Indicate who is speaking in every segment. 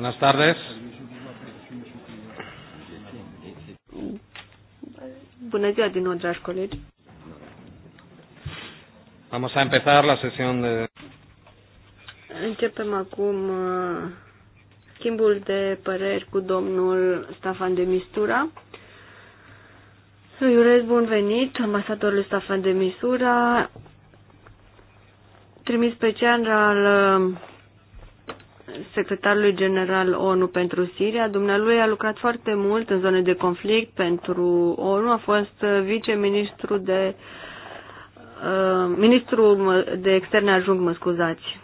Speaker 1: Buenas tardes.
Speaker 2: Bună ziua din nou, dragi colegi.
Speaker 3: Vamos a empezar la sesión de...
Speaker 2: Începem acum uh, schimbul de păreri cu domnul Stefan de Mistura. Îi urez bun venit ambasadorul Stefan de Mistura, trimis special al secretarului general ONU pentru Siria. Dumnealui a lucrat foarte mult în zone de conflict pentru ONU, a fost uh, viceministru de uh, ministru de externe ajung, mă scuzați.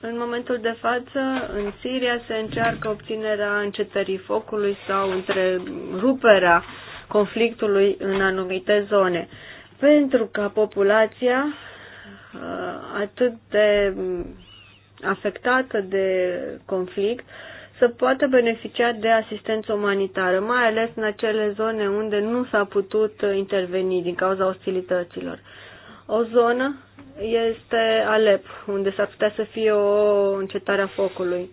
Speaker 2: În momentul de față, în Siria se încearcă obținerea încetării focului sau întreruperea conflictului în anumite zone, pentru ca populația Uh, atât de afectată de conflict să poată beneficia de asistență umanitară, mai ales în acele zone unde nu s-a putut interveni din cauza ostilităților. O zonă este Alep, unde s-ar putea să fie o încetare a focului.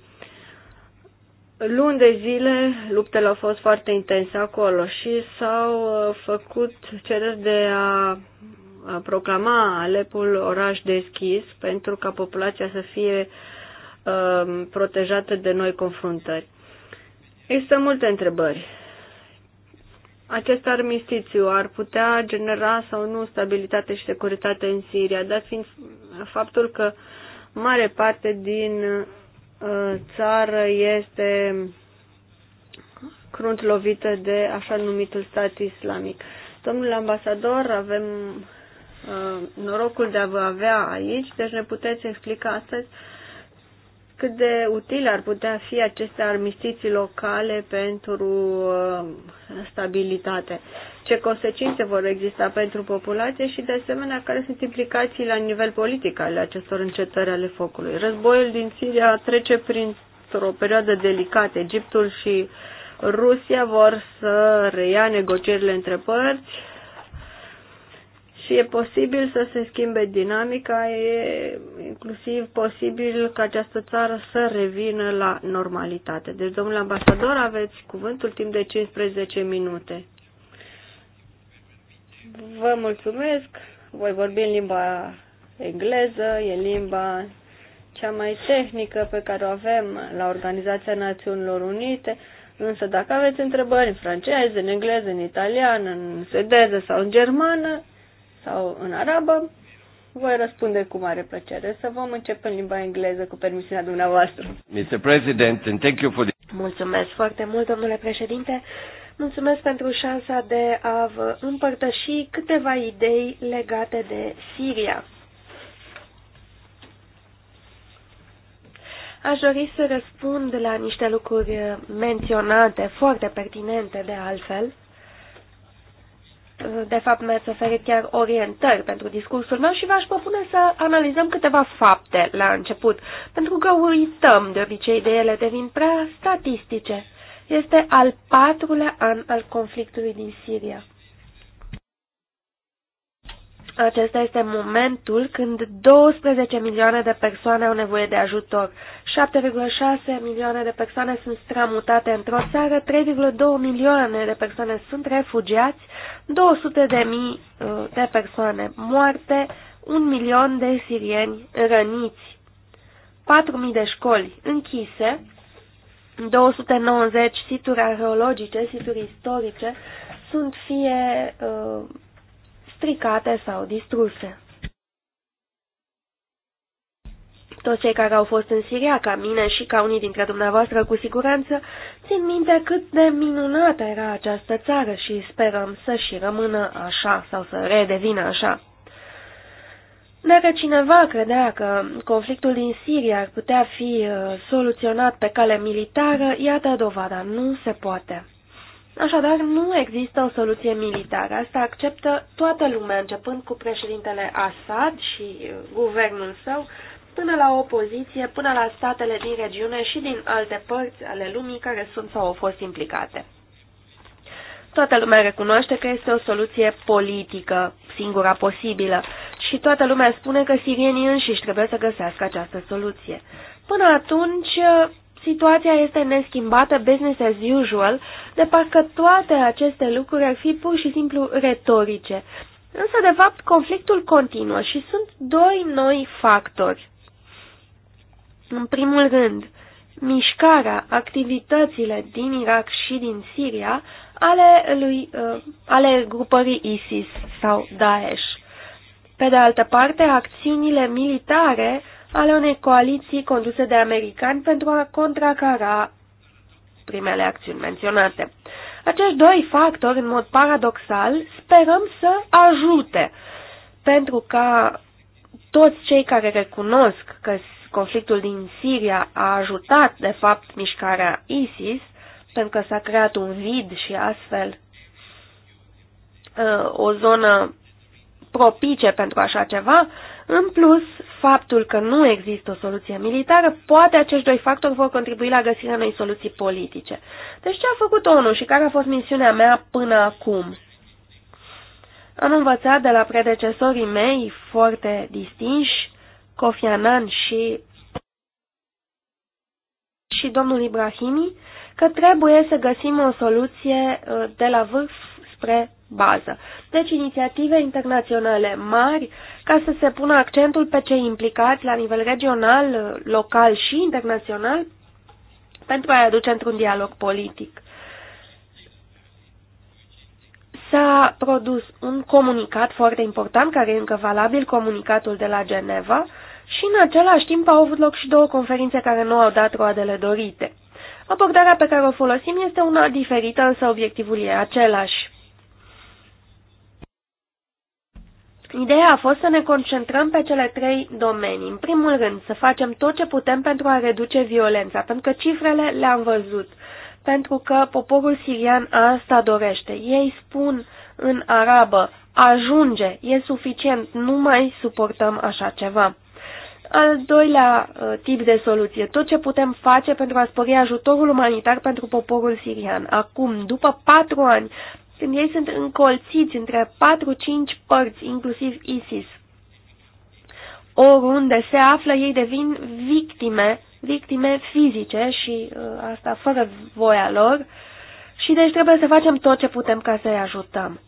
Speaker 2: Luni de zile luptele au fost foarte intense acolo și s-au uh, făcut cereri de a proclama Alepul oraș deschis pentru ca populația să fie uh, protejată de noi confruntări. Există multe întrebări. Acest armistițiu ar putea genera sau nu stabilitate și securitate în Siria, dar fiind faptul că mare parte din uh, țară este crunt lovită de așa numitul stat islamic. Domnule ambasador, avem Uh, norocul de a vă avea aici, deci ne puteți explica astăzi cât de util ar putea fi aceste armistiții locale pentru uh, stabilitate, ce consecințe vor exista pentru populație și, de asemenea, care sunt implicații la nivel politic ale acestor încetări ale focului. Războiul din Siria trece printr-o perioadă delicată. Egiptul și Rusia vor să reia negocierile între părți, și e posibil să se schimbe dinamica, e inclusiv posibil ca această țară să revină la normalitate. Deci, domnule ambasador, aveți cuvântul timp de 15 minute. Vă mulțumesc, voi vorbi în limba engleză, e limba cea mai tehnică pe care o avem la Organizația Națiunilor Unite, însă dacă aveți întrebări în franceză, în engleză, în italiană, în sedeză sau în germană, sau în arabă, voi răspunde cu mare plăcere. Să vom începe în limba engleză cu permisiunea dumneavoastră.
Speaker 1: Mr. President, and thank you for the...
Speaker 2: Mulțumesc foarte mult, domnule președinte. Mulțumesc pentru șansa de a vă împărtăși câteva idei legate de Siria. Aș dori să răspund la niște lucruri menționate, foarte pertinente de altfel de fapt mi-ați oferit chiar orientări pentru discursul meu și v-aș propune să analizăm câteva fapte la început, pentru că uităm de obicei de ele, devin prea statistice. Este al patrulea an al conflictului din Siria. Acesta este momentul când 12 milioane de persoane au nevoie de ajutor. 7,6 milioane de persoane sunt stramutate într-o țară, 3,2 milioane de persoane sunt refugiați, 200 de mii uh, de persoane moarte, un milion de sirieni răniți, 4.000 de școli închise, 290 situri arheologice, situri istorice, sunt fie uh, stricate sau distruse. Toți cei care au fost în Siria, ca mine și ca unii dintre dumneavoastră, cu siguranță, țin minte cât de minunată era această țară și sperăm să și rămână așa sau să redevină așa. Dacă cineva credea că conflictul din Siria ar putea fi uh, soluționat pe cale militară, iată dovada, nu se poate. Așadar, nu există o soluție militară. Asta acceptă toată lumea, începând cu președintele Assad și uh, guvernul său, până la opoziție, până la statele din regiune și din alte părți ale lumii care sunt sau au fost implicate. Toată lumea recunoaște că este o soluție politică, singura posibilă, și toată lumea spune că sirienii înșiși trebuie să găsească această soluție. Până atunci, situația este neschimbată, business as usual, de parcă toate aceste lucruri ar fi pur și simplu retorice. Însă, de fapt, conflictul continuă și sunt doi noi factori. În primul rând, mișcarea, activitățile din Irak și din Siria ale, lui, uh, ale grupării ISIS sau Daesh. Pe de altă parte, acțiunile militare ale unei coaliții conduse de americani pentru a contracara primele acțiuni menționate. Acești doi factori, în mod paradoxal, sperăm să ajute, pentru ca toți cei care recunosc că conflictul din Siria a ajutat, de fapt, mișcarea ISIS, pentru că s-a creat un vid și astfel uh, o zonă propice pentru așa ceva, în plus, faptul că nu există o soluție militară, poate acești doi factori vor contribui la găsirea unei soluții politice. Deci ce a făcut ONU și care a fost misiunea mea până acum? Am învățat de la predecesorii mei foarte distinși Kofi Annan și, și domnul Ibrahimi că trebuie să găsim o soluție uh, de la vârf spre bază. Deci inițiative internaționale mari ca să se pună accentul pe cei implicați la nivel regional, uh, local și internațional pentru a-i aduce într-un dialog politic. s-a produs un comunicat foarte important, care e încă valabil, comunicatul de la Geneva, și în același timp au avut loc și două conferințe care nu au dat roadele dorite. Abordarea pe care o folosim este una diferită, însă obiectivul e același. Ideea a fost să ne concentrăm pe cele trei domenii. În primul rând, să facem tot ce putem pentru a reduce violența, pentru că cifrele le-am văzut pentru că poporul sirian asta dorește. Ei spun în arabă, ajunge, e suficient, nu mai suportăm așa ceva. Al doilea uh, tip de soluție, tot ce putem face pentru a spori ajutorul umanitar pentru poporul sirian. Acum, după patru ani, când ei sunt încolțiți între patru-cinci părți, inclusiv ISIS, oriunde se află, ei devin victime, victime fizice și uh, asta fără voia lor și deci trebuie să facem tot ce putem ca să-i ajutăm.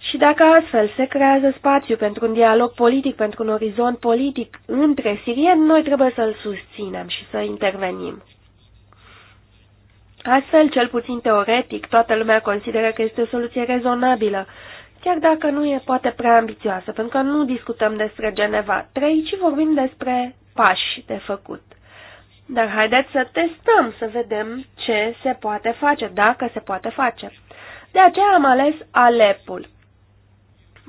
Speaker 2: Și dacă astfel se creează spațiu pentru un dialog politic, pentru un orizont politic între sirieni, noi trebuie să-l susținem și să intervenim. Astfel, cel puțin teoretic, toată lumea consideră că este o soluție rezonabilă chiar dacă nu e poate prea ambițioasă, pentru că nu discutăm despre Geneva 3, ci vorbim despre pași de făcut. Dar haideți să testăm, să vedem ce se poate face, dacă se poate face. De aceea am ales Alepul.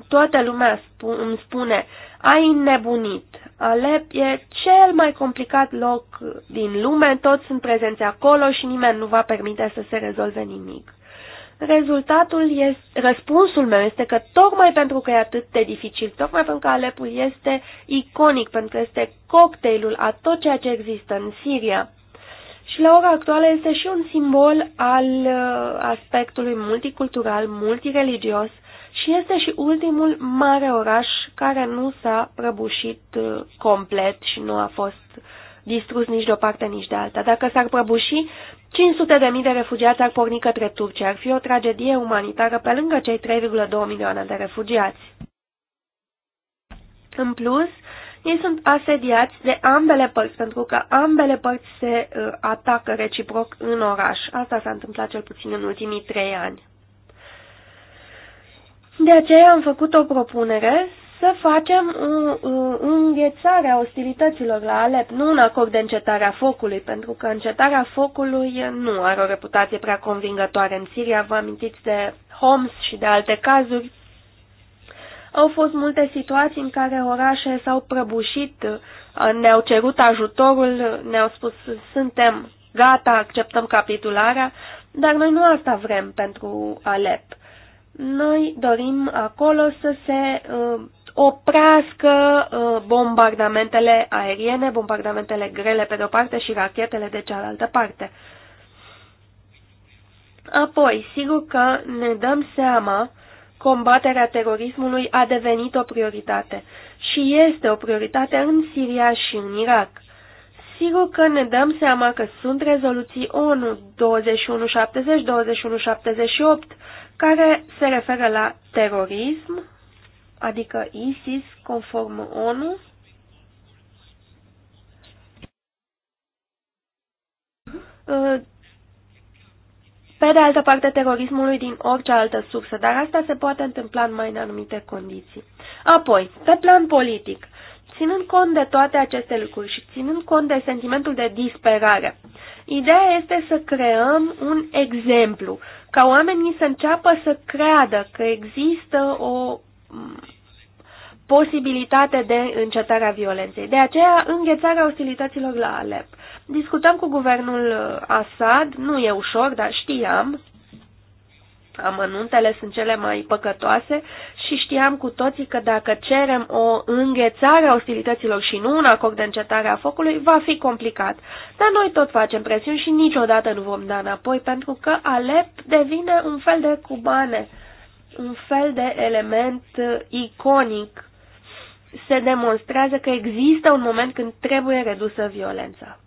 Speaker 2: Toată lumea sp- îmi spune, ai nebunit. Alep e cel mai complicat loc din lume, toți sunt prezenți acolo și nimeni nu va permite să se rezolve nimic. Rezultatul este, răspunsul meu este că tocmai pentru că e atât de dificil, tocmai pentru că Aleppo este iconic, pentru că este cocktailul a tot ceea ce există în Siria, și la ora actuală este și un simbol al uh, aspectului multicultural, multireligios și este și ultimul mare oraș care nu s-a prăbușit uh, complet și nu a fost distrus nici de o parte, nici de alta. Dacă s-ar prăbuși, 500 de mii de refugiați ar porni către Turcia. Ar fi o tragedie umanitară pe lângă cei 3,2 milioane de refugiați. În plus, ei sunt asediați de ambele părți, pentru că ambele părți se uh, atacă reciproc în oraș. Asta s-a întâmplat cel puțin în ultimii trei ani. De aceea am făcut o propunere să facem înghețarea ostilităților la Alep, nu un acord de încetare a focului, pentru că încetarea focului nu are o reputație prea convingătoare în Siria. Vă amintiți de Homs și de alte cazuri. Au fost multe situații în care orașe s-au prăbușit, ne-au cerut ajutorul, ne-au spus suntem gata, acceptăm capitularea, dar noi nu asta vrem pentru Alep noi dorim acolo să se uh, oprească uh, bombardamentele aeriene, bombardamentele grele pe de-o parte și rachetele de cealaltă parte. Apoi, sigur că ne dăm seama combaterea terorismului a devenit o prioritate și este o prioritate în Siria și în Irak. Sigur că ne dăm seama că sunt rezoluții ONU 2170-2178 care se referă la terorism adică ISIS, conform ONU. Pe de altă parte, terorismului din orice altă sursă, dar asta se poate întâmpla mai în anumite condiții. Apoi, pe plan politic, ținând cont de toate aceste lucruri și ținând cont de sentimentul de disperare, ideea este să creăm un exemplu, ca oamenii să înceapă să creadă că există o posibilitate de încetarea violenței. De aceea, înghețarea ostilităților la Alep. Discutăm cu guvernul uh, Assad, nu e ușor, dar știam, amănuntele sunt cele mai păcătoase și știam cu toții că dacă cerem o înghețare a ostilităților și nu un acord de încetare a focului, va fi complicat. Dar noi tot facem presiuni și niciodată nu vom da înapoi, pentru că Alep devine un fel de cubane un fel de element uh, iconic. Se demonstrează că există un moment când trebuie redusă violența.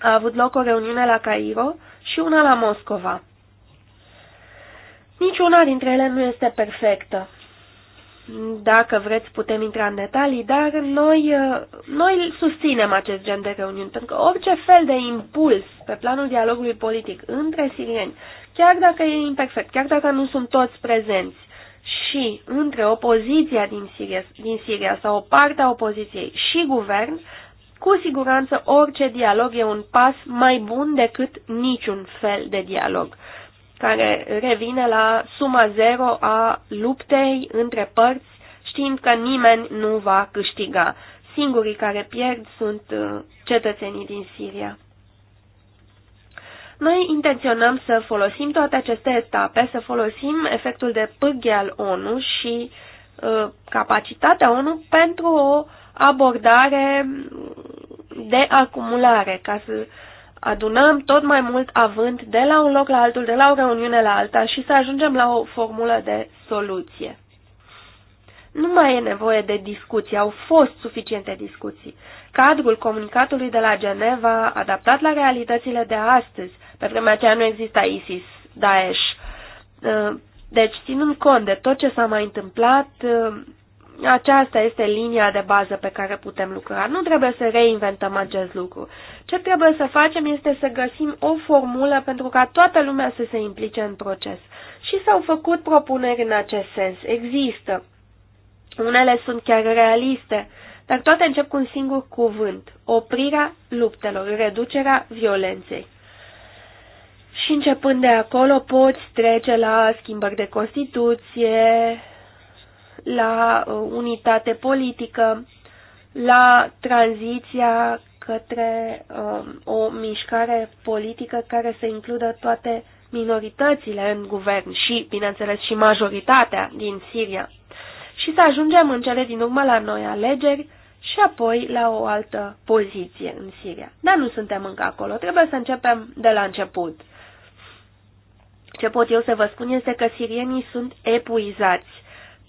Speaker 2: A avut loc o reuniune la Cairo și una la Moscova. Niciuna dintre ele nu este perfectă. Dacă vreți, putem intra în detalii, dar noi, uh, noi susținem acest gen de reuniuni, pentru că orice fel de impuls pe planul dialogului politic între sirieni chiar dacă e imperfect, chiar dacă nu sunt toți prezenți și între opoziția din Siria, din Siria sau o parte a opoziției și guvern, cu siguranță orice dialog e un pas mai bun decât niciun fel de dialog, care revine la suma zero a luptei între părți, știind că nimeni nu va câștiga. Singurii care pierd sunt uh, cetățenii din Siria. Noi intenționăm să folosim toate aceste etape, să folosim efectul de pâghe al ONU și uh, capacitatea ONU pentru o abordare de acumulare, ca să adunăm tot mai mult avânt de la un loc la altul, de la o reuniune la alta și să ajungem la o formulă de soluție. Nu mai e nevoie de discuții, au fost suficiente discuții. Cadrul comunicatului de la Geneva, adaptat la realitățile de astăzi, pe vremea aceea nu exista ISIS, Daesh. Uh, deci, ținând cont de tot ce s-a mai întâmplat, uh, aceasta este linia de bază pe care putem lucra. Nu trebuie să reinventăm acest lucru. Ce trebuie să facem este să găsim o formulă pentru ca toată lumea să se implice în proces. Și s-au făcut propuneri în acest sens. Există unele sunt chiar realiste, dar toate încep cu un singur cuvânt, oprirea luptelor, reducerea violenței. Și începând de acolo poți trece la schimbări de Constituție, la uh, unitate politică, la tranziția către um, o mișcare politică care să includă toate minoritățile în guvern și, bineînțeles, și majoritatea din Siria și să ajungem în cele din urmă la noi alegeri și apoi la o altă poziție în Siria. Dar nu suntem încă acolo, trebuie să începem de la început. Ce pot eu să vă spun este că sirienii sunt epuizați.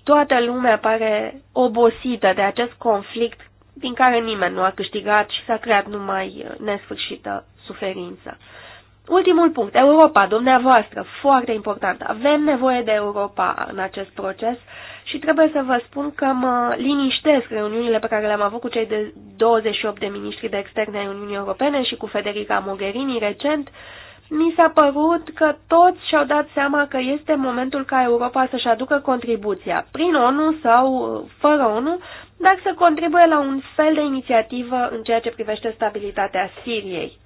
Speaker 2: Toată lumea pare obosită de acest conflict din care nimeni nu a câștigat și s-a creat numai nesfârșită suferință. Ultimul punct, Europa, dumneavoastră, foarte important. Avem nevoie de Europa în acest proces și trebuie să vă spun că mă liniștesc reuniunile pe care le-am avut cu cei de 28 de miniștri de externe ai Uniunii Europene și cu Federica Mogherini recent. Mi s-a părut că toți și-au dat seama că este momentul ca Europa să-și aducă contribuția, prin ONU sau uh, fără ONU, dar să contribuie la un fel de inițiativă în ceea ce privește stabilitatea Siriei.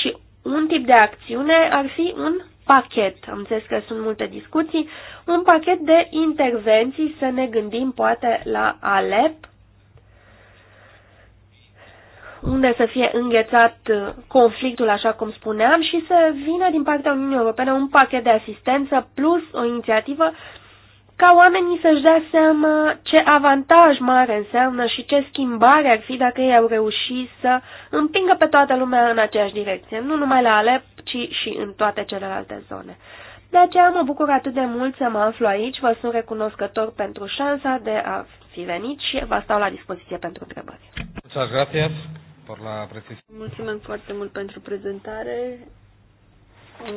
Speaker 2: Și un tip de acțiune ar fi un pachet, am înțeles că sunt multe discuții, un pachet de intervenții, să ne gândim poate la Alep, unde să fie înghețat conflictul, așa cum spuneam, și să vină din partea Uniunii Europene un pachet de asistență plus o inițiativă ca oamenii să-și dea seama ce avantaj mare înseamnă și ce schimbare ar fi dacă ei au reușit să împingă pe toată lumea în aceeași direcție, nu numai la Alep, ci și în toate celelalte zone. De aceea mă bucur atât de mult să mă aflu aici, vă sunt recunoscător pentru șansa de a fi venit și vă stau la dispoziție pentru întrebări. Mulțumim foarte mult pentru prezentare.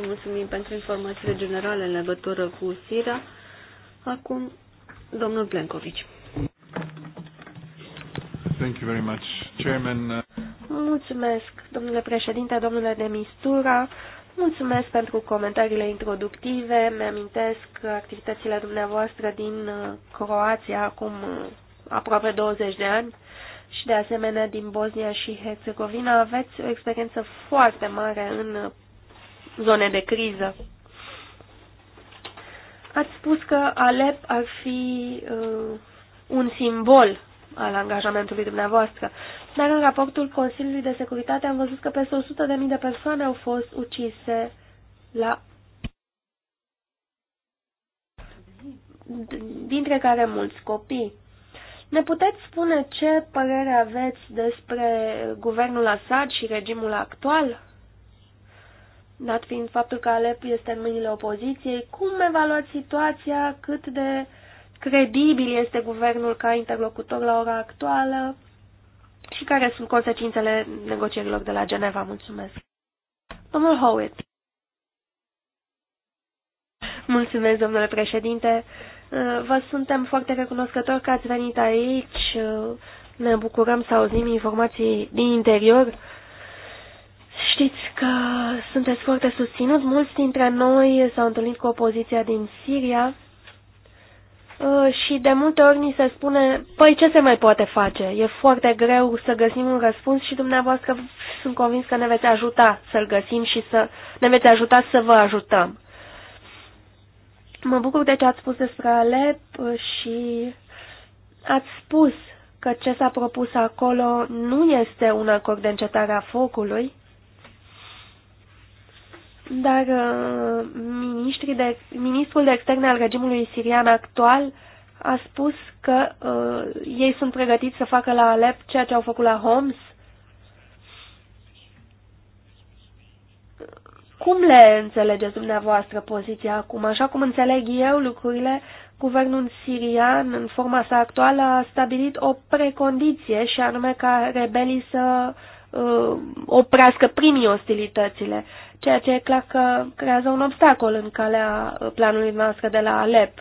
Speaker 2: Mulțumim pentru informațiile generale în legătură cu SIRA. Acum, domnul Plencovici.
Speaker 1: Thank you very much, Chairman.
Speaker 2: Mulțumesc, domnule președinte, domnule Demistura. Mulțumesc pentru comentariile introductive. Mi-amintesc activitățile dumneavoastră din uh, Croația acum uh, aproape 20 de ani și de asemenea din Bosnia și Herțegovina. Aveți o experiență foarte mare în uh, zone de criză. Ați spus că Alep ar fi uh, un simbol al angajamentului dumneavoastră. Dar în raportul Consiliului de Securitate am văzut că peste 100.000 de persoane au fost ucise la dintre care mulți copii. Ne puteți spune ce părere aveți despre guvernul Assad și regimul actual? dat fiind faptul că Alep este în mâinile opoziției, cum evaluați situația, cât de credibil este guvernul ca interlocutor la ora actuală și care sunt consecințele negocierilor de la Geneva? Mulțumesc. Domnul Howitt. Mulțumesc, domnule președinte. Vă suntem foarte recunoscători că ați venit aici. Ne bucurăm să auzim informații din interior Știți că sunteți foarte susținut. Mulți dintre noi s-au întâlnit cu opoziția din Siria uh, și de multe ori ni se spune, păi ce se mai poate face? E foarte greu să găsim un răspuns și dumneavoastră sunt convins că ne veți ajuta să-l găsim și să ne veți ajuta să vă ajutăm. Mă bucur de ce ați spus despre Alep și ați spus că ce s-a propus acolo nu este un acord de încetare a focului, dar uh, de, ministrul de externe al regimului sirian actual a spus că uh, ei sunt pregătiți să facă la Alep ceea ce au făcut la Homs. Cum le înțelegeți dumneavoastră poziția acum? Așa cum înțeleg eu lucrurile, guvernul sirian, în forma sa actuală, a stabilit o precondiție și anume ca rebelii să uh, oprească primii ostilitățile ceea ce e clar că creează un obstacol în calea planului noastră de la Alep.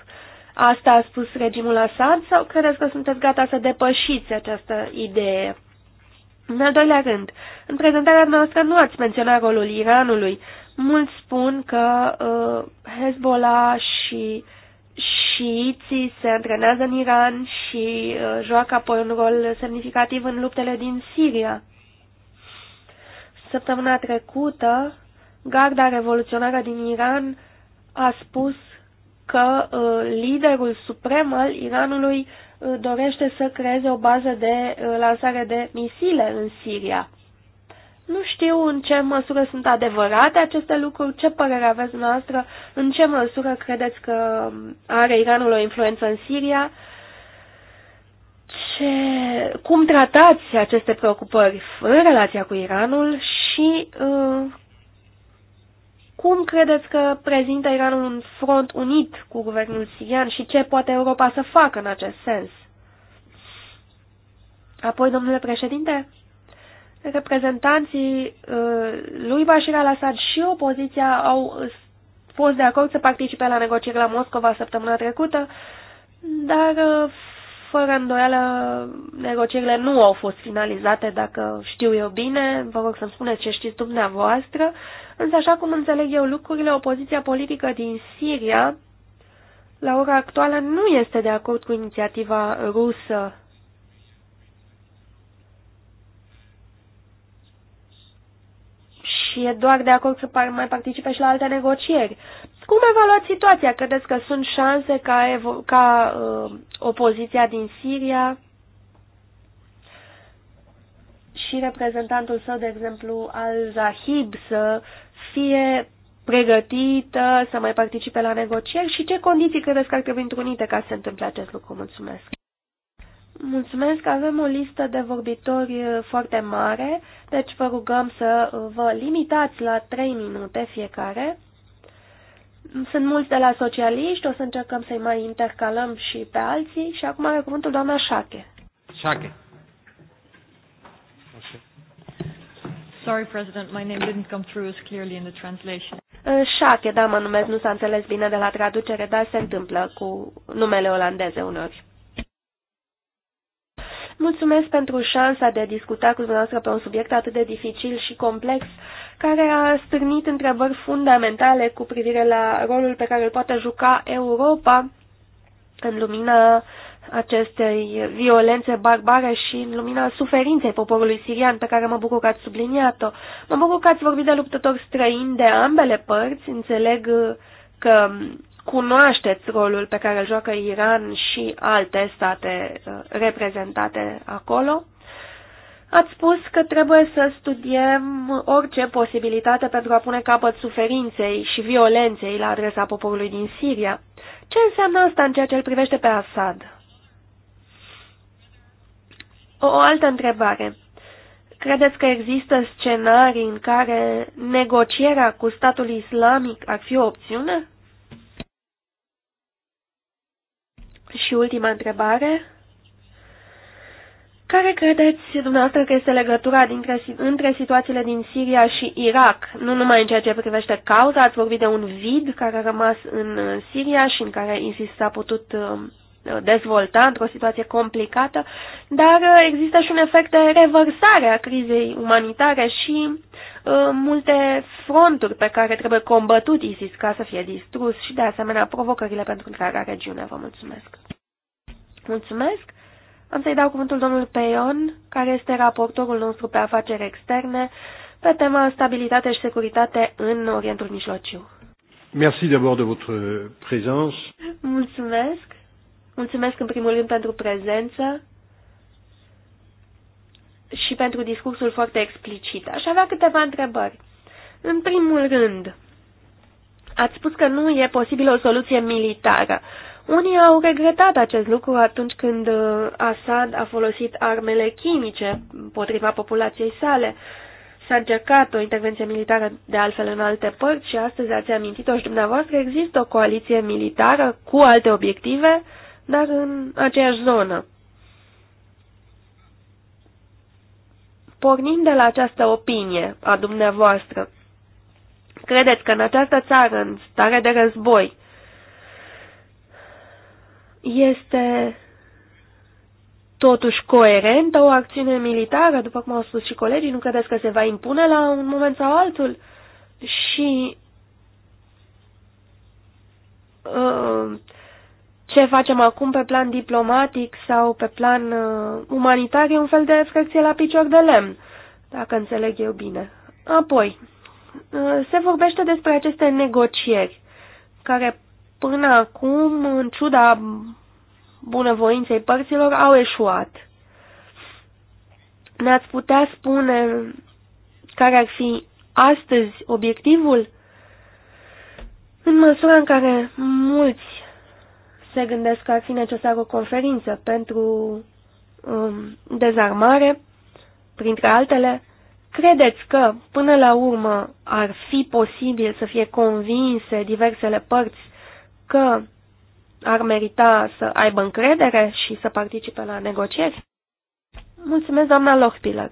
Speaker 2: Asta a spus regimul Assad sau credeți că sunteți gata să depășiți această idee? În al doilea rând, în prezentarea noastră nu ați menționat rolul Iranului. Mulți spun că uh, Hezbollah și șiiții se antrenează în Iran și uh, joacă apoi un rol semnificativ în luptele din Siria. Săptămâna trecută, Garda revoluționară din Iran a spus că uh, liderul suprem al Iranului uh, dorește să creeze o bază de uh, lansare de misile în Siria. Nu știu în ce măsură sunt adevărate aceste lucruri, ce părere aveți noastră, în ce măsură credeți că um, are Iranul o influență în Siria, ce, cum tratați aceste preocupări în relația cu Iranul și uh, cum credeți că prezintă Iranul un front unit cu guvernul sirian și ce poate Europa să facă în acest sens? Apoi, domnule președinte, reprezentanții uh, lui Bashir al-Assad și opoziția au fost de acord să participe la negocieri la Moscova săptămâna trecută, dar uh, fără îndoială, negocierile nu au fost finalizate, dacă știu eu bine, vă rog să-mi spuneți ce știți dumneavoastră, însă așa cum înțeleg eu lucrurile, opoziția politică din Siria, la ora actuală, nu este de acord cu inițiativa rusă. Și e doar de acord să mai participe și la alte negocieri. Cum evaluați situația? Credeți că sunt șanse ca, ca uh, opoziția din Siria și reprezentantul său, de exemplu, al Zahib, să fie pregătită să mai participe la negocieri și ce condiții credeți că ar trebui întrunite ca să se întâmple acest lucru? Mulțumesc! Mulțumesc, avem o listă de vorbitori uh, foarte mare, deci vă rugăm să uh, vă limitați la 3 minute fiecare. Sunt mulți de la socialiști, o să încercăm să-i mai intercalăm și pe alții. Și acum are cuvântul doamna Șache. Șache. Sorry, President, my name didn't come through as clearly in the translation. Uh, Șache, da, mă numesc, nu s-a înțeles bine de la traducere, dar se întâmplă cu numele olandeze uneori. Mulțumesc pentru șansa de a discuta cu dumneavoastră pe un subiect atât de dificil și complex, care a strânit întrebări fundamentale cu privire la rolul pe care îl poate juca Europa în lumina acestei violențe barbare și în lumina suferinței poporului sirian, pe care mă bucur că ați subliniat-o. Mă bucur că ați vorbit de luptători străini de ambele părți, înțeleg că cunoașteți rolul pe care îl joacă Iran și alte state uh, reprezentate acolo. Ați spus că trebuie să studiem orice posibilitate pentru a pune capăt suferinței și violenței la adresa poporului din Siria. Ce înseamnă asta în ceea ce îl privește pe Assad? O altă întrebare. Credeți că există scenarii în care negocierea cu statul islamic ar fi o opțiune? Și ultima întrebare. Care credeți dumneavoastră că este legătura dintre, între situațiile din Siria și Irak? Nu numai în ceea ce privește cauza, ați vorbit de un vid care a rămas în Siria și în care ISIS s-a putut um, dezvolta într-o situație complicată, dar uh, există și un efect de revărsare a crizei umanitare și uh, multe fronturi pe care trebuie combătut ISIS ca să fie distrus și de asemenea provocările pentru întreaga regiune. Vă mulțumesc! Mulțumesc! Am să-i dau cuvântul domnul Peion, care este raportorul nostru pe afaceri externe, pe tema stabilitate și securitate în Orientul Mijlociu.
Speaker 1: Merci d'abord de votre présence.
Speaker 2: Mulțumesc. Mulțumesc în primul rând pentru prezență și pentru discursul foarte explicit. Aș avea câteva întrebări. În primul rând, ați spus că nu e posibilă o soluție militară. Unii au regretat acest lucru atunci când uh, Assad a folosit armele chimice împotriva populației sale. S-a încercat o intervenție militară de altfel în alte părți și astăzi ați amintit-o și dumneavoastră, există o coaliție militară cu alte obiective uh, dar în aceeași zonă. Pornind de la această opinie a dumneavoastră, credeți că în această țară, în stare de război, este totuși coerentă o acțiune militară, după cum au spus și colegii, nu credeți că se va impune la un moment sau altul? Și uh, ce facem acum pe plan diplomatic sau pe plan uh, umanitar e un fel de frecție la picior de lemn, dacă înțeleg eu bine. Apoi, uh, se vorbește despre aceste negocieri, care până acum, în ciuda bunăvoinței părților, au eșuat. Ne-ați putea spune care ar fi astăzi obiectivul? În măsura în care mulți se gândesc că ar fi necesară o conferință pentru um, dezarmare, printre altele, credeți că, până la urmă, ar fi posibil să fie convinse diversele părți că ar merita să aibă încredere și să participe la negocieri? Mulțumesc, doamna Lochpiller.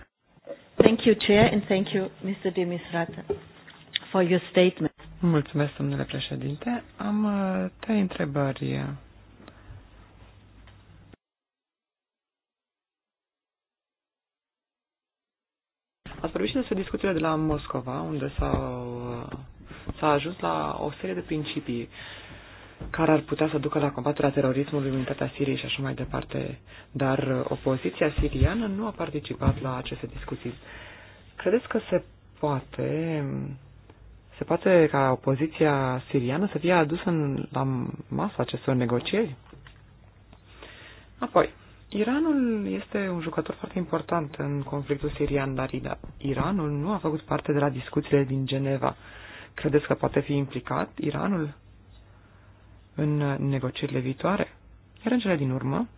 Speaker 2: Thank you, Chair, and thank you, Mr. Dimisrata, for your statement.
Speaker 3: Mulțumesc, domnule președinte. Am uh, trei întrebări Ați vorbit și despre discuțiile de la Moscova, unde s-au, a ajuns la o serie de principii care ar putea să ducă la combaterea terorismului, în unitatea Siriei și așa mai departe. Dar uh, opoziția siriană nu a participat la aceste discuții. Credeți că se poate se poate ca opoziția siriană să fie adusă în, la masa acestor negocieri? Apoi, Iranul este un jucător foarte important în conflictul sirian, dar Iranul nu a făcut parte de la discuțiile din Geneva. Credeți că poate fi implicat Iranul în negocierile viitoare? Iar în cele din urmă,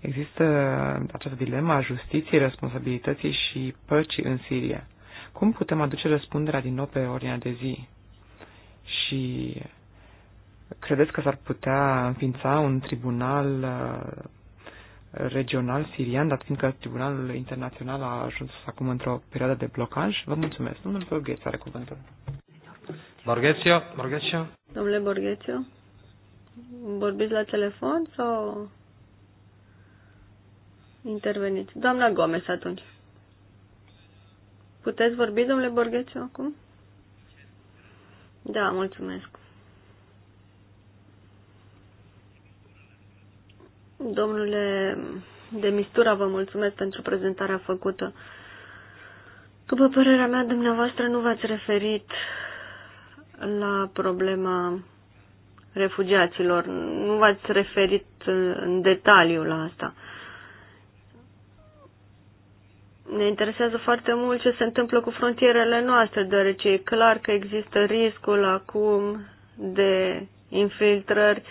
Speaker 3: există această dilemă a justiției, responsabilității și păcii în Siria. Cum putem aduce răspunderea din nou pe ordinea de zi? Și Credeți că s-ar putea înființa un tribunal uh, regional sirian, dat fiindcă Tribunalul Internațional a ajuns acum într-o perioadă de blocaj? Vă mulțumesc. Domnul Borghețiu are cuvântul. Borghețiu, Borghețiu.
Speaker 2: Domnule Borghețiu, vorbiți la telefon sau interveniți? Doamna Gomez atunci. Puteți vorbi, domnule Borghețiu, acum? Da, mulțumesc. Domnule de Mistura, vă mulțumesc pentru prezentarea făcută. După părerea mea, dumneavoastră nu v-ați referit la problema refugiaților. Nu v-ați referit în detaliu la asta. Ne interesează foarte mult ce se întâmplă cu frontierele noastre, deoarece e clar că există riscul acum de infiltrări uh,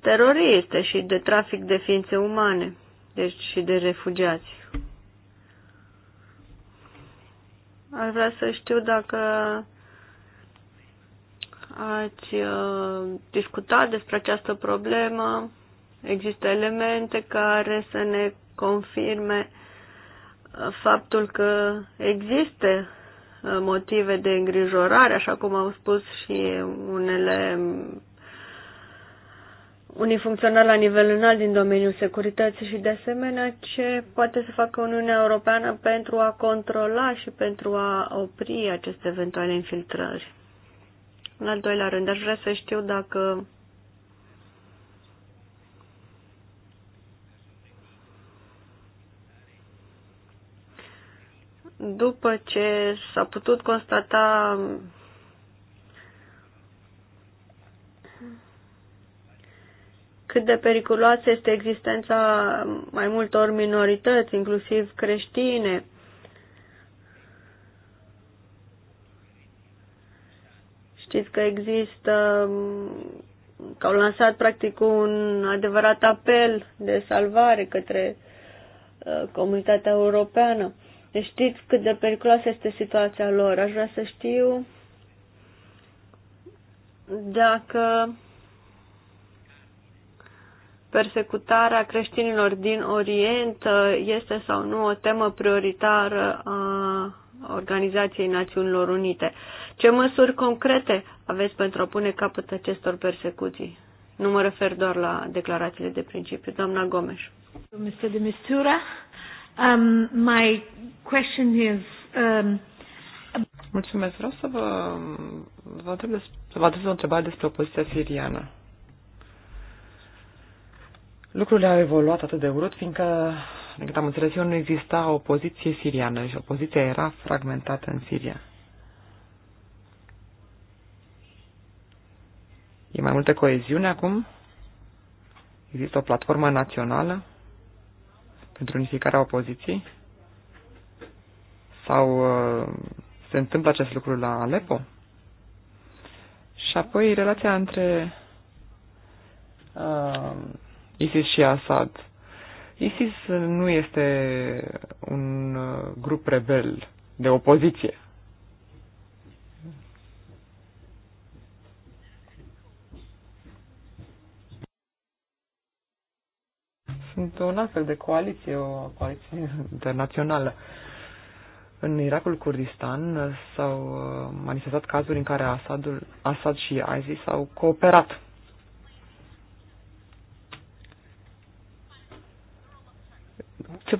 Speaker 2: teroriste și de trafic de ființe umane, deci și de refugiați. Aș vrea să știu dacă ați uh, discutat despre această problemă. Există elemente care să ne confirme uh, faptul că există uh, motive de îngrijorare, așa cum au spus și unele unii funcționari la nivel înalt din domeniul securității și de asemenea ce poate să facă Uniunea Europeană pentru a controla și pentru a opri aceste eventuale infiltrări. În al doilea rând, aș vrea să știu dacă după ce s-a putut constata cât de periculoasă este existența mai multor minorități, inclusiv creștine. Știți că există, că au lansat practic un adevărat apel de salvare către uh, comunitatea europeană. Deci știți cât de periculoasă este situația lor. Aș vrea să știu dacă persecutarea creștinilor din Orient uh, este sau nu o temă prioritară a Organizației Națiunilor Unite. Ce măsuri concrete aveți pentru a pune capăt acestor persecuții? Nu mă refer doar la declarațiile de principiu. Doamna Gomes. Mr. de Mistura, um, my question is... Um...
Speaker 3: Mulțumesc. Vreau să vă, vă, să vă adresez o întrebare despre opoziția siriană. Lucrurile au evoluat atât de urât, fiindcă, din am înțeles eu, nu exista o poziție siriană și opoziția era fragmentată în Siria. E mai multă coeziune acum? Există o platformă națională pentru unificarea opoziției? Sau uh, se întâmplă acest lucru la Aleppo? Și apoi relația între uh, ISIS și Assad. ISIS nu este un uh, grup rebel de opoziție. Sunt un astfel de coaliție, o coaliție internațională. În Irakul Kurdistan s-au uh, manifestat cazuri în care Assadul, Assad și ISIS au cooperat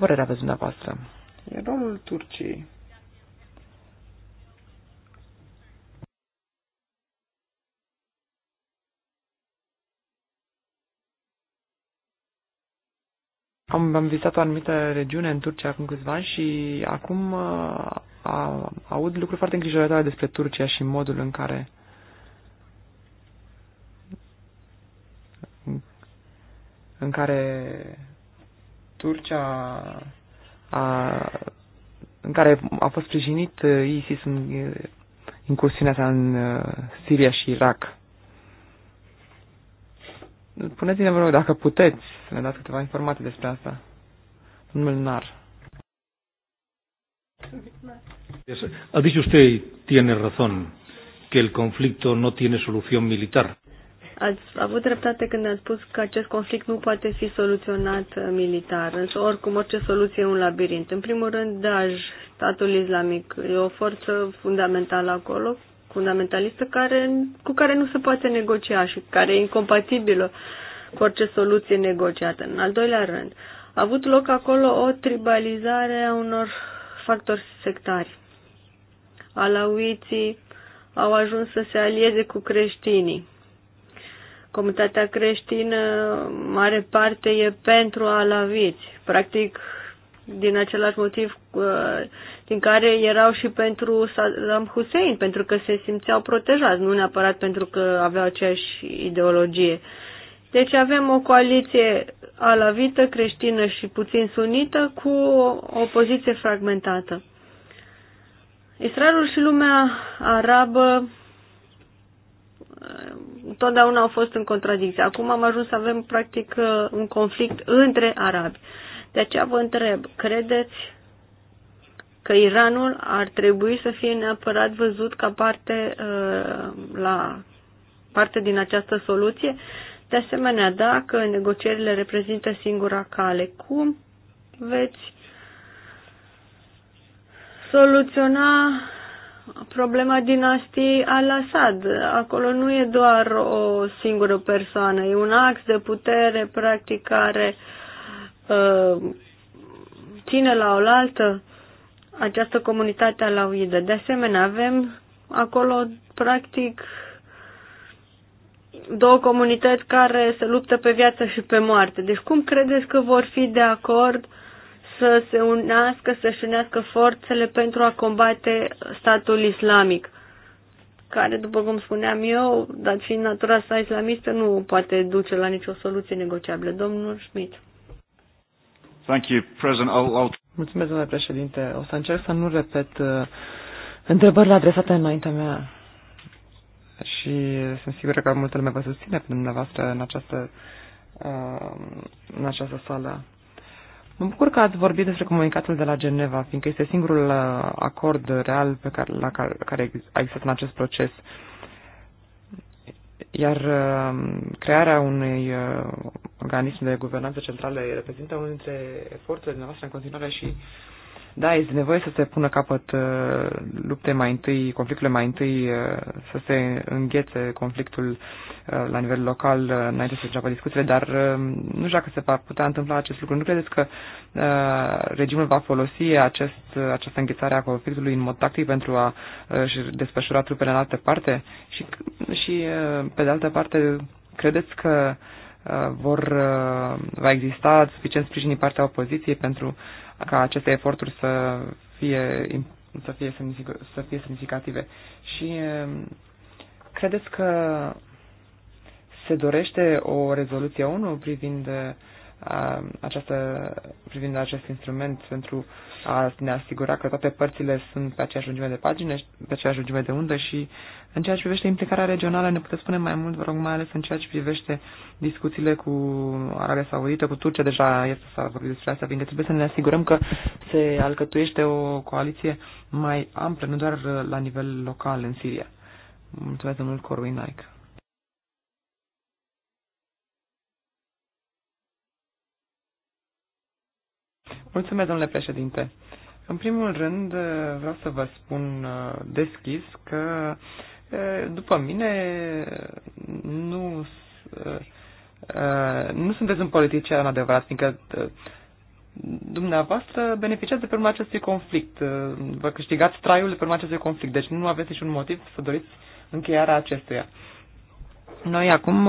Speaker 3: părere aveți dumneavoastră? E
Speaker 1: rolul Turciei.
Speaker 3: Am, am vizitat o anumită regiune în Turcia acum câțiva ani și acum a, uh, a, aud lucruri foarte îngrijorătoare despre Turcia și modul în care în care Turcia a, în care a fost sprijinit eh, ISIS în incursiunea eh, sa în eh, Siria și Irak. Puneți-ne, vă rog, dacă puteți, să ne dați câteva informații despre asta. Domnul Nar.
Speaker 1: Ha dicho usted, tiene razón, que el conflicto no tiene solución militar.
Speaker 2: Ați avut dreptate când ați spus că acest conflict nu poate fi soluționat uh, militar, însă oricum orice soluție e un labirint. În primul rând, Daj, statul islamic, e o forță fundamentală acolo, fundamentalistă, care, cu care nu se poate negocia și care e incompatibilă cu orice soluție negociată. În al doilea rând, a avut loc acolo o tribalizare a unor factori sectari. Alauiții au ajuns să se alieze cu creștinii Comunitatea creștină, mare parte, e pentru alaviți. Practic, din același motiv uh, din care erau și pentru Saddam Hussein, pentru că se simțeau protejați, nu neapărat pentru că aveau aceeași ideologie. Deci avem o coaliție alavită, creștină și puțin sunită cu o poziție fragmentată. Israelul și lumea arabă totdeauna au fost în contradicție. Acum am ajuns să avem, practic, uh, un conflict între arabi. De aceea vă întreb, credeți că Iranul ar trebui să fie neapărat văzut ca parte, uh, la, parte din această soluție? De asemenea, dacă negocierile reprezintă singura cale, cum veți soluționa problema dinastiei Al-Assad. Acolo nu e doar o singură persoană, e un ax de putere practic care uh, ține la oaltă această comunitate alauidă. De asemenea, avem acolo practic două comunități care se luptă pe viață și pe moarte. Deci cum credeți că vor fi de acord uh, să se unească, să-și unească forțele pentru a combate statul islamic, care, după cum spuneam eu, dar fiind natura sa islamistă, nu poate duce la nicio soluție negociabilă. Domnul Schmidt.
Speaker 1: Thank you, President. I'll, I'll...
Speaker 3: Mulțumesc, domnule președinte. O să încerc să nu repet uh, întrebările adresate înaintea mea și sunt sigur că multă lume vă susține pe dumneavoastră în această, uh, în această sală. Mă bucur că ați vorbit despre comunicatul de la Geneva, fiindcă este singurul uh, acord real pe care, la care, care a existat în acest proces. Iar uh, crearea unui uh, organism de guvernanță centrală reprezintă unul dintre eforturile noastre în continuare și da, este nevoie să se pună capăt uh, lupte mai întâi, conflictele mai întâi, uh, să se înghețe conflictul uh, la nivel local înainte să înceapă discuțiile, dar nu știu dacă se va putea întâmpla acest lucru. Nu credeți că regimul va folosi acest, această înghețare a conflictului în mod tactic pentru a desfășura trupele în altă parte? Și, și pe de altă parte, credeți că vor, va exista suficient sprijin din partea opoziției pentru ca aceste eforturi să fie, să fie, să fie semnificative. Și um, credeți că se dorește o rezoluție 1 privind, uh, această, privind acest instrument pentru a ne asigura că toate părțile sunt pe aceeași lungime de pagine, pe aceeași lungime de undă și în ceea ce privește implicarea regională ne puteți spune mai mult, vă rog, mai ales în ceea ce privește discuțiile cu Arabia Saudită, cu Turcia, deja este să vorbim despre asta, fiindcă trebuie să ne asigurăm că se alcătuiește o coaliție mai amplă, nu doar la nivel local în Siria. Mulțumesc mult, Corwin Nike. Mulțumesc, domnule președinte. În primul rând, vreau să vă spun uh, deschis că, uh, după mine, nu, uh, nu sunteți un politician adevărat, fiindcă dumneavoastră beneficiați de pe urma acestui conflict. Vă câștigați traiul de pe urma acestui conflict, deci nu aveți niciun motiv să doriți încheiarea acestuia. Noi acum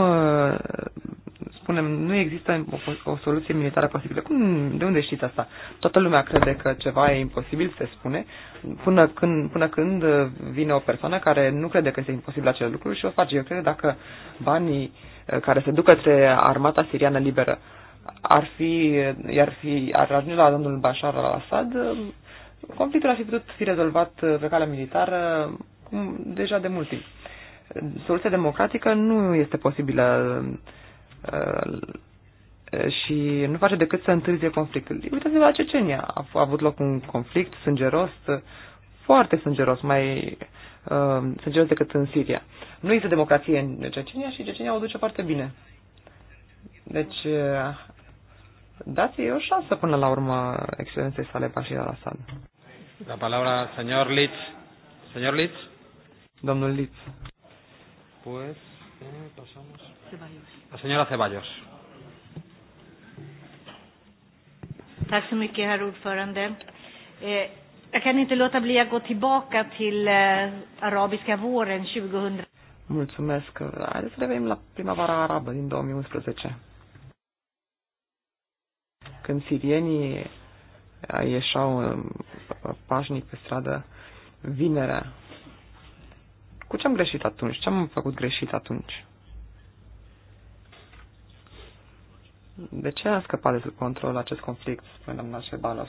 Speaker 3: spunem, nu există o, o soluție militară posibilă. Cum, de unde știți asta? Toată lumea crede că ceva e imposibil, se spune, până când, până când vine o persoană care nu crede că este imposibil acel lucru și o face. Eu cred că dacă banii eh, care se duc către armata siriană liberă ar fi, eh, ar fi, ar ajunge la domnul Bashar al-Assad, eh, conflictul ar fi putut fi rezolvat pe calea militară mm, deja de mult timp. Soluția democratică nu este posibilă Uh, și nu face decât să întârzie conflictul. Uitați-vă la Cecenia. A, a avut loc un conflict sângeros, uh, foarte sângeros, mai uh, sângeros decât în Siria. Nu este democrație în Cecenia și Cecenia o duce foarte bine. Deci, uh, dați-i o șansă până la urmă excelenței sale Bashir al-Assad. La palabra, señor Litz. Señor Litz? Domnul Litz.
Speaker 1: Pues, eh, pasamos.
Speaker 3: La señora Ceballos.
Speaker 2: Tack så mycket, herr ordförande. Eh, jag kan inte låta bli att gå tillbaka till eh, arabiska våren 2000.
Speaker 3: Mulțumesc. Haideți să revenim la primăvara arabă din 2011. Când sirienii eh, ieșau eh, pașnic pe stradă vinerea, cu ce am greșit atunci? Ce am făcut greșit atunci? De ce a scăpat de sub control acest conflict, spune doamna Șebalos?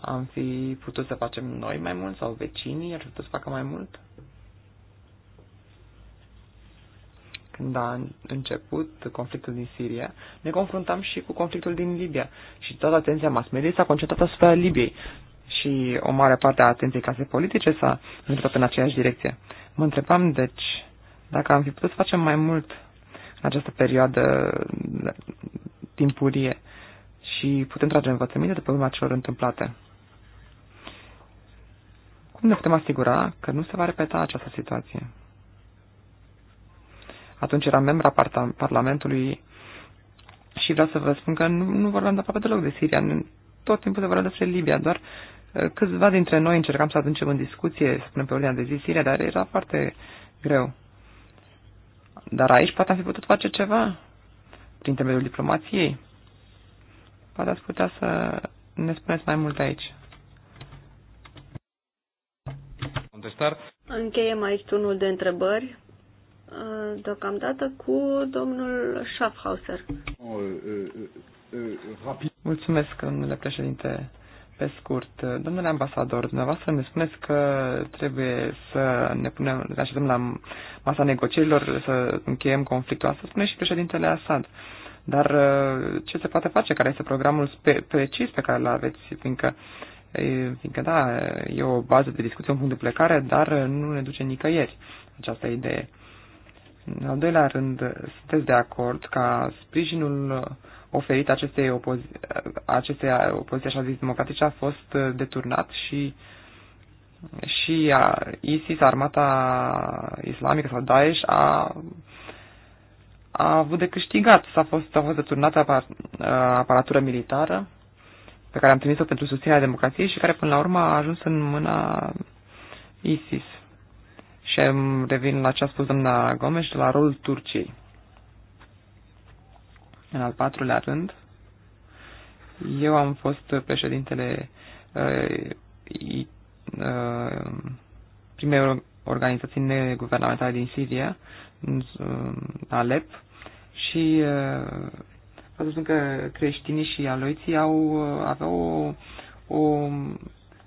Speaker 3: Am fi putut să facem noi mai mult sau vecinii ar fi putut să facă mai mult? când a început conflictul din Siria, ne confruntam și cu conflictul din Libia. Și toată atenția mass media s-a concentrat asupra Libiei. Și o mare parte a atenției case politice s-a îndreptat în aceeași direcție. Mă întrebam, deci, dacă am fi putut să facem mai mult în această perioadă timpurie și putem trage învățăminte de pe urma celor întâmplate. Cum ne putem asigura că nu se va repeta această situație? Atunci eram membra Parlamentului și vreau să vă spun că nu, nu vorbeam de aproape deloc de Siria. Tot timpul se vorbea despre Libia, doar uh, câțiva dintre noi încercam să aducem în discuție, să spunem pe ordinea de zi, Siria, dar era foarte greu. Dar aici poate am fi putut face ceva prin intermediul diplomației? Poate ați putea să ne spuneți mai mult aici. Contestar.
Speaker 2: Încheiem aici turnul de întrebări uh, deocamdată cu domnul Schaffhauser.
Speaker 3: Oh, uh, uh, Mulțumesc, domnule președinte pe scurt, domnule ambasador, dumneavoastră ne spuneți că trebuie să ne punem, ne așezăm la masa negocierilor, să încheiem conflictul. Asta spune și președintele Assad. Dar uh, ce se poate face? Care este programul spe- precis pe care îl aveți? Fiindcă, fiindcă, da, e o bază de discuție, un punct de plecare, dar uh, nu ne duce nicăieri această idee. În al doilea rând, sunteți de acord ca sprijinul oferit acestei opozi- aceste opoziții așa zis democratice a fost uh, deturnat și și a, uh, ISIS, armata islamică sau Daesh a a avut de câștigat. S-a fost, a fost deturnată apar, aparatură militară pe care am trimis-o pentru susținerea democrației și care până la urmă a ajuns în mâna ISIS. Și revin la ce a spus doamna Gomes, la rolul Turciei. În al patrulea rând, eu am fost președintele uh, uh, primei organizații neguvernamentale din Siria, uh, Alep, și uh, vă spun că creștinii și aloiții au, aveau o, o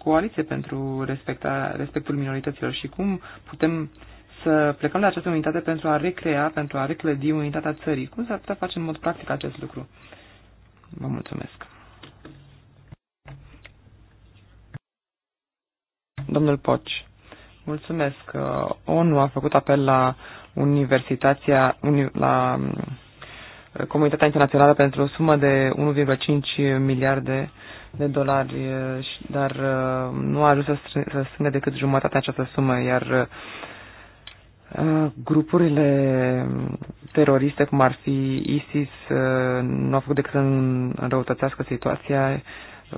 Speaker 3: coaliție pentru respectul minorităților și cum putem să plecăm de această unitate pentru a recrea, pentru a reclădi unitatea țării. Cum s-ar putea face în mod practic acest lucru? Vă mulțumesc. Domnul Poci, mulțumesc. Uh, ONU a făcut apel la universitatea, la um, comunitatea internațională pentru o sumă de 1,5 miliarde de dolari, uh, dar uh, nu a ajuns să strângă decât jumătatea această sumă, iar grupurile teroriste, cum ar fi ISIS, uh, nu au făcut decât să înrăutățească situația,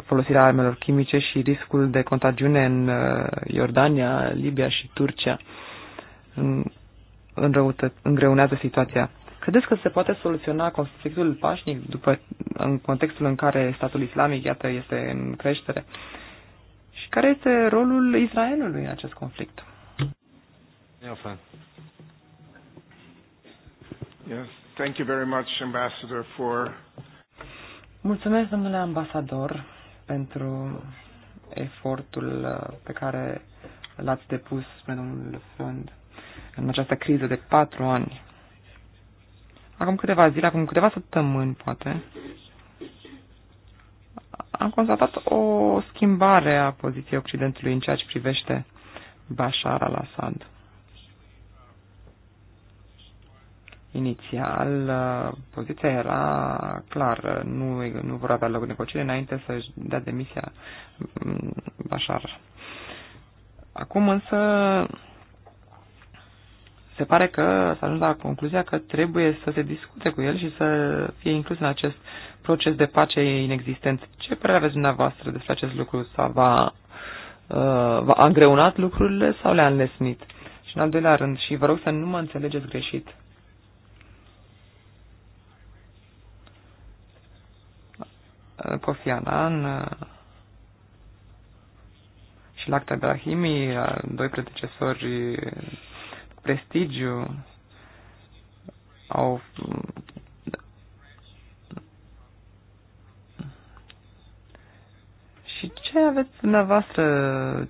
Speaker 3: folosirea armelor chimice și riscul de contagiune în uh, Iordania, Libia și Turcia în îngreunează situația. Credeți că se poate soluționa conflictul pașnic după, în contextul în care statul islamic, iată, este în creștere? Și care este rolul Israelului în acest conflict?
Speaker 1: Yeah, fine. Yes, thank you very much, Ambassador, for...
Speaker 3: Mulțumesc, domnule ambasador, pentru efortul uh, pe care l-ați depus spre domnul Fund în această criză de patru ani. Acum câteva zile, acum câteva săptămâni, poate, am constatat o schimbare a poziției Occidentului în ceea ce privește Bashar al-Assad. Inițial, uh, poziția era clară, nu, nu vor avea loc negociere înainte să-și dea demisia mm, Bashar. Acum însă se pare că s-a ajuns la concluzia că trebuie să se discute cu el și să fie inclus în acest proces de pace inexistent. Ce părere aveți dumneavoastră despre acest lucru? Sau va, uh, va a îngreunat lucrurile sau le-a înlesnit? Și în al doilea rând, și vă rog să nu mă înțelegeți greșit, Kofi Annan uh, și Lacta Brahimi, uh, doi predecesori cu prestigiu, au Și ce aveți dumneavoastră,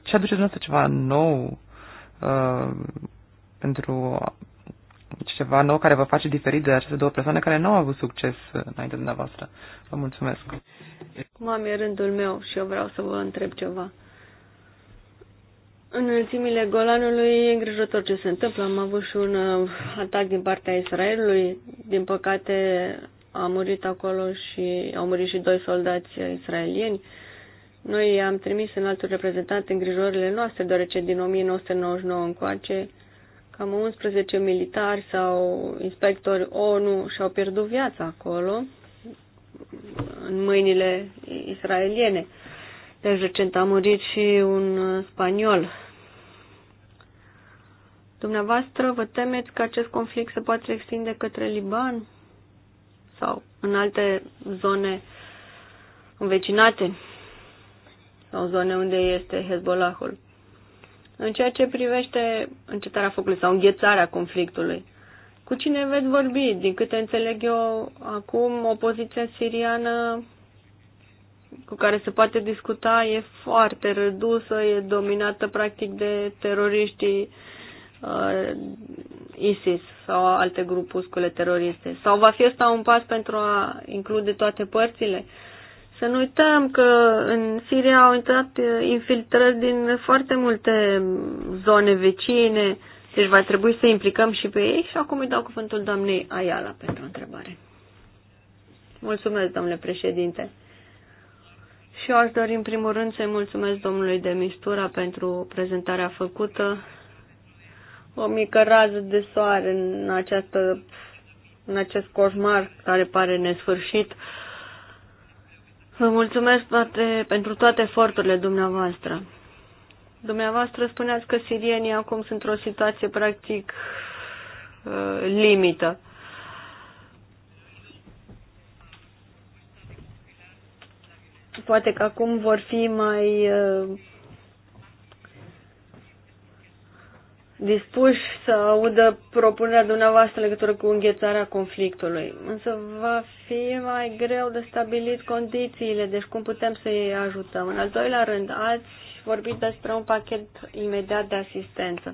Speaker 3: ce aduceți dumneavoastră ceva nou uh, pentru ceva nou care vă face diferit de aceste două persoane care nu au avut succes înainte de dumneavoastră. Vă mulțumesc.
Speaker 2: Cum e rândul meu și eu vreau să vă întreb ceva. În înălțimile Golanului e îngrijorător ce se întâmplă. Am avut și un uh, atac din partea Israelului. Din păcate a murit acolo și au murit și doi soldați israelieni. Noi am trimis în altul reprezentant îngrijorările noastre, deoarece din 1999 încoace Cam 11 militari sau inspectori ONU și-au pierdut viața acolo în mâinile israeliene. Deci recent a murit și un spaniol. Dumneavoastră vă temeți că acest conflict se poate extinde către Liban sau în alte zone învecinate sau zone unde este Hezbollahul? În ceea ce privește încetarea focului sau înghețarea conflictului, cu cine veți vorbi? Din câte înțeleg eu, acum opoziția siriană cu care se poate discuta e foarte redusă, e dominată practic de teroriștii uh, ISIS sau alte grupuscule teroriste. Sau va fi asta un pas pentru a include toate părțile? Uh, să nu uităm că în Siria au intrat eh, infiltrări din foarte multe zone vecine, deci va trebui să implicăm și pe ei și acum îi dau cuvântul doamnei Ayala pentru întrebare. Mulțumesc, domnule președinte. Și eu aș dori în primul rând să-i mulțumesc domnului de Mistura pentru prezentarea făcută. O mică rază de soare în, această, în acest coșmar care pare nesfârșit. Uh, Vă mulțumesc toate, pentru toate eforturile dumneavoastră. Dumneavoastră spuneați că sirienii acum sunt într-o situație practic uh, limită. Poate că acum vor fi mai uh, dispuși să audă propunerea dumneavoastră legătură cu înghețarea conflictului. Însă va fi mai greu de stabilit condițiile, deci cum putem să-i ajutăm. În al doilea rând, ați vorbit despre un pachet imediat de asistență.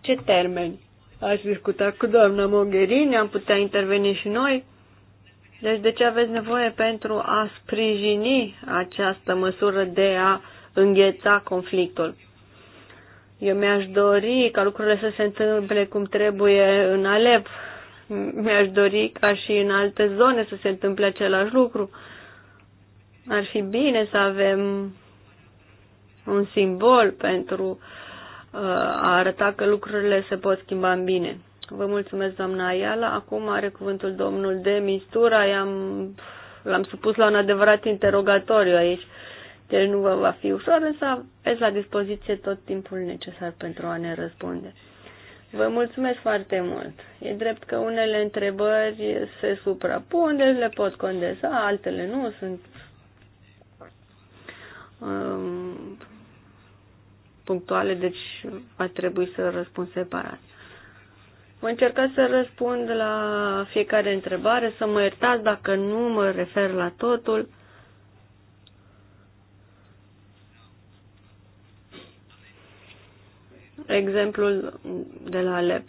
Speaker 2: Ce termeni? Ați discutat cu doamna Mogherini, am putea interveni și noi? Deci de ce aveți nevoie pentru a sprijini această măsură de a îngheța conflictul? Eu mi-aș dori ca lucrurile să se întâmple cum trebuie în Alep. Mi-aș dori ca și în alte zone să se întâmple același lucru. Ar fi bine să avem un simbol pentru uh, a arăta că lucrurile se pot schimba în bine. Vă mulțumesc, doamna Ayala. Acum are cuvântul domnul de Mistura. I-am, l-am supus la un adevărat interogatoriu aici. Deci nu vă va fi ușor, însă aveți la dispoziție tot timpul necesar pentru a ne răspunde. Vă mulțumesc foarte mult. E drept că unele întrebări se suprapun, deci le pot condensa, altele nu sunt um, punctuale, deci va trebui să răspund separat. Vă încerca să răspund la fiecare întrebare, să mă iertați dacă nu mă refer la totul. exemplul de la Alep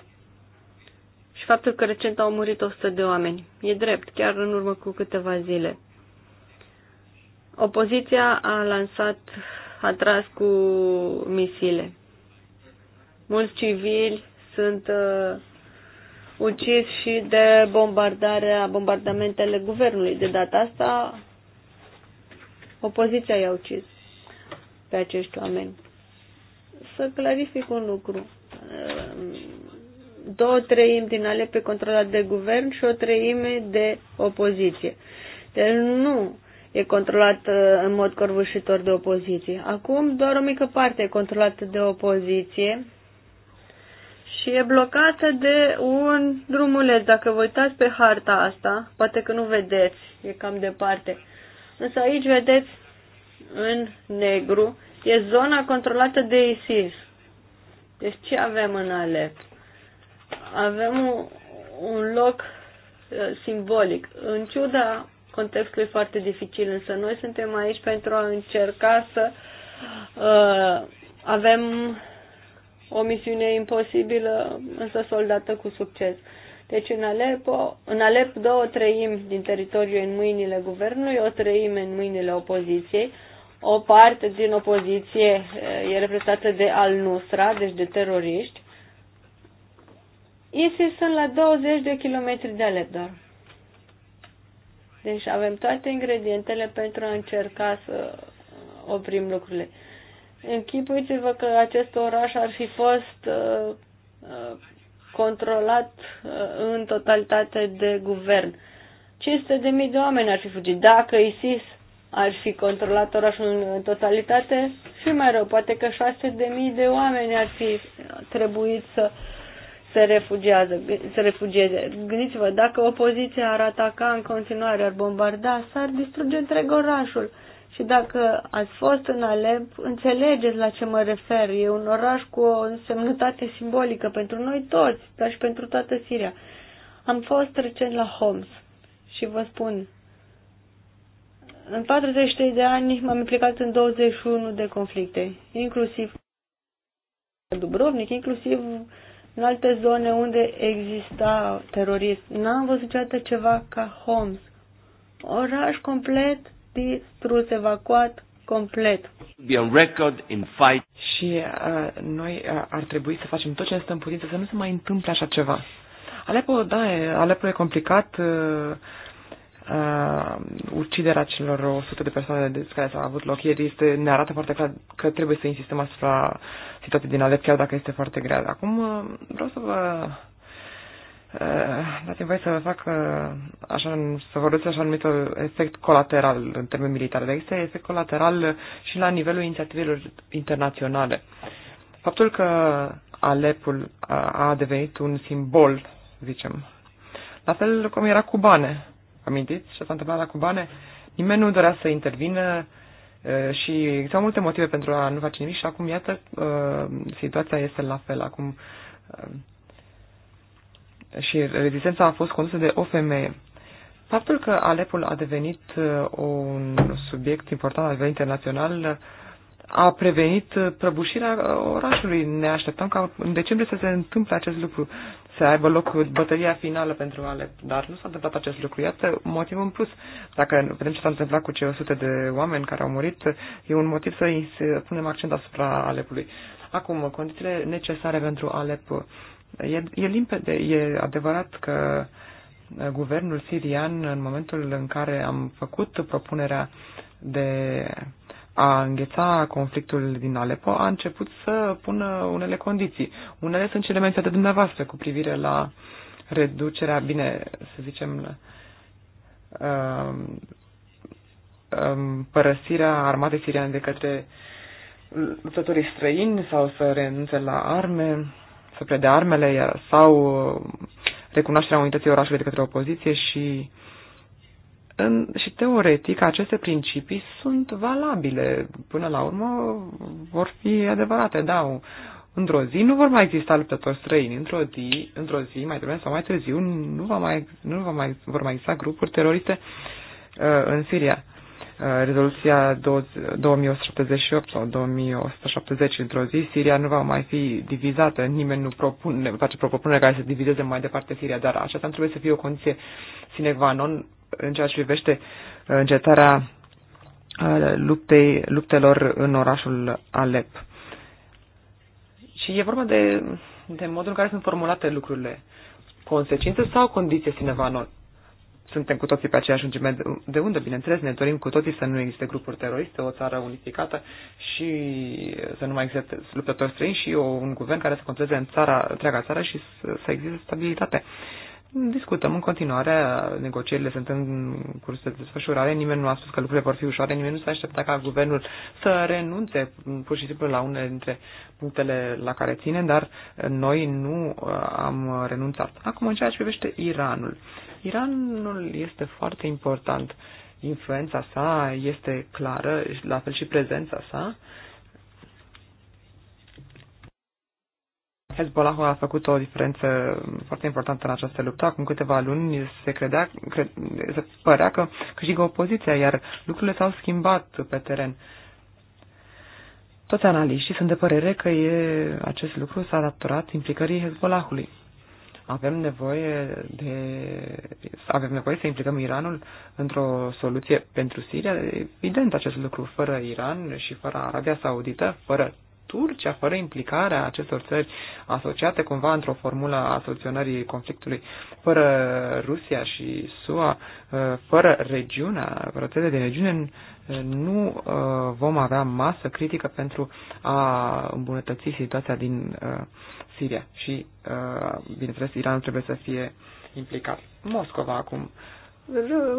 Speaker 2: și faptul că recent au murit 100 de oameni. E drept, chiar în urmă cu câteva zile. Opoziția a lansat, a tras cu misile. Mulți civili sunt uh, uciși și de bombardarea, bombardamentele guvernului. De data asta, opoziția i-a ucis pe acești oameni să clarific un lucru. Ehm, două treimi din ale pe controlat de guvern și o treime de opoziție. Deci nu e controlat în mod corvușitor de opoziție. Acum doar o mică parte e controlată de opoziție și e blocată de un drumuleț. Dacă vă uitați pe harta asta, poate că nu vedeți, e cam departe. Însă aici vedeți în negru E zona controlată de ISIS. Deci ce avem în Alep? Avem un, un loc uh, simbolic. În ciuda contextului foarte dificil, însă noi suntem aici pentru a încerca să uh, avem o misiune imposibilă, însă soldată cu succes. Deci în Alep, în Alep două treimi din teritoriu în mâinile guvernului, o treime în mâinile opoziției o parte din opoziție e reprezentată de Al-Nusra, deci de teroriști. ISIS sunt la 20 de kilometri de Alep doar. Deci avem toate ingredientele pentru a încerca să uh, oprim lucrurile. Închipuiți-vă că acest oraș ar fi fost uh, uh, controlat uh, în totalitate de guvern. 500.000 de mii de oameni ar fi fugit dacă ISIS ar fi controlat orașul în totalitate, și mai rău, poate că șase de oameni ar fi trebuit să se, refugiază, să refugieze. Gândiți-vă, dacă opoziția ar ataca în continuare, ar bombarda, s-ar distruge întreg orașul. Și dacă ați fost în Alep, înțelegeți la ce mă refer. E un oraș cu o însemnătate simbolică pentru noi toți, dar și pentru toată Siria. Am fost recent la Homs și vă spun, în 43 de ani m-am implicat în 21 de conflicte, inclusiv Dubrovnik, inclusiv în alte zone unde exista terorism. N-am văzut niciodată ceva ca Homs. Oraș complet distrus, evacuat complet.
Speaker 1: on record in fight.
Speaker 3: Și uh, noi uh, ar trebui să facem tot ce ne stă în putință să nu se mai întâmple așa ceva. Alepo, da, e, Alepo e complicat. Uh, uh, uciderea celor 100 de persoane de care s-a avut loc ieri este, ne arată foarte clar că trebuie să insistăm asupra situației din Alep, chiar dacă este foarte grea. Acum uh, vreau să vă uh, dați voie să vă fac uh, așa, să vorbesc așa numit efect colateral în termeni militare, dar este efect colateral și la nivelul inițiativelor internaționale. Faptul că Alepul uh, a devenit un simbol, zicem, la fel cum era cu bane. Amintiți ce s-a întâmplat la Cubane? Nimeni nu dorea să intervină și existau multe motive pentru a nu face nimic și acum, iată, situația este la fel. Acum și rezistența a fost condusă de o femeie. Faptul că Alepul a devenit un subiect important la nivel internațional a prevenit prăbușirea orașului. Ne așteptam ca în decembrie să se întâmple acest lucru să aibă loc bătălia finală pentru Alep, dar nu s-a întâmplat acest lucru. Iată motiv în plus. Dacă vedem ce s-a întâmplat cu cei 100 de oameni care au murit, e un motiv să punem accent asupra Alepului. Acum, condițiile necesare pentru Alep. E, e limpede, e adevărat că uh, guvernul sirian, în momentul în care am făcut propunerea de a îngheța conflictul din Alepo, a început să pună unele condiții. Unele sunt cele menționate de dumneavoastră cu privire la reducerea, bine, să zicem, um, um, părăsirea armatei siriane de către luptătorii străini sau să renunțe la arme, să predea armele, sau recunoașterea unității orașului de către opoziție și uh, în, și teoretic aceste principii sunt valabile. Până la urmă vor fi adevărate, da. Într-o zi nu vor mai exista luptători străini, într-o zi, într zi mai devreme sau mai târziu, nu, va mai, nu va mai, vor mai exista grupuri teroriste uh, în Siria. Uh, rezoluția 2178 sau 2170 într-o zi, Siria nu va mai fi divizată, nimeni nu propune, face propunere care să divizeze mai departe Siria, dar aceasta nu trebuie să fie o condiție sine qua non în ceea ce privește uh, încetarea uh, luptei, luptelor în orașul Alep. Și e vorba de, de modul în care sunt formulate lucrurile. Consecințe sau condiție sine qua Suntem cu toții pe aceeași lungime de unde, bineînțeles, ne dorim cu toții să nu existe grupuri teroriste, o țară unificată și să nu mai existe luptători străini și o, un guvern care să controleze în țara, întreaga țară și să, să existe stabilitate. Uh, discutăm în continuare, negocierile sunt în curs de desfășurare, nimeni nu a spus că lucrurile vor fi ușoare, nimeni nu s-a așteptat ca guvernul să renunțe pur și simplu la unele dintre punctele la care ține, dar noi nu uh, am renunțat. Acum, în ceea ce privește Iranul. Iranul este foarte important. Influența sa este clară, la fel și prezența sa Hezbollah a făcut o diferență foarte importantă în această luptă. Acum câteva luni se, credea, cre, se părea că câștigă opoziția, iar lucrurile s-au schimbat pe teren. Toți analiștii sunt de părere că e, acest lucru s-a adaptat implicării Hezbollahului. Avem nevoie, de, avem nevoie să implicăm Iranul într-o soluție pentru Siria. Evident acest lucru fără Iran și fără Arabia Saudită, fără Turcia, fără implicarea acestor țări asociate cumva într-o formulă a soluționării conflictului, fără Rusia și SUA, uh, fără regiunea, fără țările din regiune, uh, nu uh, vom avea masă critică pentru a îmbunătăți situația din Siria. Și, bineînțeles, Iranul trebuie să fie implicat. Moscova acum.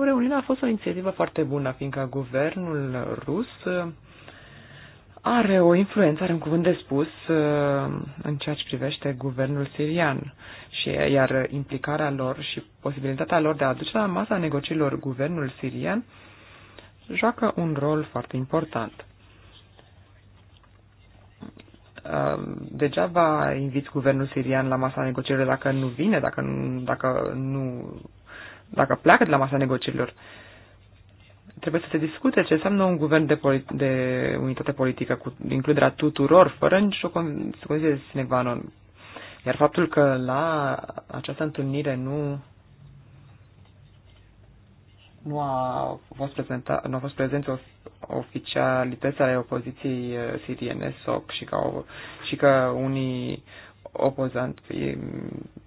Speaker 3: Reuniunea a fost o inițiativă foarte bună, fiindcă guvernul rus are o influență, are un cuvânt de spus uh, în ceea ce privește guvernul sirian, și, iar implicarea lor și posibilitatea lor de a aduce la masa negocierilor guvernul sirian joacă un rol foarte important. Uh, degeaba inviți guvernul sirian la masa negocierilor dacă nu vine, dacă, dacă nu dacă pleacă de la masa negocierilor. Uh, trebuie să se discute ce înseamnă un guvern de, poli- de unitate politică cu includerea tuturor, fără nicio condiție de sine qua non. Iar faptul că la această întâlnire nu nu a fost, prezenta, nu a fost prezent o, oficialități ale opoziției uh, siriene, SOC, și că, și că unii opozanți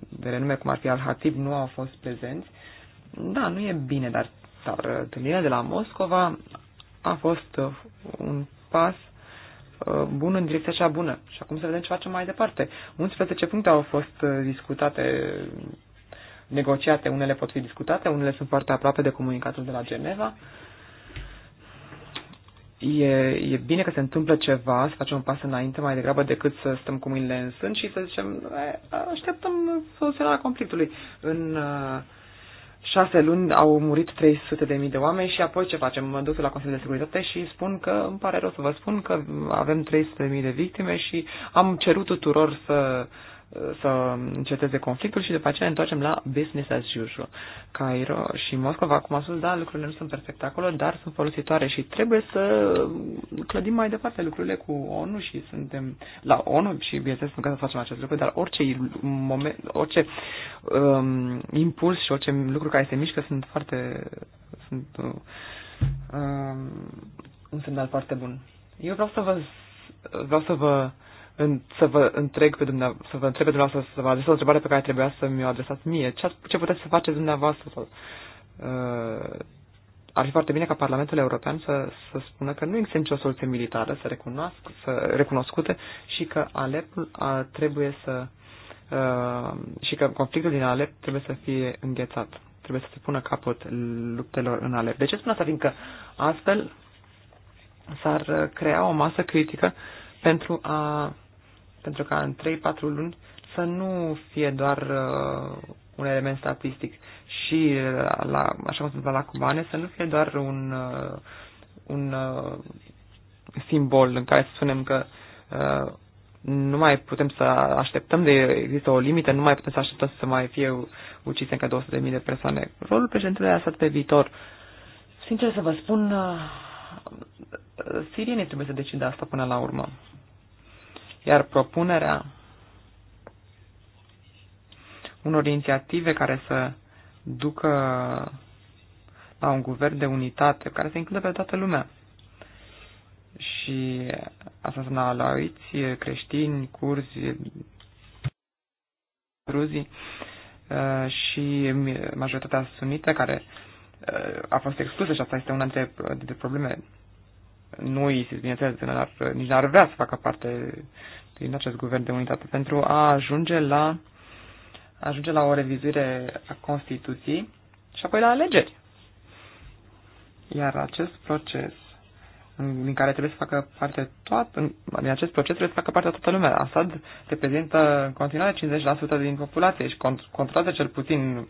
Speaker 3: de renume, cum ar fi al-Hatib, nu au fost prezenți. Da, nu e bine, dar dar uh, întâlnirea de la Moscova a fost uh, un pas uh, bun în direcția cea bună. Și acum să vedem ce facem mai departe. 11 puncte au fost discutate, negociate, unele pot fi discutate, unele sunt foarte aproape de comunicatul de la Geneva. E, e bine că se întâmplă ceva, să facem un pas înainte mai degrabă decât să stăm cu mâinile în sân și să zicem, eh, așteptăm soluționarea conflictului. În uh, șase luni au murit 300 de mii de oameni și apoi ce facem? Mă duc la Consiliul de Securitate și spun că îmi pare rău să vă spun că avem 300 de mii de victime și am cerut tuturor să uh, să înceteze conflictul și după aceea întoarcem la business as usual. Cairo și Moscova, cum am spus, da, lucrurile nu sunt perfecte acolo, dar sunt folositoare și trebuie să clădim mai departe lucrurile cu ONU și suntem la ONU și bineînțeles că să facem acest lucru, dar orice, moment, orice um, impuls și orice lucru care se mișcă sunt foarte sunt uh, um, un semnal foarte bun. Eu vreau să vă vreau să vă în, să vă întreg pe dumneavoastră, să vă întreb pe dumneavoastră, să vă adresez o întrebare pe care trebuia să mi-o adresați mie. Ce, ce puteți să faceți dumneavoastră? Sau, uh, ar fi foarte bine ca Parlamentul European să, să spună că nu există nicio soluție militară să recunoască, să, recunoscute și că Alep a, trebuie să uh, și că conflictul din Alep trebuie să fie înghețat. Trebuie să se pună capăt luptelor în Alep. De ce spun asta? Fiindcă astfel s-ar crea o masă critică pentru a pentru ca în 3-4 luni să nu fie doar uh, un element statistic și, la, așa cum se întâmplă la cubane, să nu fie doar un, uh, un uh, simbol în care să spunem că uh, nu mai putem să așteptăm, de, există o limită, nu mai putem să așteptăm să mai fie ucise încă 200.000 de persoane. Rolul președintelui a stat pe viitor. Sincer să vă spun, uh, sirienii trebuie să decide asta până la urmă iar propunerea unor inițiative care să ducă la un guvern de unitate, care să includă pe toată lumea. Și asta înseamnă alaiți, creștini, curzi, gruzii uh, și majoritatea sunită care uh, a fost exclusă și asta este una dintre, dintre probleme nu ISIS, bineînțeles, n-ar, nici n-ar vrea să facă parte din acest guvern de unitate, pentru a ajunge la, ajunge la o revizuire a Constituției și apoi la alegeri. Iar acest proces din care trebuie să facă parte toată, din acest proces trebuie să facă parte toată lumea. Assad reprezintă în continuare 50% din populație și controlează cel puțin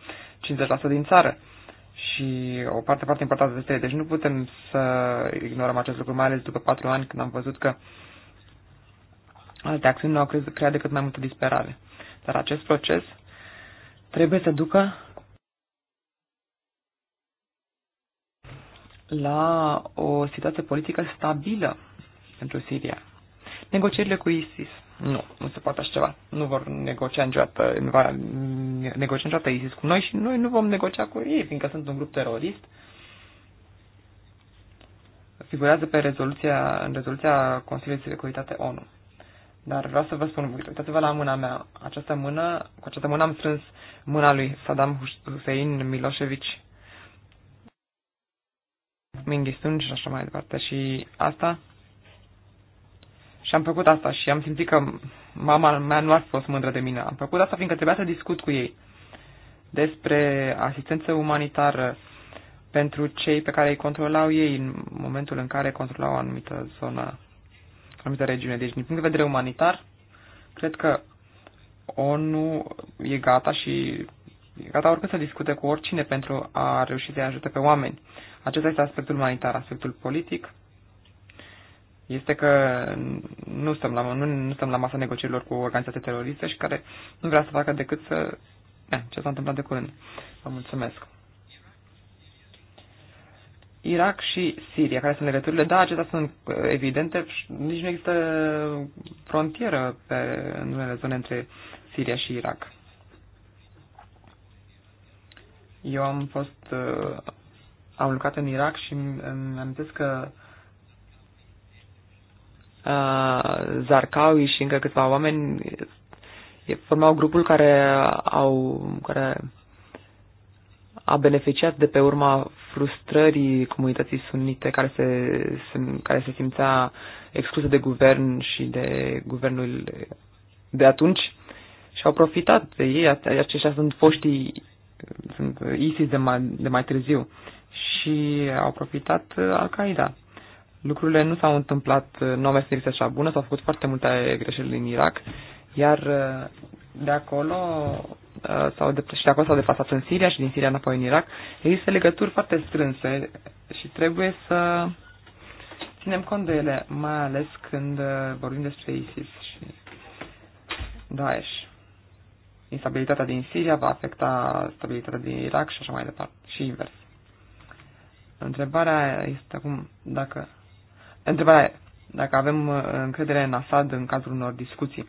Speaker 3: 50% din țară și o parte foarte importantă este. Deci nu putem să ignorăm acest lucru, mai ales după patru ani când am văzut că alte acțiuni nu au creat decât mai multă disperare. Dar acest proces trebuie să ducă la o situație politică stabilă pentru Siria. Negocierile cu ISIS nu, nu se poate așa ceva. Nu vor negocia niciodată, nu va negocia niciodată ISIS cu noi și noi nu vom negocia cu ei, fiindcă sunt un grup terorist. Figurează pe rezoluția, în rezoluția Consiliului de Securitate ONU. Dar vreau să vă spun, uitați-vă la mâna mea. Această mână, cu această mână am strâns mâna lui Saddam Hussein Milosevic Minghistungi și așa mai departe. Și asta și am făcut asta și am simțit că mama mea nu ar fi fost mândră de mine. Am făcut asta fiindcă trebuia să discut cu ei despre asistență umanitară pentru cei pe care îi controlau ei în momentul în care controlau o anumită zonă, anumită regiune. Deci, din punct de vedere umanitar, cred că ONU e gata și e gata oricând să discute cu oricine pentru a reuși să-i ajute pe oameni. Acesta este aspectul umanitar. Aspectul politic este că nu stăm la, nu, nu stăm la masa negocierilor cu organizații teroriste și care nu vrea să facă decât să... Ia, eh, ce s-a întâmplat de curând. Vă mulțumesc. Irak și Siria, care sunt legăturile, da, acestea sunt eh, evidente, nici nu există frontieră pe, în unele zone între Siria și Irak. Eu am fost, eh, am lucrat în Irak și îmi amintesc că Uh, Zarcaui și încă câțiva oameni formau grupul care au care a beneficiat de pe urma frustrării comunității sunnite care se, care se simțea exclusă de guvern și de guvernul de atunci și au profitat de ei. Aceștia sunt foștii, sunt ISIS de mai, de mai târziu și au profitat Al-Qaeda lucrurile nu s-au întâmplat, nu au mers în așa bună, s-au făcut foarte multe greșeli în Irak, iar uh, de acolo uh, sau de, și de acolo s-au defasat în Siria și din Siria înapoi în Irak. Există legături foarte strânse și trebuie să ținem cont de ele, mai ales când uh, vorbim despre ISIS și Daesh. Instabilitatea din Siria va afecta stabilitatea din Irak și așa mai departe, și invers. Întrebarea este acum dacă Întrebarea dacă avem uh, încredere în Assad în cazul unor discuții.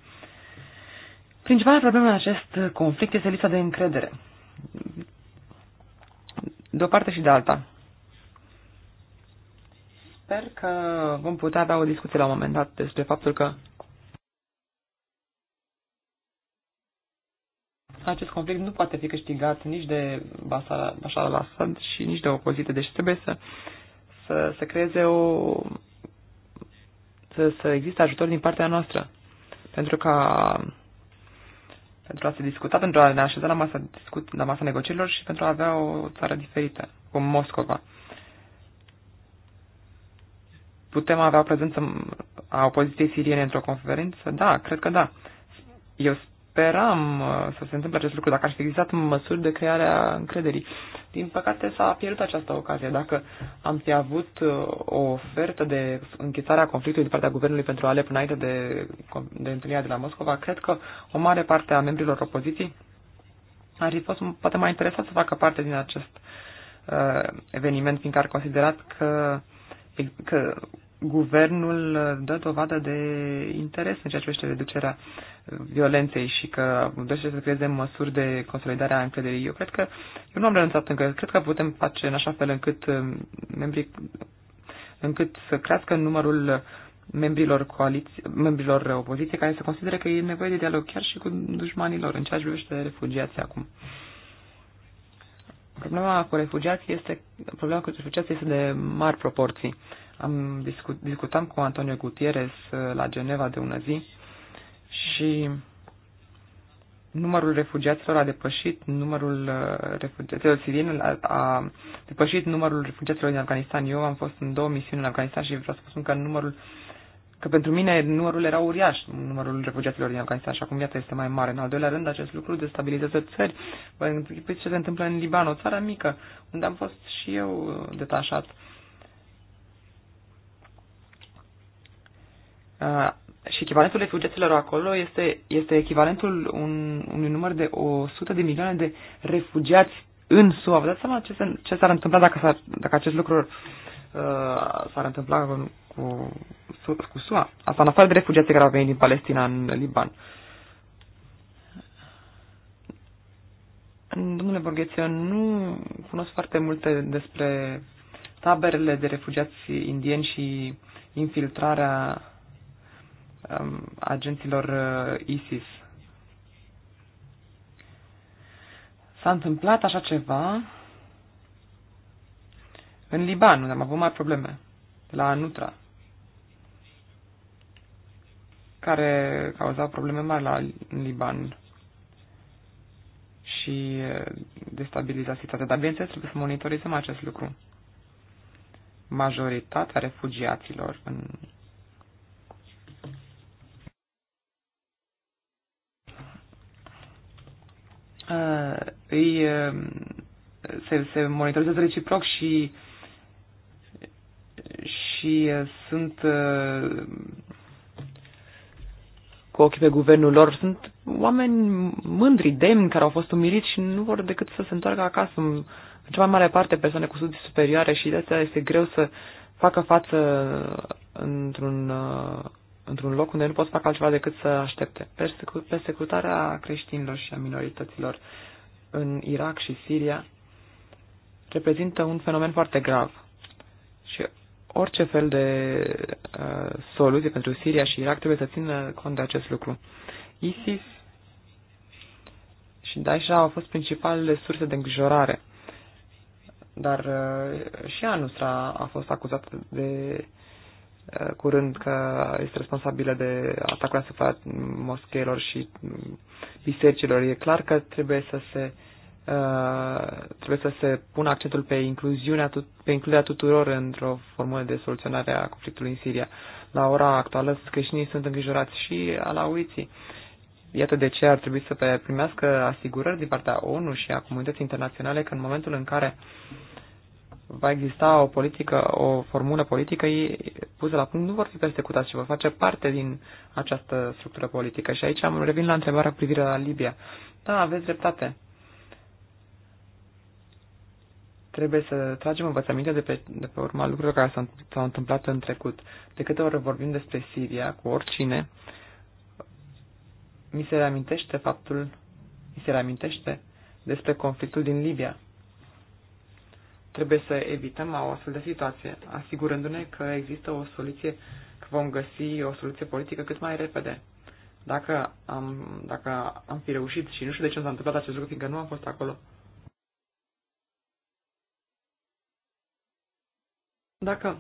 Speaker 3: Principala problemă în acest conflict este lipsa de încredere. De o parte și de alta. Sper că vom putea avea o discuție la un moment dat despre faptul că acest conflict nu poate fi câștigat nici de Bashar al-Assad și nici de opoziție. Deci trebuie să, să, să creeze o, să existe ajutor din partea noastră pentru ca pentru a se discuta, pentru a ne așeza la masa, discut, la masa negocierilor și pentru a avea o țară diferită, cum Moscova. Putem avea prezență a opoziției siriene într-o conferință? Da, cred că da. Eu speram uh, să se întâmple acest lucru, dacă ar fi existat măsuri de creare a încrederii. Din păcate s-a pierdut această ocazie. Dacă am fi avut uh, o ofertă de închisare a conflictului din partea guvernului pentru Alep înainte de, de întâlnirea de la Moscova, cred că o mare parte a membrilor opoziției ar fi fost poate mai interesat să facă parte din acest uh, eveniment, fiindcă ar considerat că, că guvernul dă dovadă de interes în ceea ce privește reducerea violenței și că dorește să creeze măsuri de consolidare a încrederii. Eu cred că eu nu am renunțat încă. Cred că putem face în așa fel încât uh, membrii încât să crească numărul membrilor, coaliți, membrilor opoziției care să considere că e nevoie de dialog chiar și cu dușmanilor în ceea ce privește refugiații acum. Problema cu refugiații este, problema cu refugiații este de mari proporții. Am discut, discutam cu Antonio Gutierrez la Geneva de ună zi și numărul refugiaților a depășit numărul uh, refugiaților sirieni, a, a depășit numărul refugiaților din Afganistan. Eu am fost în două misiuni în Afganistan și vreau să spun că numărul că pentru mine numărul era uriaș, numărul refugiaților din Afganistan și acum viața este mai mare. În al doilea rând, acest lucru destabilizează țări. Vă închipuiți ce se întâmplă în Liban, o țară mică, unde am fost și eu detașat. Uh, și echivalentul refugiaților acolo este, este echivalentul un, unui număr de 100 de milioane de refugiați în SUA. Vă dați seama ce, se, ce s-ar întâmpla dacă, s-ar, dacă acest lucru uh, s-ar întâmpla cu, cu, cu SUA? Asta în afară de refugiații care au venit din Palestina în Liban. Domnule eu nu cunosc foarte multe despre taberele de refugiați indieni și infiltrarea Um, agenților uh, ISIS. S-a întâmplat așa ceva în Liban, unde am avut mari probleme, la Anutra, care cauzau probleme mari la, în Liban și uh, destabiliza situația. Dar, bineînțeles, trebuie să monitorizăm acest lucru. Majoritatea refugiaților în Uh, îi uh, se, se monitorizează reciproc și și uh, sunt cu ochii pe guvernul lor. Sunt oameni mândri, demni, care au fost umiliți și nu vor decât să se întoarcă acasă. În cea mai mare parte persoane cu studii superioare și de aceea este greu să facă față într-un într-un loc unde nu pot să fac altceva decât să aștepte. persecutarea creștinilor și a minorităților în Irak și Siria reprezintă un fenomen foarte grav și orice fel de uh, soluție pentru Siria și Irak trebuie să țină cont de acest lucru. ISIS și Daesh au fost principalele surse de îngrijorare, dar uh, și Anusra a fost acuzat de Uh, curând că este responsabilă de atacul asupra moscheilor și mm, bisericilor. E clar că trebuie să se Uh, trebuie să se pună accentul pe incluziunea, pe includerea tuturor într-o formulă de soluționare a conflictului în Siria. La ora actuală, creștinii sunt îngrijorați și alauiții. Iată de ce ar trebui să primească asigurări din partea ONU și a comunității internaționale că în momentul în care uh, va exista o politică, o formulă politică ei pusă la punct, nu vor fi persecutați, ci vor face parte din această structură politică. Și aici am revin la întrebarea cu privire la Libia. Da, aveți dreptate. Trebuie să tragem învățăminte de pe, de pe urma lucrurilor care s-au întâmplat în trecut. De câte ori vorbim despre Siria cu oricine, mi se reamintește faptul, mi se reamintește despre conflictul din Libia Trebuie să evităm o astfel de situație, asigurându-ne că există o soluție, că vom găsi o soluție politică cât mai repede. Dacă am, dacă am fi reușit și nu știu de ce s-a întâmplat acest lucru, fiindcă nu am fost acolo. Dacă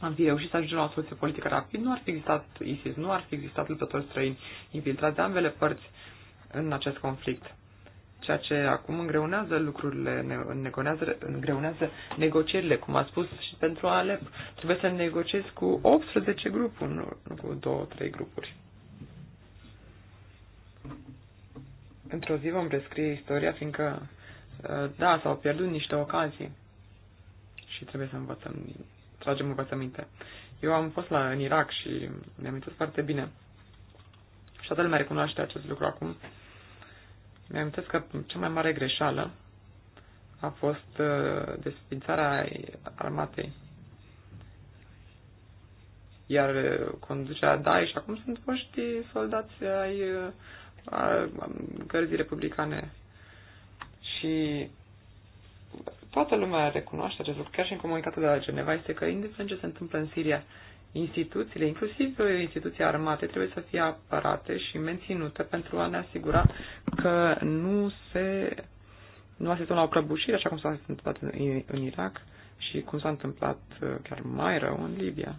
Speaker 3: am fi reușit să ajungem la o soluție politică rapid, nu ar fi existat ISIS, nu ar fi existat luptători străini infiltrați de ambele părți în acest conflict ceea ce acum îngreunează lucrurile, îngreunează, îngreunează negocierile, cum a spus și pentru Alep. Trebuie să negociezi cu 18 grupuri, nu, nu cu 2-3 grupuri. Într-o zi vom rescrie istoria, fiindcă, uh, da, s-au pierdut niște ocazii și trebuie să învățăm, tragem învățăminte. Eu am fost la, în Irak și mi-am foarte bine. Și toată lumea recunoaște acest lucru acum. Mi-am că cea mai mare greșeală a fost uh, desfințarea armatei. Iar uh, conducerea și acum sunt foști soldați ai gărzii uh, republicane. Și toată lumea recunoaște acest lucru, chiar și în comunicatul de la Geneva, este că indiferent ce se întâmplă în Siria, instituțiile, inclusiv instituția armate, trebuie să fie apărate și menținute pentru a ne asigura că nu se nu asistăm la o prăbușire, așa cum s-a întâmplat în, în Irak și cum s-a întâmplat uh, chiar mai rău în Libia.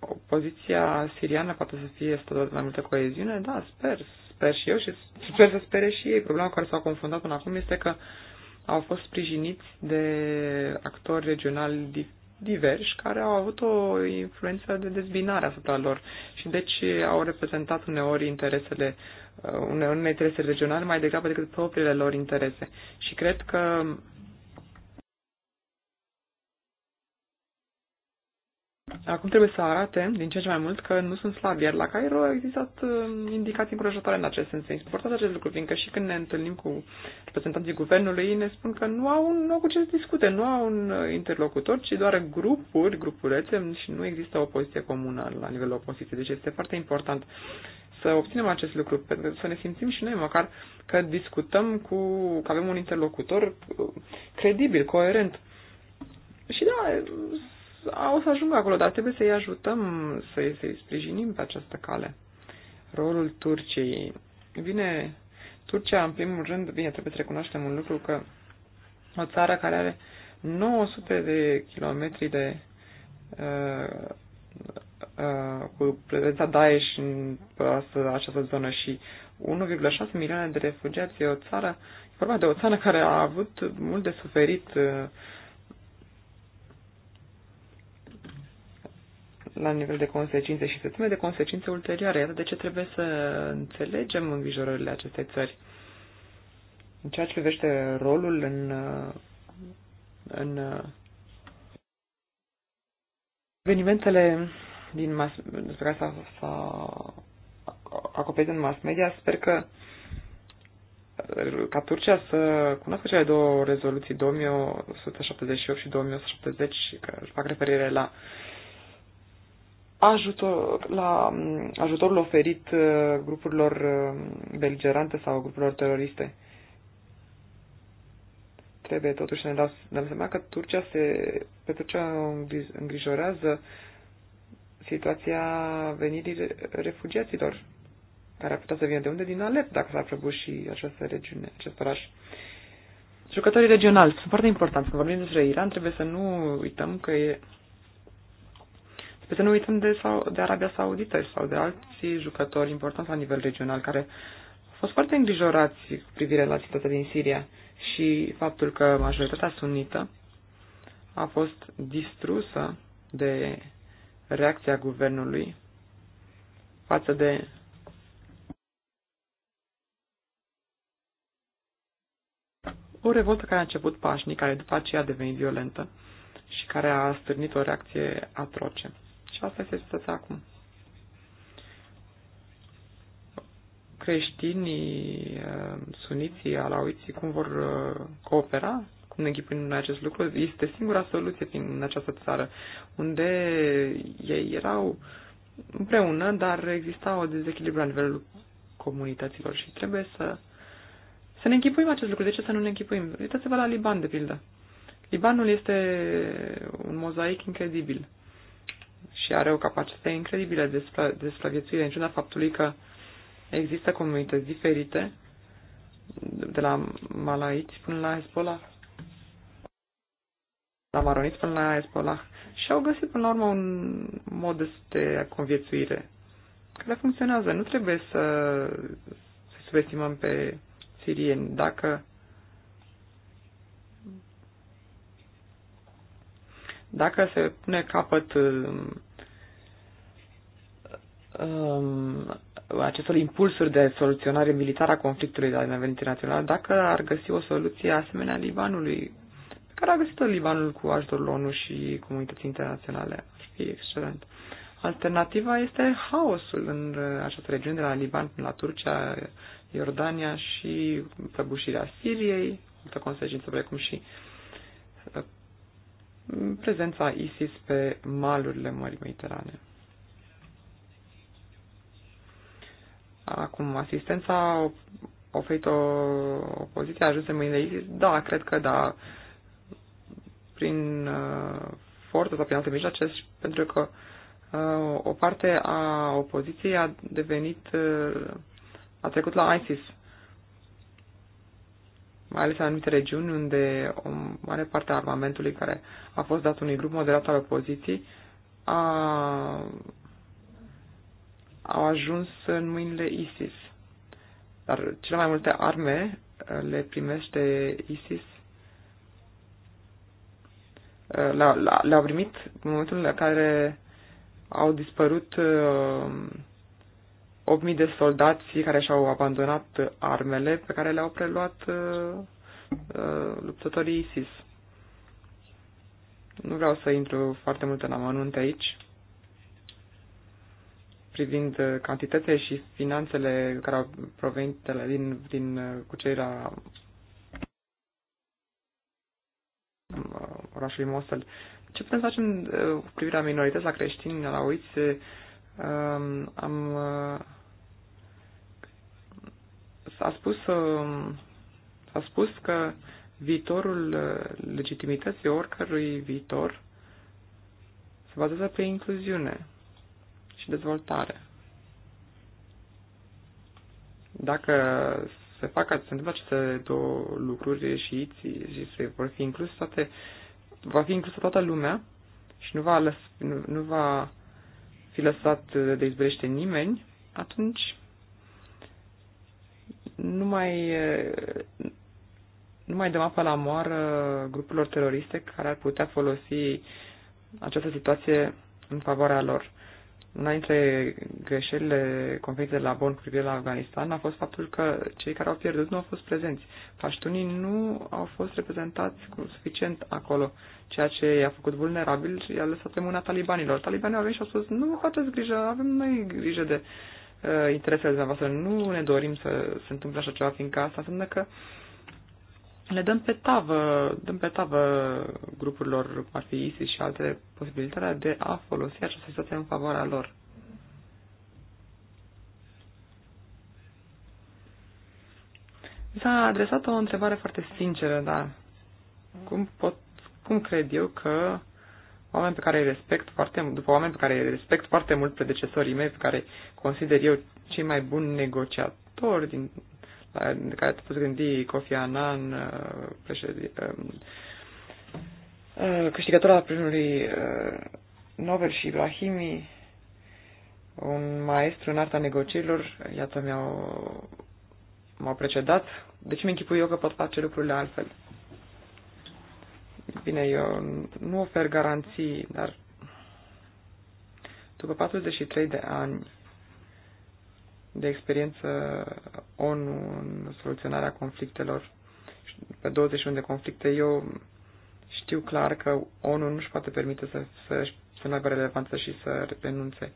Speaker 3: Opoziția siriană poate să fie stătută mai multă coeziune? Da, sper. Sper și eu și sper să spere și ei. Problema cu care s-au confundat până acum este că uh, au fost sprijiniți de actori regionali diversi care au avut o influență de dezbinare asupra lor și deci au reprezentat uneori interesele uh, uneori interese regionale mai degrabă decât propriile lor interese. Și cred că Acum trebuie să arate din ce în ce mai mult că nu sunt slabi, iar la Cairo au existat uh, indicații încurajatoare în acest sens. Este important acest lucru, fiindcă și când ne întâlnim cu reprezentanții guvernului, ei ne spun că nu au, nu au cu ce să discute, nu au un uh, interlocutor, ci doar grupuri, grupulețe și nu există o poziție comună la nivelul opoziției. Deci este foarte important să obținem acest lucru, să ne simțim și noi măcar că discutăm cu, că avem un interlocutor uh, credibil, coerent. Și da, au să ajungă acolo, dar trebuie să-i ajutăm, să-i, să-i sprijinim pe această cale. Rolul Turciei. Vine Turcia, în primul rând, bine, trebuie să recunoaștem un lucru că o țară care are 900 de kilometri de uh, uh, cu prezența Daesh în această zonă și 1,6 milioane de refugiați. E o țară, e vorba de o țară care a avut mult de suferit uh, la nivel de consecințe și se teme de consecințe ulterioare. Iată de ce trebuie să înțelegem îngrijorările acestei țări. În ceea ce privește rolul în, în evenimentele din mas, despre care s-a acoperit în mass media, sper că uh, ca Turcia să cunoască cele două rezoluții, 2178 și 2170, care fac referire la uh, ajutor, la ajutorul oferit uh, grupurilor uh, beligerante sau grupurilor teroriste. Trebuie totuși să ne dau, ne seama că Turcia se, pe Turcia îngrijorează situația venirii refugiaților care ar putea să vină de unde? Din Alep, dacă s-ar prăbuși această regiune, acest oraș. Jucătorii regionali sunt foarte importanți. Când vorbim despre Iran, trebuie să nu uităm că e Păi să nu uităm de, sau, de Arabia Saudită sau de alții jucători importanți la nivel regional care au fost foarte îngrijorați cu privire la situația din Siria și faptul că majoritatea sunnită a fost distrusă de reacția guvernului față de o revoltă care a început pașnic, care după aceea a devenit violentă și care a stârnit o reacție atroce. Și deci asta este situația acum. Creștinii, uh, suniții, alauiții, cum vor uh, coopera? Cum ne în acest lucru? Este singura soluție din această țară, unde ei erau împreună, dar exista o dezechilibru la nivelul comunităților și trebuie să, să ne închipuim acest lucru. De ce să nu ne închipuim? Uitați-vă la Liban, de pildă. Libanul este un mozaic incredibil și are o capacitate incredibilă de, spra- de supraviețuire, în ciuda faptului că există comunități diferite, de la malaiți până la Hezbollah, la maroniți până la Hezbollah, și au găsit până la urmă un mod de conviețuire care funcționează. Nu trebuie să, să subestimăm pe sirieni. Dacă dacă se pune capăt Um, acestor impulsuri de soluționare militară a conflictului la nivel internațional dacă ar găsi o soluție asemenea Libanului, pe care a găsit-o Libanul cu ajutorul ONU și comunității internaționale. Ar fi excelent. Alternativa este haosul în această regiune de la Liban până la Turcia, Iordania și prăbușirea Siriei, multă consecință precum și uh, prezența ISIS pe malurile Mării Mediterane. Acum, asistența o, opoziția a ajuns în mâinile ISIS? Da, cred că da. Prin uh, forță sau prin alte mijloace, pentru că uh, o parte a opoziției a devenit, uh, a trecut la ISIS. Mai ales în anumite regiuni unde o mare parte a armamentului care a fost dat unui grup moderat al opoziției a au ajuns în mâinile ISIS. Dar cele mai multe arme uh, le primește ISIS. Uh, le-au primit în momentul în care au dispărut 8.000 uh, de soldați care și-au abandonat armele pe care le-au preluat luptătorii ISIS. Nu vreau să intru foarte mult în amănunte aici privind uh, cantitățile și finanțele care au provenit din, din uh, cucerirea uh, orașului Mosul. Ce putem să facem cu privirea minorități la creștini, la uiți? Um, am, s-a spus, s-a um, spus că viitorul legitimității oricărui viitor se bazează pe incluziune și dezvoltare. Dacă se fac, se întâmplă aceste două lucruri și, și se vor fi inclus toate, va fi inclusă toată lumea și nu va, lăs, nu, nu va fi lăsat de izbrește nimeni, atunci nu mai, nu mai dăm apă la moară grupurilor teroriste care ar putea folosi această situație în favoarea lor. Una dintre greșelile conferinței de la Bonn cu privire la Afganistan a fost faptul că cei care au pierdut nu au fost prezenți. Paștunii nu au fost reprezentați cu suficient acolo, ceea ce i-a făcut vulnerabil și i-a lăsat pe mâna talibanilor. Talibanii au venit și au spus, nu faceți grijă, avem noi grijă de uh, interesele dumneavoastră, nu ne dorim să se întâmple așa ceva, fiindcă asta înseamnă că uh, le dăm pe tavă, dăm pe tavă grupurilor cum ar fi ISIS și alte posibilitatea de a folosi această situație în favoarea lor. Mi S-a adresat o întrebare foarte sinceră, dar cum pot, cum cred eu că oameni pe care îi respect foarte, după oameni pe care îi respect foarte mult predecesorii mei, pe care consider eu cei mai buni negociatori din care te poți gândi, Kofi Annan, uh, uh, uh, câștigătorul al primului Nobel și Ibrahimi, un maestru în arta negocierilor, iată, mi-au, m-au precedat. Deci mi închipui eu că pot face lucrurile altfel. Bine, eu nu ofer garanții, dar după 43 de ani de experiență ONU în soluționarea conflictelor, pe 21 de conflicte, eu știu clar că ONU nu își poate permite să, să, să nu aibă relevanță și să renunțe.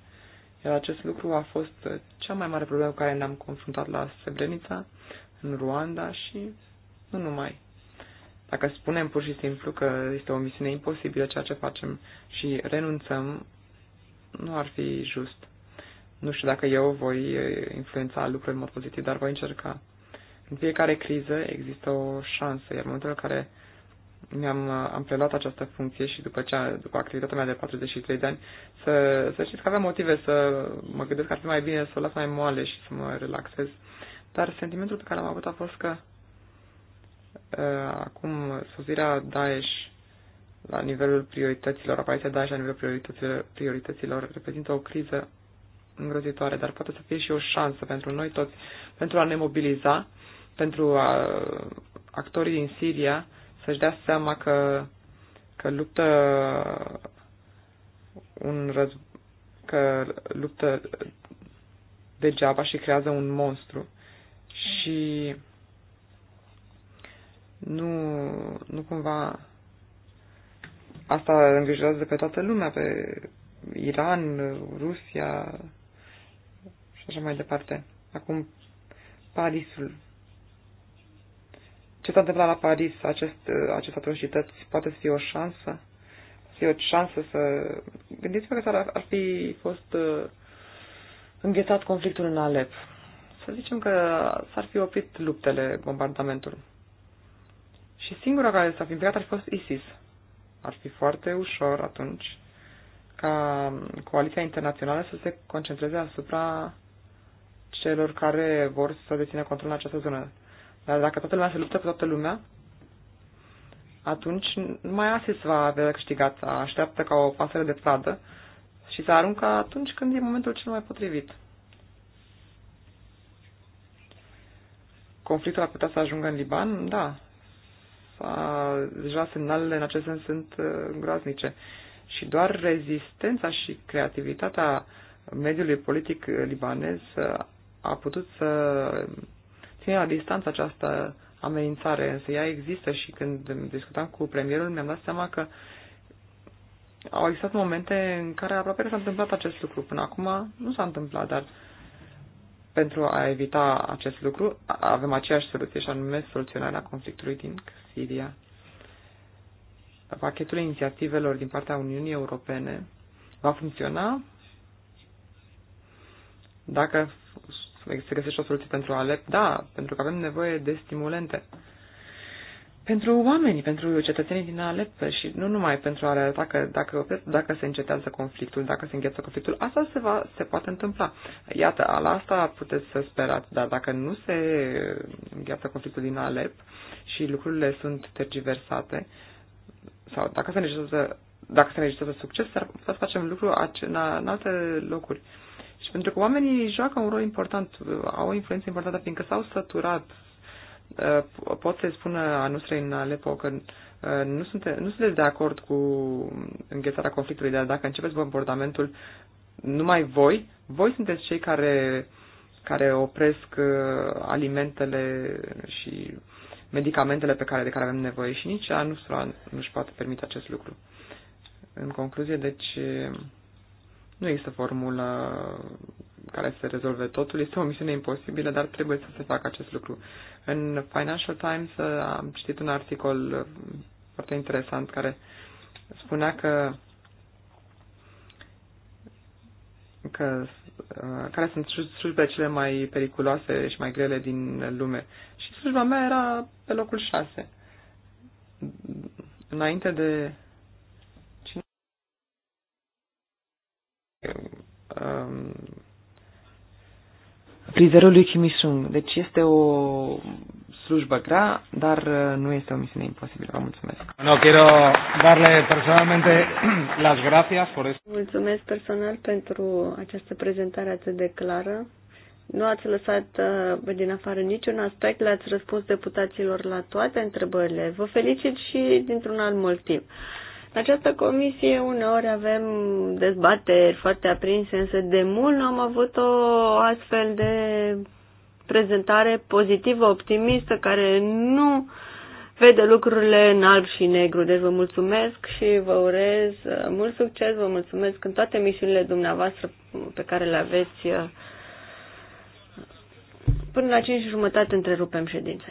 Speaker 3: Iar acest lucru a fost cea mai mare problemă cu care ne-am confruntat la Srebrenica, în Ruanda și nu numai. Dacă spunem pur și simplu că este o misiune imposibilă ceea ce facem și renunțăm, nu ar fi just. Nu știu dacă eu voi eh, influența lucrurile în mod pozitiv, dar voi încerca. În fiecare criză există o șansă, iar în momentul în care mi-am eh, am preluat această funcție și după, cea, după activitatea mea de 43 de ani, să, să știți că aveam motive să mă gândesc că ar fi mai bine să o las mai moale și să mă relaxez. Dar sentimentul pe care l-am avut a fost că uh, acum sosirea Daesh la nivelul priorităților, apariția Daesh la nivelul priorităților, priorităților reprezintă o criză îngrozitoare, dar poate să fie și o șansă pentru noi toți, pentru a ne mobiliza, pentru a, actorii din Siria să-și dea seama că, că luptă un răz, că luptă degeaba și creează un monstru. Și nu, nu cumva asta îngrijorează pe toată lumea, pe Iran, Rusia, și așa mai departe. Acum, Parisul. Ce s-a întâmplat la Paris, acest, acest atrocități, poate să fie o șansă? Să fie o șansă să... Gândiți-vă că ar, ar fi fost uh, înghețat conflictul în Alep. Să zicem că s-ar fi oprit luptele, bombardamentul. Și singura care s-a fi implicat ar fi fost ISIS. Ar fi foarte ușor atunci ca um, coaliția internațională să se concentreze asupra celor care vor să dețină control în această zonă. Dar dacă toată lumea se luptă cu toată lumea, atunci numai Asis va avea câștigat. Așteaptă ca o pasăre de pradă și să aruncă atunci când e momentul cel mai potrivit. Conflictul ar putea să ajungă în Liban? Da. Deja semnalele în acest sens sunt uh, groaznice. Și doar rezistența și creativitatea mediului politic libanez uh, a putut să ține la distanță această amenințare, însă ea există și când discutam cu premierul mi-am dat seama că au existat momente în care aproape s-a întâmplat acest lucru. Până acum nu s-a întâmplat, dar pentru a evita acest lucru avem aceeași soluție și anume soluționarea conflictului din Siria. Pachetul inițiativelor din partea Uniunii Europene va funcționa dacă se găsește o soluție pentru Alep? Da, pentru că avem nevoie de stimulente. Pentru oameni, pentru cetățenii din Alep și nu numai pentru a arăta că dacă, dacă se încetează conflictul, dacă se îngheță conflictul, asta se, va, se poate întâmpla. Iată, la asta puteți să sperați, dar dacă nu se îngheață conflictul din Alep și lucrurile sunt tergiversate, sau dacă se necesită dacă se necesită succes, ar putea să facem lucru în alte locuri. Pentru că oamenii joacă un rol important, au o influență importantă, fiindcă s-au săturat. Uh, pot să-i spună a nu în Alepo că uh, nu, sunte, nu sunteți de acord cu înghețarea conflictului, dar dacă începeți comportamentul numai voi, voi sunteți cei care, care opresc uh, alimentele și medicamentele pe care, de care avem nevoie și nici a nu-și poate permite acest lucru. În concluzie, deci, nu există formula care să rezolve totul. Este o misiune imposibilă, dar trebuie să se facă acest lucru. În Financial Times uh, am citit un articol uh, foarte interesant care spunea că, că uh, care sunt slujbe cele mai periculoase și mai grele din lume. Și slujba mea era pe locul șase. Înainte de prizerul lui Kim Deci este o slujbă grea, dar uh, nu este o misiune imposibilă. Vă mulțumesc.
Speaker 1: No, quiero darle personalmente las gracias por esto.
Speaker 2: Mulțumesc personal pentru această prezentare atât de clară. Nu ați lăsat uh, din afară niciun aspect, le-ați răspuns deputaților la toate întrebările. Vă felicit și dintr-un alt motiv. Uh, în această comisie uneori avem dezbateri foarte aprinse, însă de mult nu am avut o astfel de prezentare pozitivă, optimistă, care nu vede lucrurile în alb și negru. Deci vă mulțumesc și vă urez uh, mult succes, vă mulțumesc în toate misiunile dumneavoastră pe care le aveți. Uh, până la 5 jumătate întrerupem ședința.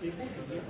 Speaker 1: E bun, e bun.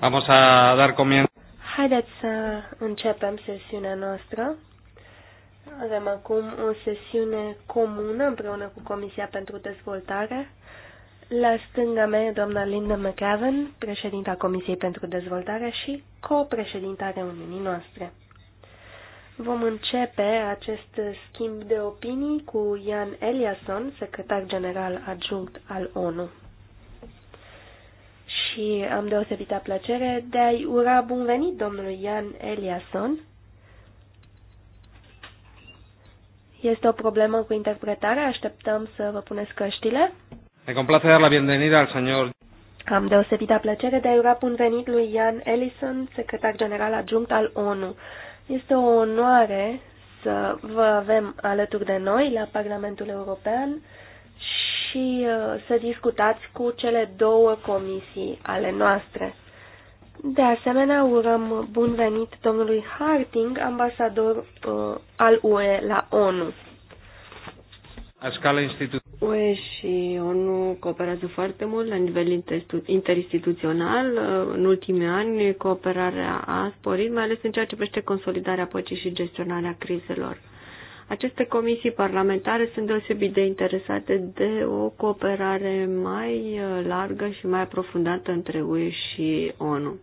Speaker 3: Vamos a dar comienzo.
Speaker 2: Haideți să începem sesiunea noastră. Avem acum o sesiune comună împreună cu Comisia pentru Dezvoltare. La stânga mea e doamna Linda McAvan, președinta Comisiei pentru Dezvoltare și copreședinta reuniunii noastre. Vom începe acest schimb de opinii cu Ian Eliasson, secretar general adjunct al ONU și am deosebită plăcere de a-i ura bun venit domnului Ian Eliasson. Este o problemă cu interpretarea, așteptăm să vă puneți căștile.
Speaker 3: Me complace dar la bienvenida al señor.
Speaker 2: Am deosebită plăcere de a-i ura bun venit lui Ian Ellison, secretar general adjunct al ONU. Este o onoare să vă avem alături de noi la Parlamentul European și uh, să discutați cu cele două comisii ale noastre. De asemenea, urăm bun venit domnului Harting, ambasador uh, al UE la ONU. A scala UE și ONU cooperează foarte mult la nivel interinstituțional. Uh, în ultimii ani, cooperarea a sporit, mai ales în ceea ce privește consolidarea păcii și gestionarea crizelor. Aceste comisii parlamentare sunt deosebit de interesate de o cooperare mai uh, largă și mai aprofundată între UE și ONU.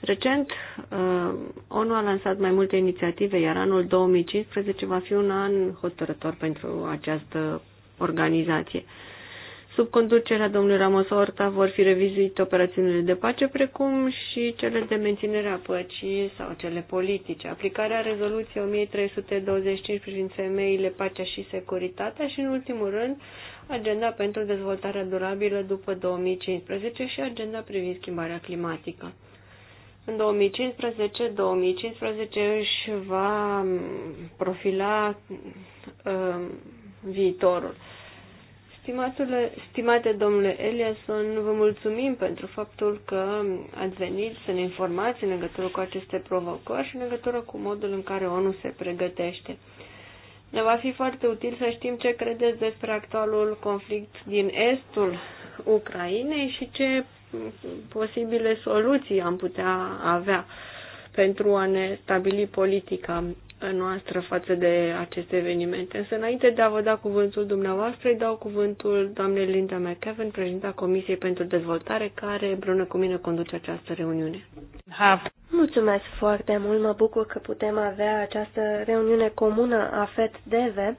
Speaker 2: Recent, uh, ONU a lansat mai multe inițiative, iar anul 2015 va fi un an hotărător pentru această organizație. Sub conducerea domnului Ramos Horta vor fi revizuite operațiunile de pace, precum și cele de menținere a păcii sau cele politice. Aplicarea rezoluției 1325 privind femeile, pacea și securitatea și, în ultimul rând, agenda pentru dezvoltarea durabilă după 2015 și agenda privind schimbarea climatică. În 2015, 2015 își va profila uh, viitorul. Stimatule, stimate domnule Eliasson, vă mulțumim pentru faptul că ați venit să ne informați în legătură cu aceste provocări și în legătură cu modul în care ONU se pregătește. Ne va fi foarte util să știm ce credeți despre actualul conflict din estul Ucrainei și ce posibile soluții am putea avea pentru a ne stabili politica noastră față de aceste evenimente. Însă, înainte de a vă da cuvântul dumneavoastră, îi dau cuvântul doamnei Linda McKevin, președinta Comisiei pentru Dezvoltare, care împreună cu mine conduce această reuniune. Ha. Mulțumesc foarte mult, mă bucur că putem avea această reuniune comună a fed dv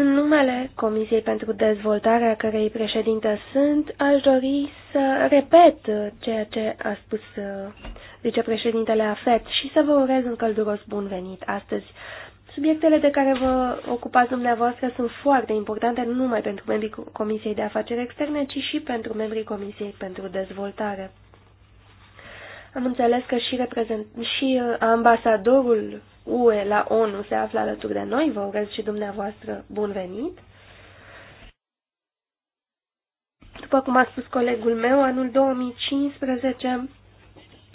Speaker 2: în numele Comisiei pentru Dezvoltarea cărei președinte sunt, aș dori să repet ceea ce a spus uh, vicepreședintele AFET și să vă urez un călduros bun venit astăzi. Subiectele de care vă ocupați dumneavoastră sunt foarte importante nu numai pentru membrii Comisiei de Afaceri Externe, ci și pentru membrii Comisiei pentru Dezvoltare. Am înțeles că și, reprezent... și uh, ambasadorul UE la ONU se află alături de noi. Vă urez și dumneavoastră bun venit. După cum a spus colegul meu, anul 2015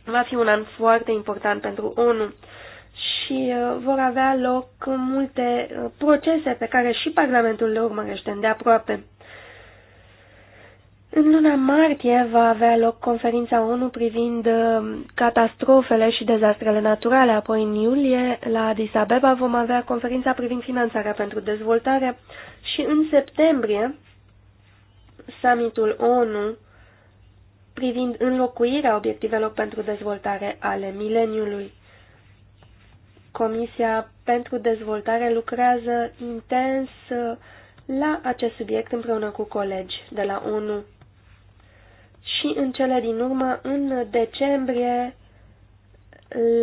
Speaker 2: va fi un an foarte important pentru ONU și uh, vor avea loc multe uh, procese pe care și Parlamentul le urmărește îndeaproape. În luna martie va avea loc conferința ONU privind uh, catastrofele și dezastrele naturale, apoi în iulie la Addis Abeba vom avea conferința privind finanțarea pentru dezvoltare și în septembrie summitul ONU privind înlocuirea obiectivelor pentru dezvoltare ale mileniului. Comisia pentru dezvoltare lucrează intens uh, la acest subiect împreună cu colegi de la ONU și în cele din urmă, în decembrie,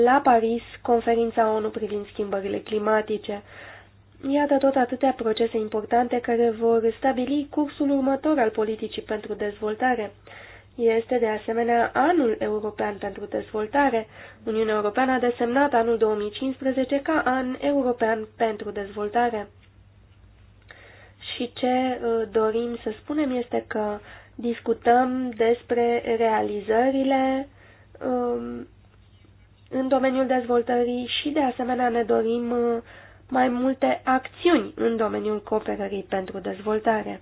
Speaker 2: la Paris, conferința ONU privind schimbările climatice. Iată tot atâtea procese importante care vor stabili cursul următor al politicii pentru dezvoltare. Este de asemenea anul european pentru dezvoltare. Uniunea Europeană a desemnat anul 2015 ca an european pentru dezvoltare. Și ce uh, dorim să spunem este că discutăm despre realizările um, în domeniul dezvoltării și, de asemenea, ne dorim uh, mai multe acțiuni în domeniul cooperării pentru dezvoltare.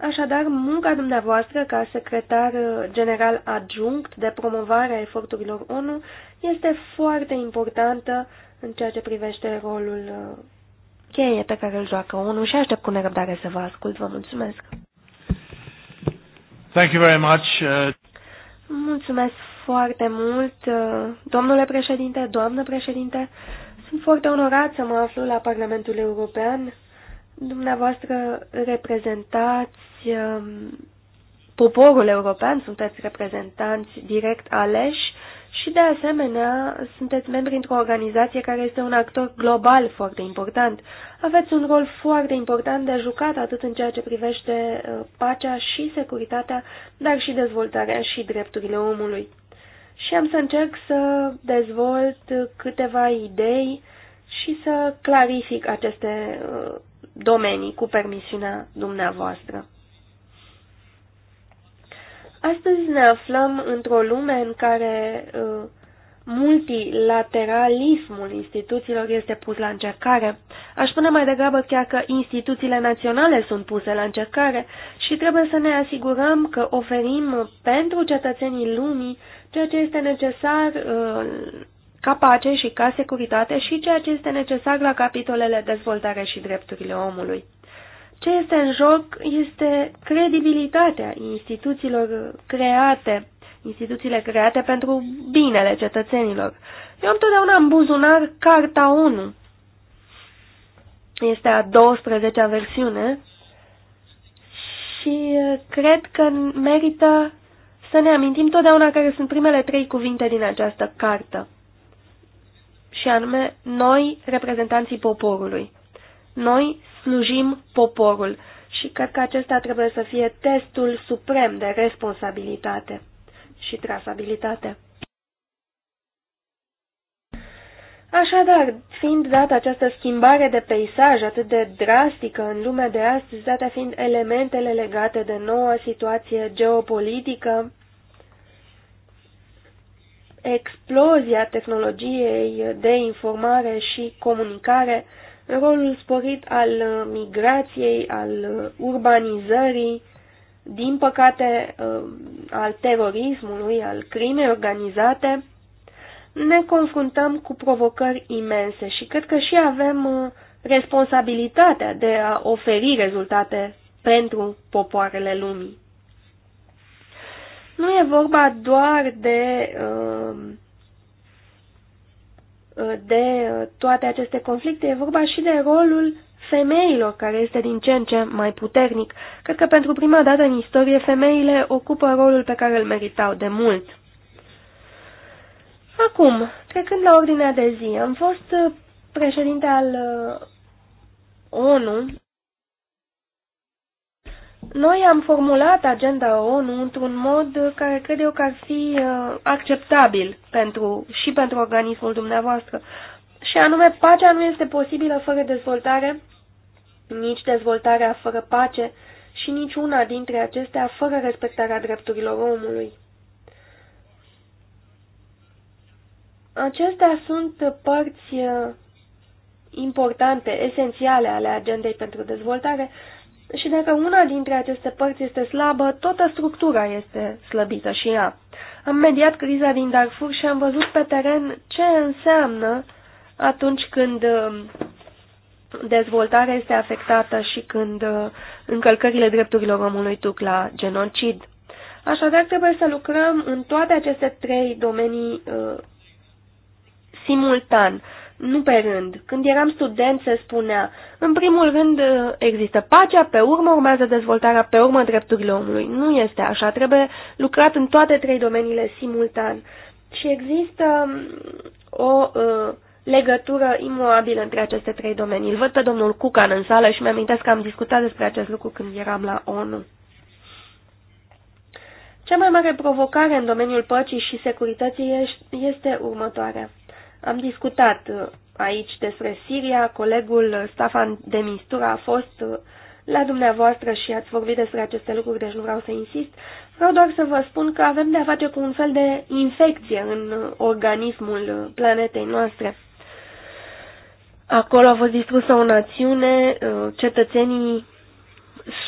Speaker 2: Așadar, munca dumneavoastră ca secretar uh, general adjunct de promovare a eforturilor ONU este foarte importantă în ceea ce privește rolul uh, cheie pe care îl joacă ONU și aștept cu nerăbdare să vă ascult. Vă mulțumesc!
Speaker 1: Thank you very much. Uh,
Speaker 2: Mulțumesc foarte mult, uh, domnule președinte, doamnă președinte. Sunt foarte onorat să mă aflu la Parlamentul European. Dumneavoastră reprezentați um, poporul european, sunteți reprezentanți direct aleși și de asemenea, sunteți membri într-o organizație care este un actor global foarte important. Aveți un rol foarte important de jucat atât în ceea ce privește uh, pacea și securitatea, dar și dezvoltarea și drepturile omului. Și am să încerc să dezvolt câteva idei și să clarific aceste uh, domenii cu permisiunea dumneavoastră. Astăzi ne aflăm într-o lume în care uh, multilateralismul instituțiilor este pus la încercare. Aș spune mai degrabă chiar că instituțiile naționale sunt puse la încercare și trebuie să ne asigurăm că oferim pentru cetățenii lumii ceea ce este necesar uh, ca pace și ca securitate și ceea ce este necesar la capitolele dezvoltare și drepturile omului. Ce este în joc este credibilitatea instituțiilor create, instituțiile create pentru binele cetățenilor. Eu am totdeauna în buzunar Carta 1. Este a 12-a versiune și uh, cred că merită să ne amintim totdeauna care sunt primele trei cuvinte din această cartă. Și anume, noi, reprezentanții poporului. Noi, slujim poporul și cred că acesta trebuie să fie testul suprem de responsabilitate și trasabilitate. Așadar, fiind dată această schimbare de peisaj atât de drastică în lumea de astăzi, date fiind elementele legate de noua situație geopolitică, explozia tehnologiei de informare și comunicare, rolul sporit al uh, migrației, al uh, urbanizării, din păcate uh, al terorismului, al crimei organizate, ne confruntăm cu provocări imense și cred că și avem responsabilitatea de a oferi rezultate pentru popoarele lumii. Nu e vorba doar de uh, de uh, toate aceste conflicte, e vorba și de rolul femeilor, care este din ce în ce mai puternic. Cred că pentru prima dată în istorie femeile ocupă rolul pe care îl meritau de mult. Acum, trecând la ordinea de zi, am fost uh, președinte al uh, ONU noi am formulat agenda ONU într-un mod care cred eu că ar fi uh, acceptabil pentru, și pentru organismul dumneavoastră. Și anume, pacea nu este posibilă fără dezvoltare, nici dezvoltarea fără pace și nici una dintre acestea fără respectarea drepturilor omului. Acestea sunt părți uh, importante, esențiale ale agendei pentru dezvoltare, și dacă una dintre aceste părți este slabă, toată structura este slăbită și ea. Am mediat criza din Darfur și am văzut pe teren ce înseamnă atunci când um, dezvoltarea este afectată și când uh, încălcările drepturilor omului duc la genocid. Așadar, trebuie să lucrăm în toate aceste trei domenii uh, simultan nu pe rând. Când eram student se spunea, în primul rând uh, există pacea, pe urmă urmează dezvoltarea, pe urmă drepturile omului. Nu este așa, trebuie lucrat în toate trei domeniile simultan. Și există um, o uh, legătură imobilă între aceste trei domenii. Îl văd pe domnul Cucan în sală și mi-amintesc că am discutat despre acest lucru când eram la ONU. Cea mai mare provocare în domeniul păcii și securității este următoarea. Am discutat uh, aici despre Siria, colegul Stefan de Mistura a fost uh, la dumneavoastră și ați vorbit despre aceste lucruri, deci nu vreau să insist. Vreau doar să vă spun că avem de a face cu un fel de infecție în uh, organismul planetei noastre. Acolo a fost distrusă o națiune, cetățenii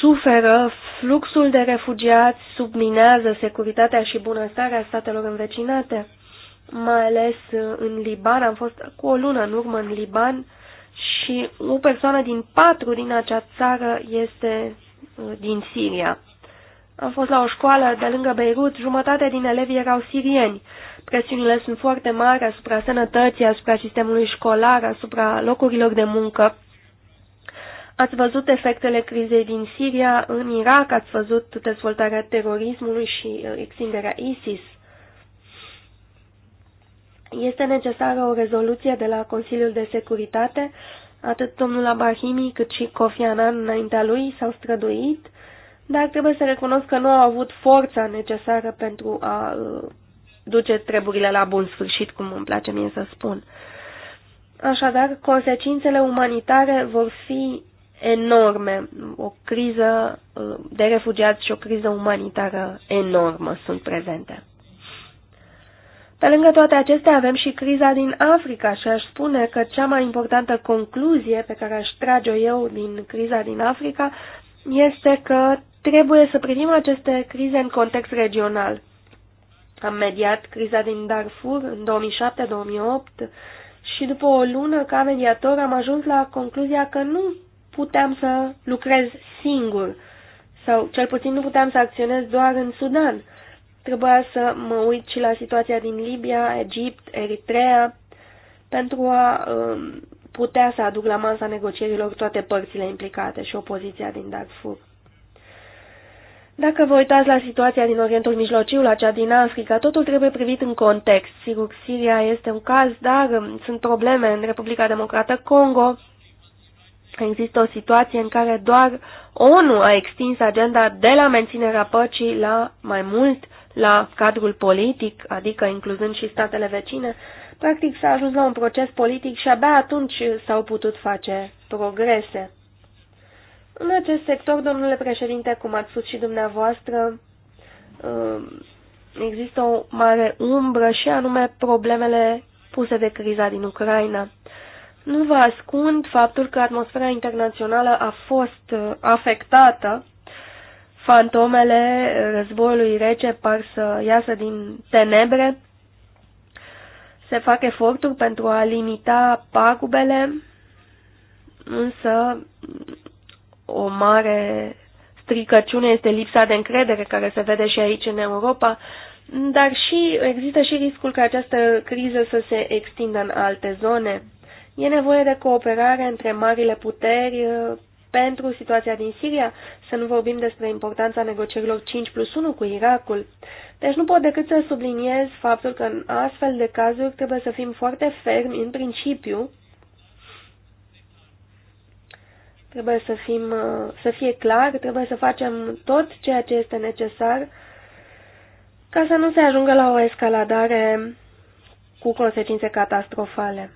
Speaker 2: suferă, fluxul de refugiați subminează securitatea și bunăstarea statelor învecinate mai ales uh, în Liban. Am fost cu o lună în urmă în Liban și o persoană din patru din acea țară este uh, din Siria. Am fost la o școală de lângă Beirut, jumătate din elevii erau sirieni. Presiunile sunt foarte mari asupra sănătății, asupra sistemului școlar, asupra locurilor de muncă. Ați văzut efectele crizei din Siria, în Irak ați văzut dezvoltarea terorismului și uh, extinderea ISIS. Este necesară o rezoluție de la Consiliul de Securitate. Atât domnul Abahimi, cât și Kofi Annan înaintea lui s-au străduit, dar trebuie să recunosc că nu au avut forța necesară pentru a uh, duce treburile la bun sfârșit, cum îmi place mie să spun. Așadar, consecințele umanitare vor fi enorme. O criză uh, de refugiați și o criză umanitară enormă sunt prezente. Pe lângă toate acestea avem și criza din Africa și aș spune că cea mai importantă concluzie pe care aș trage-o eu din criza din Africa este că trebuie să privim aceste crize în context regional. Am mediat criza din Darfur în 2007-2008 și după o lună ca mediator am ajuns la concluzia că nu puteam să lucrez singur sau cel puțin nu puteam să acționez doar în Sudan Trebuia să mă uit și la situația din Libia, Egipt, Eritrea, pentru a um, putea să aduc la masa negocierilor toate părțile implicate și opoziția din Darfur. Dacă vă uitați la situația din Orientul Mijlociu, la cea din Africa, totul trebuie privit în context. Sigur, Siria este un caz, dar um, sunt probleme în Republica Democrată Congo. Există o situație în care doar ONU a extins agenda de la menținerea păcii la mai mult la cadrul politic, adică incluzând și statele vecine, practic s-a ajuns la un proces politic și abia atunci s-au putut face progrese. În acest sector, domnule președinte, cum ați spus și dumneavoastră, um, există o mare umbră și anume problemele puse de criza din Ucraina. Nu vă ascund faptul că atmosfera internațională a fost uh, afectată fantomele războiului rece par să iasă din tenebre, se fac eforturi pentru a limita pagubele, însă o mare stricăciune este lipsa de încredere care se vede și aici în Europa, dar și există și riscul ca această criză să se extindă în alte zone. E nevoie de cooperare între marile puteri pentru situația din Siria, să nu vorbim despre importanța negocierilor 5 plus 1 cu Irakul. Deci nu pot decât să subliniez faptul că în astfel de cazuri trebuie să fim foarte fermi în principiu, trebuie să, fim, să fie clar, trebuie să facem tot ceea ce este necesar ca să nu se ajungă la o escaladare cu consecințe catastrofale.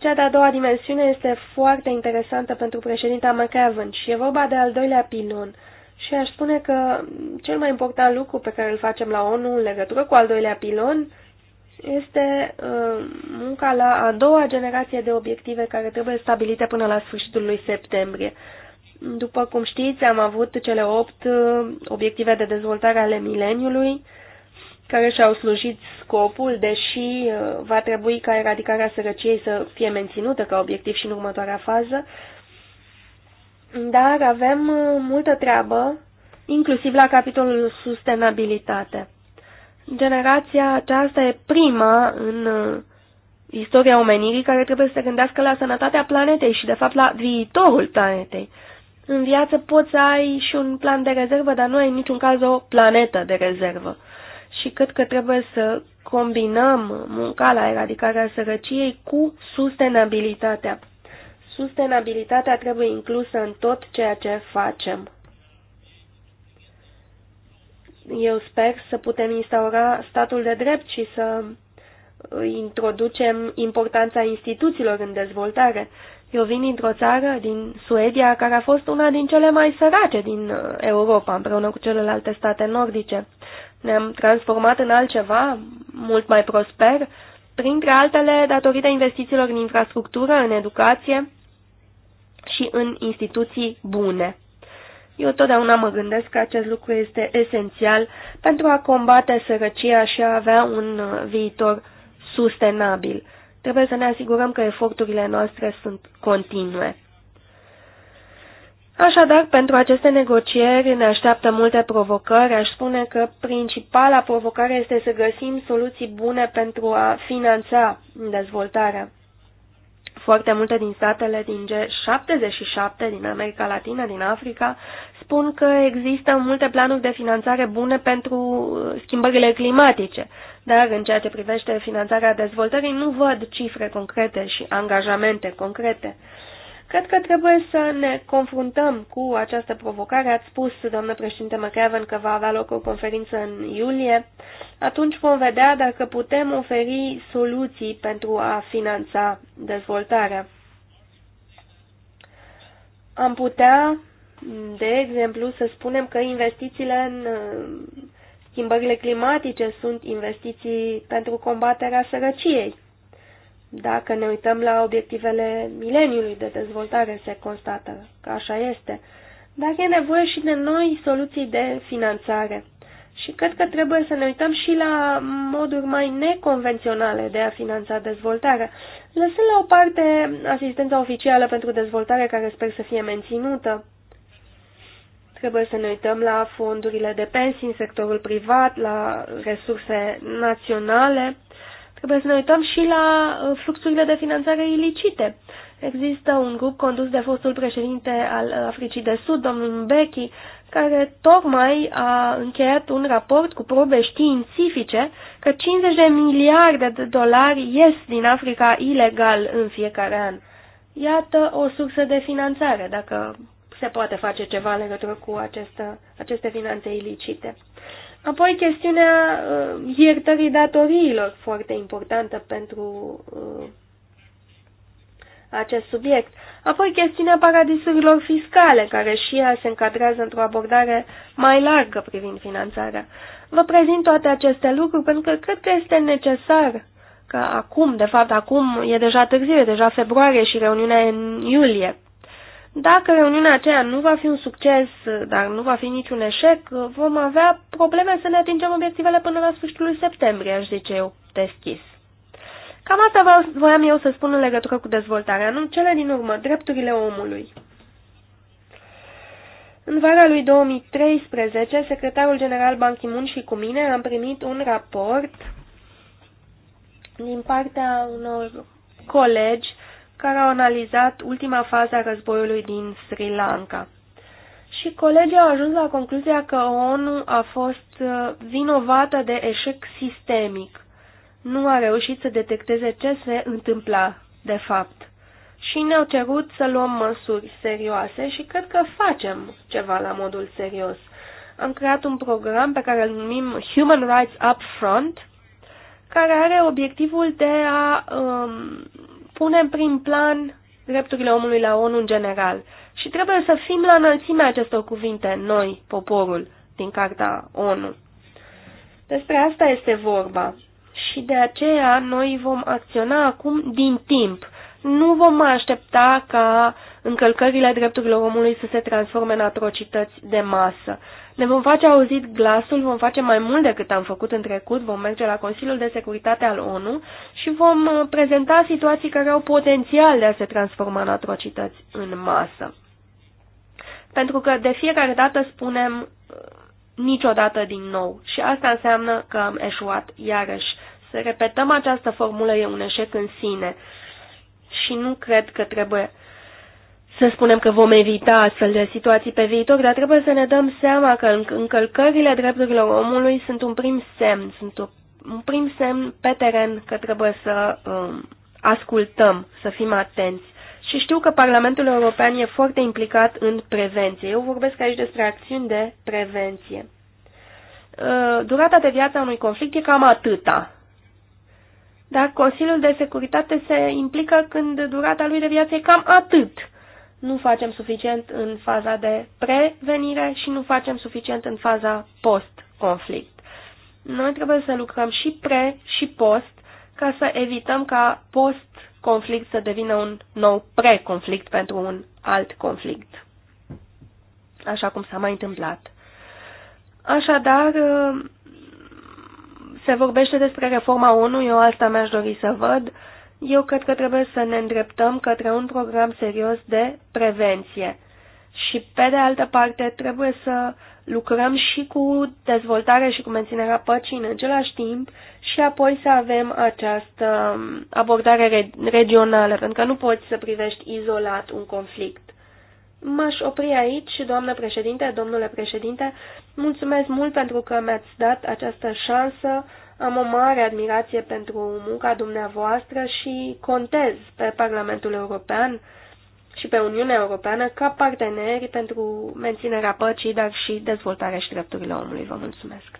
Speaker 2: Cea de-a doua dimensiune este foarte interesantă pentru președinta McAvan și e vorba de al doilea pilon. Și aș spune că cel mai important lucru pe care îl facem la ONU în legătură cu al doilea pilon este uh, munca la a doua generație de obiective care trebuie stabilite până la sfârșitul lui septembrie. După cum știți, am avut cele opt uh, obiective de dezvoltare ale mileniului, care și-au slujit scopul, deși uh, va trebui ca eradicarea sărăciei să fie menținută ca obiectiv și în următoarea fază, dar avem uh, multă treabă, inclusiv la capitolul sustenabilitate. Generația aceasta e prima în uh, istoria omenirii care trebuie să se gândească la sănătatea planetei și, de fapt, la viitorul planetei. În viață poți să ai și un plan de rezervă, dar nu ai în niciun caz o planetă de rezervă și cât că trebuie să combinăm munca la eradicarea sărăciei cu sustenabilitatea. Sustenabilitatea trebuie inclusă în tot ceea ce facem. Eu sper să putem instaura statul de drept și să introducem importanța instituțiilor în dezvoltare. Eu vin dintr-o țară, din Suedia, care a fost una din cele mai sărace din uh, Europa, împreună cu celelalte state nordice ne-am transformat în altceva, mult mai prosper, printre altele datorită investițiilor în infrastructură, în educație și în instituții bune. Eu totdeauna mă gândesc că acest lucru este esențial pentru a combate sărăcia și a avea un viitor sustenabil. Trebuie să ne asigurăm că eforturile noastre sunt continue. Așadar, pentru aceste negocieri ne așteaptă multe provocări. Aș spune că principala provocare este să găsim soluții bune pentru a finanța dezvoltarea. Foarte multe din statele din G77, din America Latină, din Africa, spun că există multe planuri de finanțare bune pentru schimbările climatice, dar în ceea ce privește finanțarea dezvoltării nu văd cifre concrete și angajamente concrete. Cred că trebuie să ne confruntăm cu această provocare. Ați spus, doamnă președinte McEvan că va avea loc o conferință în iulie. Atunci vom vedea dacă putem oferi soluții pentru a finanța dezvoltarea. Am putea, de exemplu, să spunem că investițiile în schimbările climatice sunt investiții pentru combaterea sărăciei dacă ne uităm la obiectivele mileniului de dezvoltare, se constată că așa este. Dar e nevoie și de noi soluții de finanțare. Și cred că trebuie să ne uităm și la moduri mai neconvenționale de a finanța dezvoltarea, lăsând la o parte asistența oficială pentru dezvoltare, care sper să fie menținută. Trebuie să ne uităm la fondurile de pensii în sectorul privat, la resurse naționale Trebuie să ne uităm și la uh, fluxurile de finanțare ilicite. Există un grup condus de fostul președinte al uh, Africii de Sud, domnul Mbeki, care tocmai a încheiat un raport cu probe științifice că 50 de miliarde de dolari ies din Africa ilegal în fiecare an. Iată o sursă de finanțare, dacă se poate face ceva în legătură cu aceste, aceste finanțe ilicite. Apoi chestiunea uh, iertării datoriilor, foarte importantă pentru uh, acest subiect. Apoi chestiunea paradisurilor fiscale, care și ea se încadrează într-o abordare mai largă privind finanțarea. Vă prezint toate aceste lucruri pentru că cred că este necesar că acum, de fapt acum e deja târziu, e deja februarie și reuniunea e în iulie. Dacă reuniunea aceea nu va fi un succes, dar nu va fi niciun eșec, vom avea probleme să ne atingem obiectivele până la sfârșitul lui septembrie, aș zice eu, deschis. Cam asta voiam eu să spun în legătură cu dezvoltarea, nu cele din urmă, drepturile omului. În vara lui 2013, secretarul general Ban Ki-moon și cu mine am primit un raport din partea unor colegi care au analizat ultima fază a războiului din Sri Lanka. Și colegii au ajuns la concluzia că ONU a fost uh, vinovată de eșec sistemic. Nu a reușit să detecteze ce se întâmpla, de fapt. Și ne-au cerut să luăm măsuri serioase și cred că facem ceva la modul serios. Am creat un program pe care îl numim Human Rights Upfront, care are obiectivul de a um, punem prin plan drepturile omului la ONU în general. Și trebuie să fim la înălțimea acestor cuvinte, noi, poporul, din Carta ONU. Despre asta este vorba. Și de aceea noi vom acționa acum din timp. Nu vom mai aștepta ca încălcările drepturilor omului să se transforme în atrocități de masă. Ne vom face auzit glasul, vom face mai mult decât am făcut în trecut, vom merge la Consiliul de Securitate al ONU și vom uh, prezenta situații care au potențial de a se transforma în atrocități în masă. Pentru că de fiecare dată spunem uh, niciodată din nou și asta înseamnă că am eșuat iarăși. Să repetăm această formulă e un eșec în sine și nu cred că trebuie să spunem că vom evita astfel de situații pe viitor, dar trebuie să ne dăm seama că încălcările drepturilor omului sunt un prim semn, sunt un prim semn pe teren că trebuie să um, ascultăm, să fim atenți. Și știu că Parlamentul European e foarte implicat în prevenție. Eu vorbesc aici despre acțiuni de prevenție. Uh, durata de viață a unui conflict e cam atâta. Dar Consiliul de Securitate se implică când durata lui de viață e cam atât nu facem suficient în faza de prevenire și nu facem suficient în faza post-conflict. Noi trebuie să lucrăm și pre și post ca să evităm ca post-conflict să devină un nou pre-conflict pentru un alt conflict, așa cum s-a mai întâmplat. Așadar, se vorbește despre reforma ONU, eu asta mi-aș dori să văd, eu cred că trebuie să ne îndreptăm către un program serios de prevenție. Și, pe de altă parte, trebuie să lucrăm și cu dezvoltarea și cu menținerea păcii în același timp și apoi să avem această um, abordare regională, pentru că nu poți să privești izolat un conflict. M-aș opri aici, doamnă președinte, domnule președinte. Mulțumesc mult pentru că mi-ați dat această șansă am o mare admirație pentru munca dumneavoastră și contez pe Parlamentul European și pe Uniunea Europeană ca parteneri pentru menținerea păcii, dar și dezvoltarea și drepturile omului. Vă mulțumesc!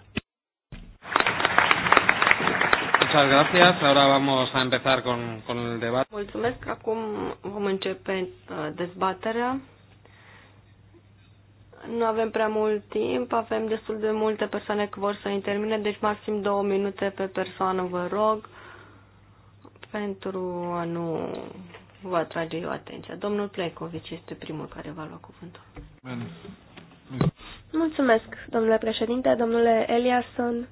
Speaker 2: Mulțumesc. Acum vom începe uh, dezbaterea. Nu avem prea mult timp, avem destul de multe persoane care vor să intermine, deci maxim două minute pe persoană, vă rog, pentru a nu vă atrage eu atenția. Domnul Plecovic este primul care va lua cuvântul. Mulțumesc, domnule președinte, domnule Eliasson.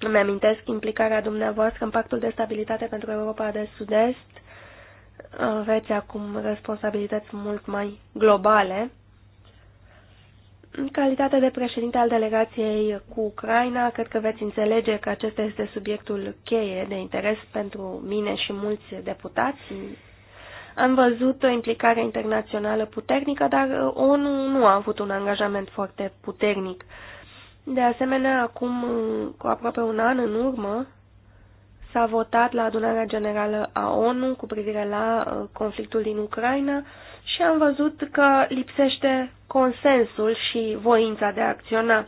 Speaker 2: Îmi amintesc implicarea dumneavoastră în Pactul de Stabilitate pentru Europa de Sud-Est. Aveți acum responsabilități mult mai globale în calitate de președinte al delegației cu Ucraina, cred că veți înțelege că acesta este subiectul cheie de interes pentru mine și mulți deputați. Am văzut o implicare internațională puternică, dar ONU nu a avut un angajament foarte puternic. De asemenea, acum cu aproape un an în urmă, s-a votat la adunarea generală a ONU cu privire la uh, conflictul din Ucraina, și am văzut că lipsește consensul și voința de a acționa.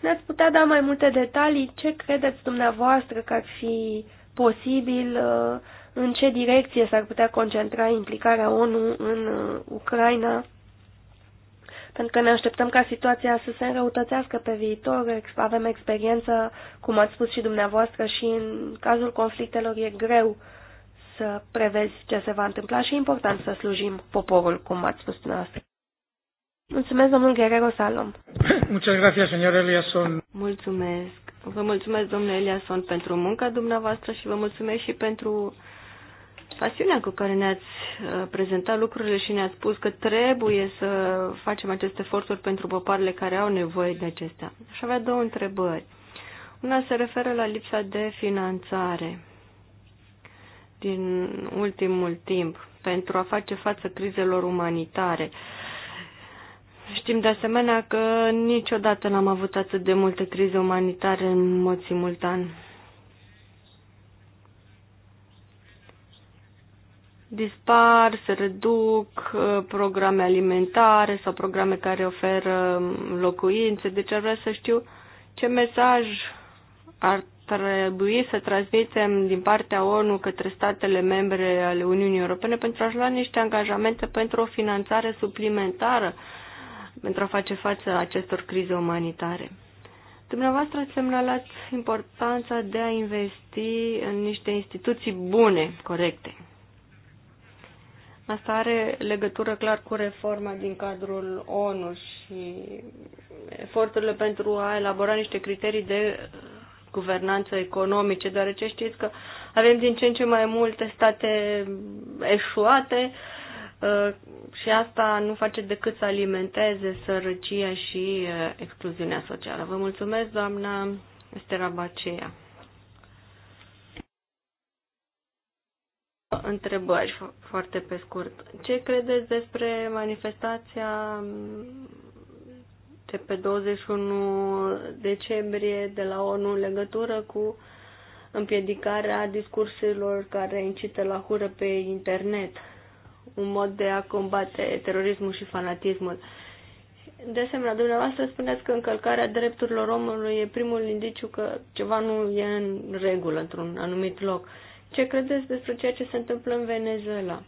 Speaker 2: Ne-ați putea da mai multe detalii? Ce credeți dumneavoastră că ar fi posibil? Uh, în ce direcție s-ar putea concentra implicarea ONU în uh, Ucraina? Pentru că ne așteptăm ca situația să se înrăutățească pe viitor. Avem experiență, cum ați spus și dumneavoastră, și în cazul conflictelor e greu uh, să prevezi ce se va întâmpla și e important să slujim poporul, cum ați spus dumneavoastră. Mulțumesc, domnul Guerrero Salom.
Speaker 1: Muchas gracias, señor Eliasson.
Speaker 2: Mulțumesc. Vă mulțumesc, domnule Eliasson, pentru munca dumneavoastră și vă mulțumesc și pentru pasiunea cu care ne-ați uh, prezentat lucrurile și ne-ați spus că trebuie să facem aceste eforturi pentru poparele care au nevoie de acestea. Aș avea două întrebări. Una se referă la lipsa de finanțare din ultimul timp pentru a face față crizelor umanitare. Știm de asemenea că niciodată n-am avut atât de multe crize umanitare în mod simultan. dispar, se reduc uh, programe alimentare sau programe care oferă locuințe. Deci ar vrea să știu ce mesaj ar trebui să transmitem din partea ONU către statele membre ale Uniunii Europene pentru a-și lua niște angajamente pentru o finanțare suplimentară pentru a face față acestor crize umanitare. Dumneavoastră ați semnalat importanța de a investi în niște instituții bune, corecte. Asta are legătură clar cu reforma din cadrul ONU și eforturile pentru a elabora niște criterii de guvernanță economice, deoarece știți că avem din ce în ce mai multe state eșuate uh, și asta nu face decât să alimenteze sărăcia și uh, excluziunea socială. Vă mulțumesc, doamna Estera Bacea. Întrebări foarte pe scurt. Ce credeți despre manifestația de pe 21 decembrie de la ONU în legătură cu împiedicarea discursurilor care incită la hură pe internet, un mod de a combate terorismul și fanatismul. De asemenea, dumneavoastră spuneți că încălcarea drepturilor omului e primul indiciu că ceva nu e în regulă într-un anumit loc. Ce credeți despre ceea ce se întâmplă în Venezuela?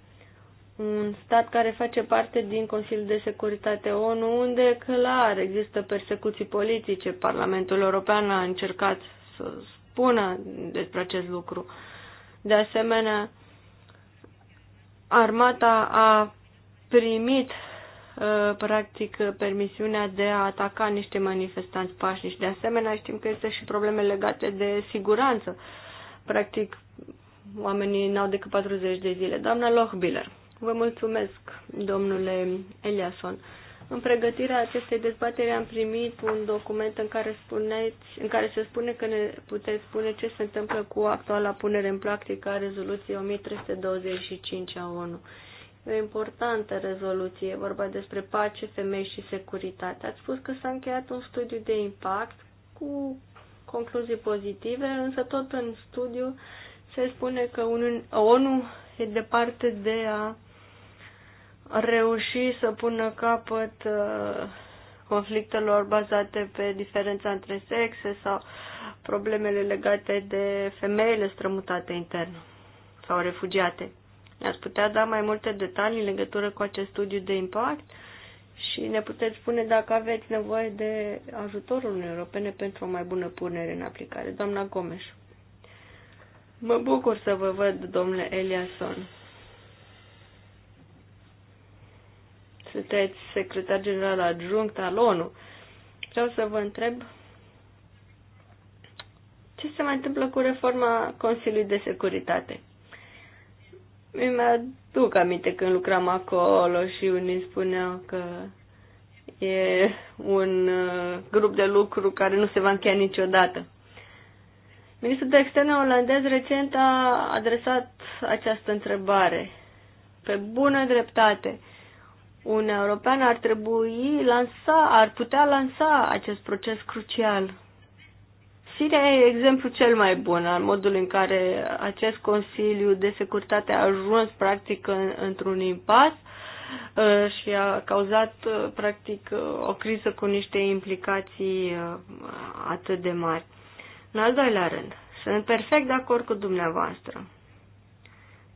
Speaker 2: un stat care face parte din Consiliul de Securitate ONU, unde clar există persecuții politice. Parlamentul European a încercat să spună despre acest lucru. De asemenea, armata a primit uh, practic permisiunea de a ataca niște manifestanți pașnici. De asemenea, știm că există și probleme legate de siguranță. Practic, oamenii n-au decât 40 de zile. Doamna Lochbiller. Vă mulțumesc, domnule Eliason. În pregătirea acestei dezbateri am primit un document în care, spuneți, în care se spune că ne puteți spune ce se întâmplă cu actuala punere în practică a rezoluției 1325 a ONU. E o importantă rezoluție, e vorba despre pace, femei și securitate. Ați spus că s-a încheiat un studiu de impact cu concluzii pozitive, însă tot în studiu se spune că ONU e departe de a reuși să pună capăt uh, conflictelor bazate pe diferența între sexe sau problemele legate de femeile strămutate intern sau refugiate. Ne-ați putea da mai multe detalii în legătură cu acest studiu de impact și ne puteți spune dacă aveți nevoie de ajutorul Uniunii Europene pentru o mai bună punere în aplicare. Doamna Gomes. Mă bucur să vă văd, domnule Eliasson. sunteți secretar general adjunct al ONU. Vreau să vă întreb ce se mai întâmplă cu reforma Consiliului de Securitate. Îmi aduc aminte când lucram acolo și unii spuneau că e un uh, grup de lucru care nu se va încheia niciodată. Ministrul de Externe olandez recent a adresat această întrebare. Pe bună dreptate, Uniunea Europeană ar trebui lansa, ar putea lansa acest proces crucial. Siria e exemplu cel mai bun al modului în care acest Consiliu de Securitate a ajuns practic în, într-un impas uh, și a cauzat uh, practic uh, o criză cu niște implicații atât de mari. În al doilea rând, sunt perfect de acord cu dumneavoastră.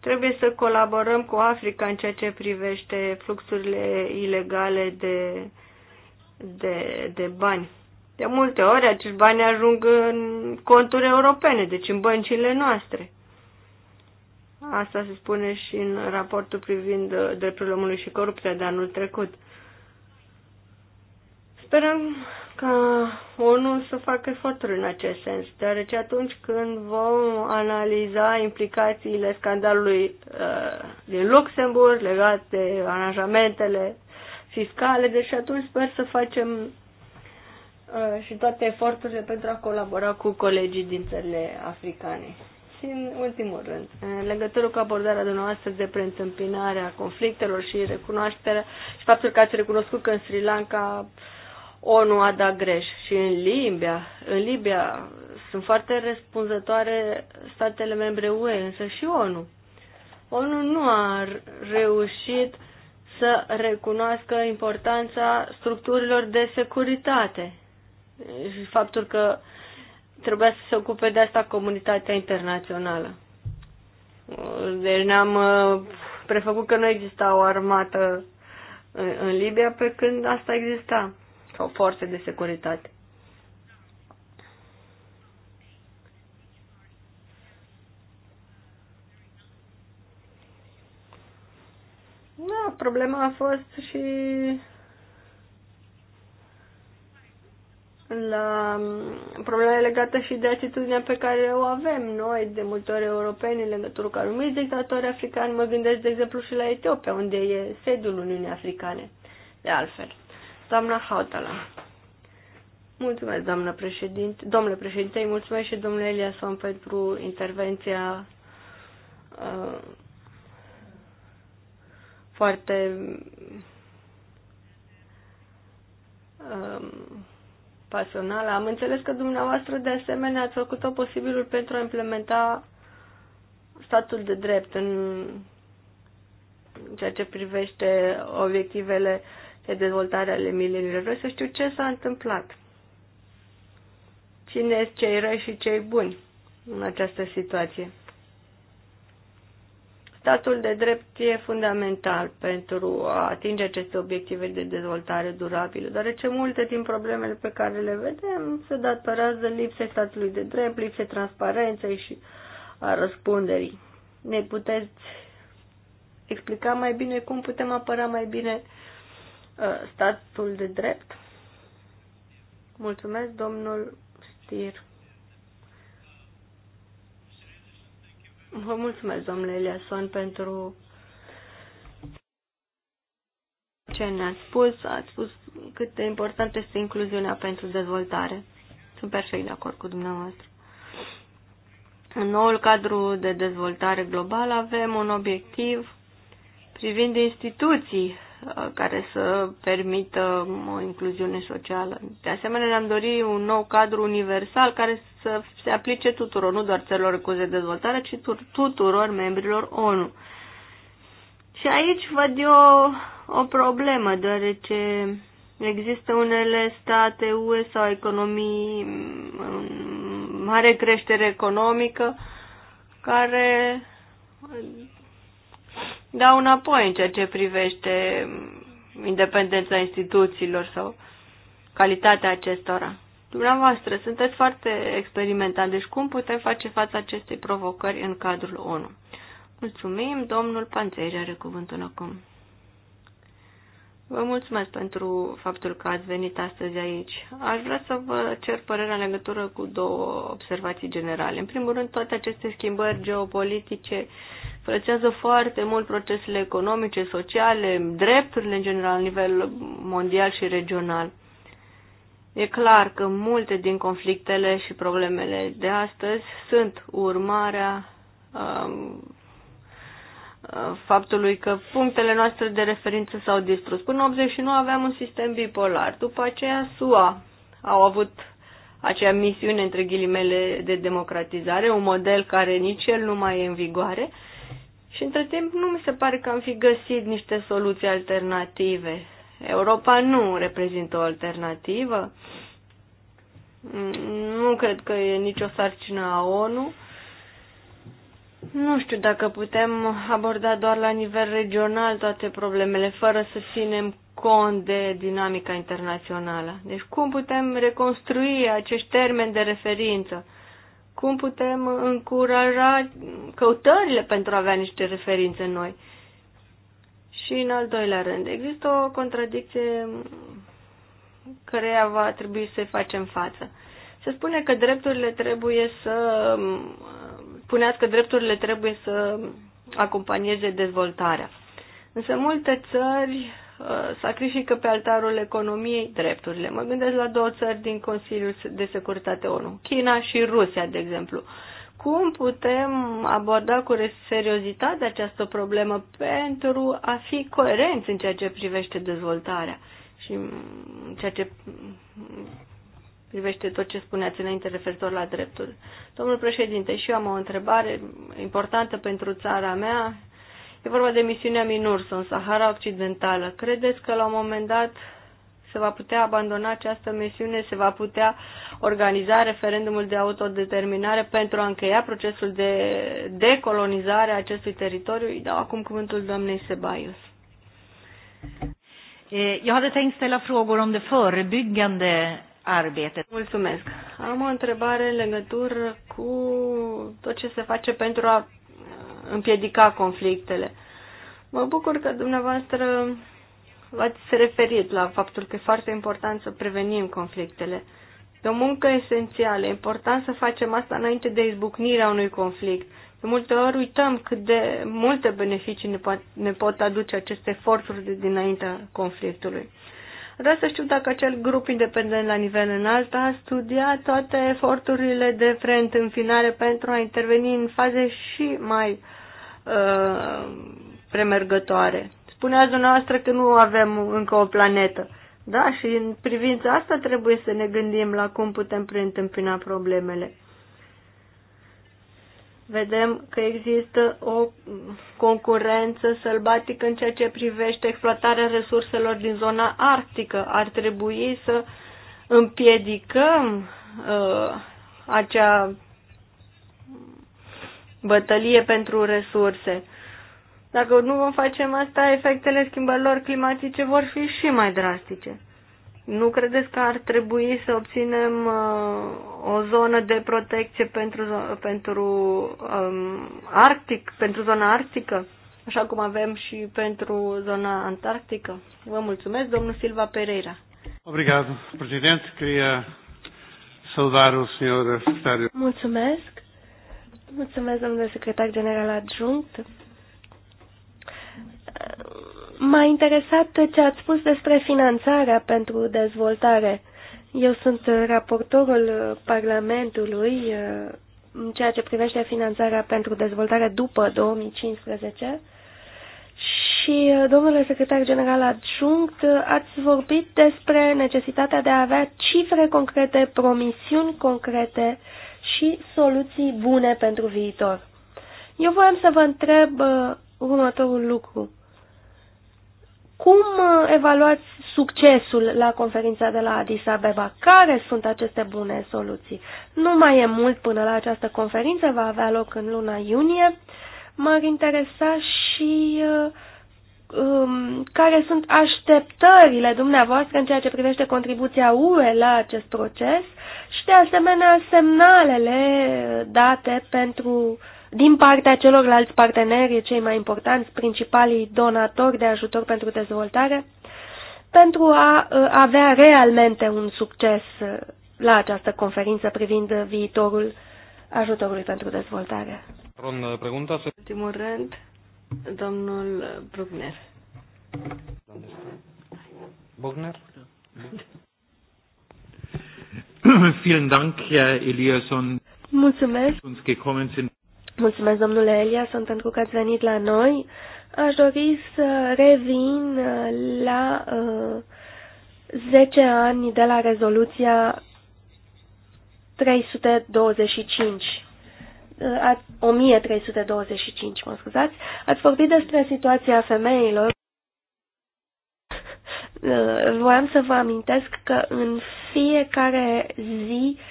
Speaker 2: Trebuie să colaborăm cu Africa în ceea ce privește fluxurile ilegale de, de, de bani. De multe ori acești bani ajung în conturi europene, deci în băncile noastre. Asta se spune și în raportul privind drepturile omului și corupția de anul trecut. Sperăm ca ONU să facă eforturi în acest sens, deoarece atunci când vom analiza implicațiile scandalului uh, din Luxemburg legat de aranjamentele fiscale, deci atunci sper să facem uh, și toate eforturile pentru a colabora cu colegii din țările africane. Și în ultimul rând, în legătură cu abordarea dumneavoastră de a conflictelor și recunoașterea și faptul că ați recunoscut că în Sri Lanka uh, ONU a dat greș și în Libia, în Libia sunt foarte răspunzătoare statele membre UE, însă și ONU. ONU nu a reușit să recunoască importanța structurilor de securitate și faptul că trebuia să se ocupe de asta comunitatea internațională. Deci ne-am uh, prefăcut că nu exista o armată în, în Libia pe când asta exista sau forțe de securitate. Da, problema a fost și la probleme legate și de atitudinea pe care o avem noi, de multe ori europeni, în legătură cu anumiți dictatori africani. Mă gândesc, de exemplu, și la Etiopia, unde e sediul Uniunii Africane, de altfel. Doamna Hautala. Mulțumesc, doamnă președinte. Domnule președinte, îi mulțumesc și domnule Eliasson pentru intervenția uh, foarte uh, pasională. Am înțeles că dumneavoastră de asemenea ați făcut tot posibilul pentru a implementa statul de drept în ceea ce privește obiectivele uh, de dezvoltare ale mileniului. Vreau să știu ce s-a întâmplat. Cine sunt cei răi și cei buni în această situație? Statul de drept e fundamental pentru a atinge aceste obiective de dezvoltare durabilă, deoarece multe din problemele pe care le vedem se datorează lipsei statului de drept, lipsei transparenței și a răspunderii. Ne puteți explica mai bine cum putem apăra mai bine statul de drept? Mulțumesc, domnul Stir. Vă mulțumesc, domnule Eliason, pentru ce ne-ați spus. Ați spus cât de importantă este incluziunea pentru dezvoltare. Sunt perfect de acord cu dumneavoastră. În noul cadru de dezvoltare globală avem un obiectiv privind instituții Uh, care să permită o incluziune socială. De asemenea, ne-am dorit un nou cadru universal care să se aplice tuturor, nu doar țărilor cu de dezvoltare, ci tuturor membrilor ONU. Și aici văd eu o problemă, deoarece există unele state UE sau economii în mare creștere economică care dau înapoi în ceea ce privește independența instituțiilor sau calitatea acestora. Dumneavoastră, sunteți foarte experimentat, deci cum putem face față acestei provocări în cadrul ONU? Mulțumim, domnul Panțeri are cuvântul acum. Vă mulțumesc pentru faptul că ați venit astăzi aici. Aș vrea să vă cer părerea în legătură cu două observații generale. În primul rând, toate aceste schimbări geopolitice frățează foarte mult procesele economice, sociale, drepturile în general, la nivel mondial și regional. E clar că multe din conflictele și problemele de astăzi sunt urmarea um, faptului că punctele noastre de referință s-au distrus. Până 89 aveam un sistem bipolar. După aceea SUA au avut acea misiune între ghilimele de democratizare, un model care nici el nu mai e în vigoare. Și între timp nu mi se pare că am fi găsit niște soluții alternative. Europa nu reprezintă o alternativă. Nu cred că e nicio sarcină a ONU. Nu știu dacă putem aborda doar la nivel regional toate problemele, fără să ținem cont de dinamica internațională. Deci cum putem reconstrui acești termeni de referință? Cum putem încuraja căutările pentru a avea niște referințe noi? Și în al doilea rând, există o contradicție căreia va trebui să-i facem față. Se spune că drepturile trebuie să spuneați că drepturile trebuie să acompanieze dezvoltarea. Însă multe țări uh, sacrifică pe altarul economiei drepturile. Mă gândesc la două țări din Consiliul de Securitate ONU, China și Rusia, de exemplu. Cum putem aborda cu seriozitate această problemă pentru a fi coerenți în ceea ce privește dezvoltarea și în ceea ce privește tot ce spuneați înainte referitor la drepturi. Domnul președinte, și eu am o întrebare importantă pentru țara mea. E vorba de misiunea MINURSO în Sahara Occidentală. Credeți că la un moment dat se va putea abandona această misiune, se va putea organiza referendumul de autodeterminare pentru a încheia procesul de decolonizare a acestui teritoriu? Îi dau acum cuvântul doamnei Sebaius. Eh, jag hade tänkt ställa frågor om det förebyggande arbete. Mulțumesc. Am o întrebare în legătură cu tot ce se face pentru a uh, împiedica conflictele. Mă bucur că dumneavoastră v-ați referit la faptul că e foarte important să prevenim conflictele. E o muncă esențială, e important să facem asta înainte de izbucnirea unui conflict. De multe ori uităm cât de multe beneficii ne, po- ne pot aduce aceste eforturi de dinaintea conflictului. Vreau să știu dacă acel grup independent la nivel înalt a studiat toate eforturile de frent în finale pentru a interveni în faze și mai uh, premergătoare. Spuneați dumneavoastră că nu avem încă o planetă. Da, și în privința asta trebuie să ne gândim la cum putem preîntâmpina problemele vedem că există o concurență sălbatică în ceea ce privește exploatarea resurselor din zona arctică. Ar trebui să împiedicăm uh, acea bătălie pentru resurse. Dacă nu vom face asta, efectele schimbărilor climatice vor fi și mai drastice. Nu credeți că ar trebui să obținem uh, o zonă de protecție pentru, pentru um, Arctic, pentru zona arctică, așa cum avem și pentru zona antarctică? Vă mulțumesc, domnul Silva Pereira.
Speaker 1: Obrigado, presidente. Queria saudar o senhor secretário.
Speaker 2: Mulțumesc. Mulțumesc, domnule secretar general adjunct. M-a interesat ce ați spus despre finanțarea pentru dezvoltare. Eu sunt raportorul Parlamentului uh, în ceea ce privește finanțarea pentru dezvoltare după 2015 și, uh, domnule secretar general adjunct, uh, ați vorbit despre necesitatea de a avea cifre concrete, promisiuni concrete și soluții bune pentru viitor. Eu voiam să vă întreb următorul lucru. Cum uh, evaluați succesul la conferința de la Addis Abeba? Care sunt aceste bune soluții? Nu mai e mult până la această conferință, va avea loc în luna iunie. M-ar interesa și uh, um, care sunt așteptările dumneavoastră în ceea ce privește contribuția UE la acest proces și, de asemenea, semnalele date pentru uh, din partea celorlalți parteneri, cei mai importanți, principalii donatori de ajutor pentru dezvoltare, pentru a uh, avea realmente un succes uh, la această conferință privind viitorul ajutorului pentru dezvoltare. Uh, În Ultimul rând, domnul Bruckner.
Speaker 1: Bruckner? Vielen Dank, Herr Eliasson.
Speaker 2: Mulțumesc.
Speaker 1: Uns gekommen sind.
Speaker 2: Mulțumesc, domnule Elia, sunt pentru că ați venit la noi. Aș dori să revin uh, la uh, 10 ani de la rezoluția 325. Uh, 1325, mă scuzați. Ați vorbit despre situația femeilor. Uh, voiam să vă amintesc că în fiecare zi uh,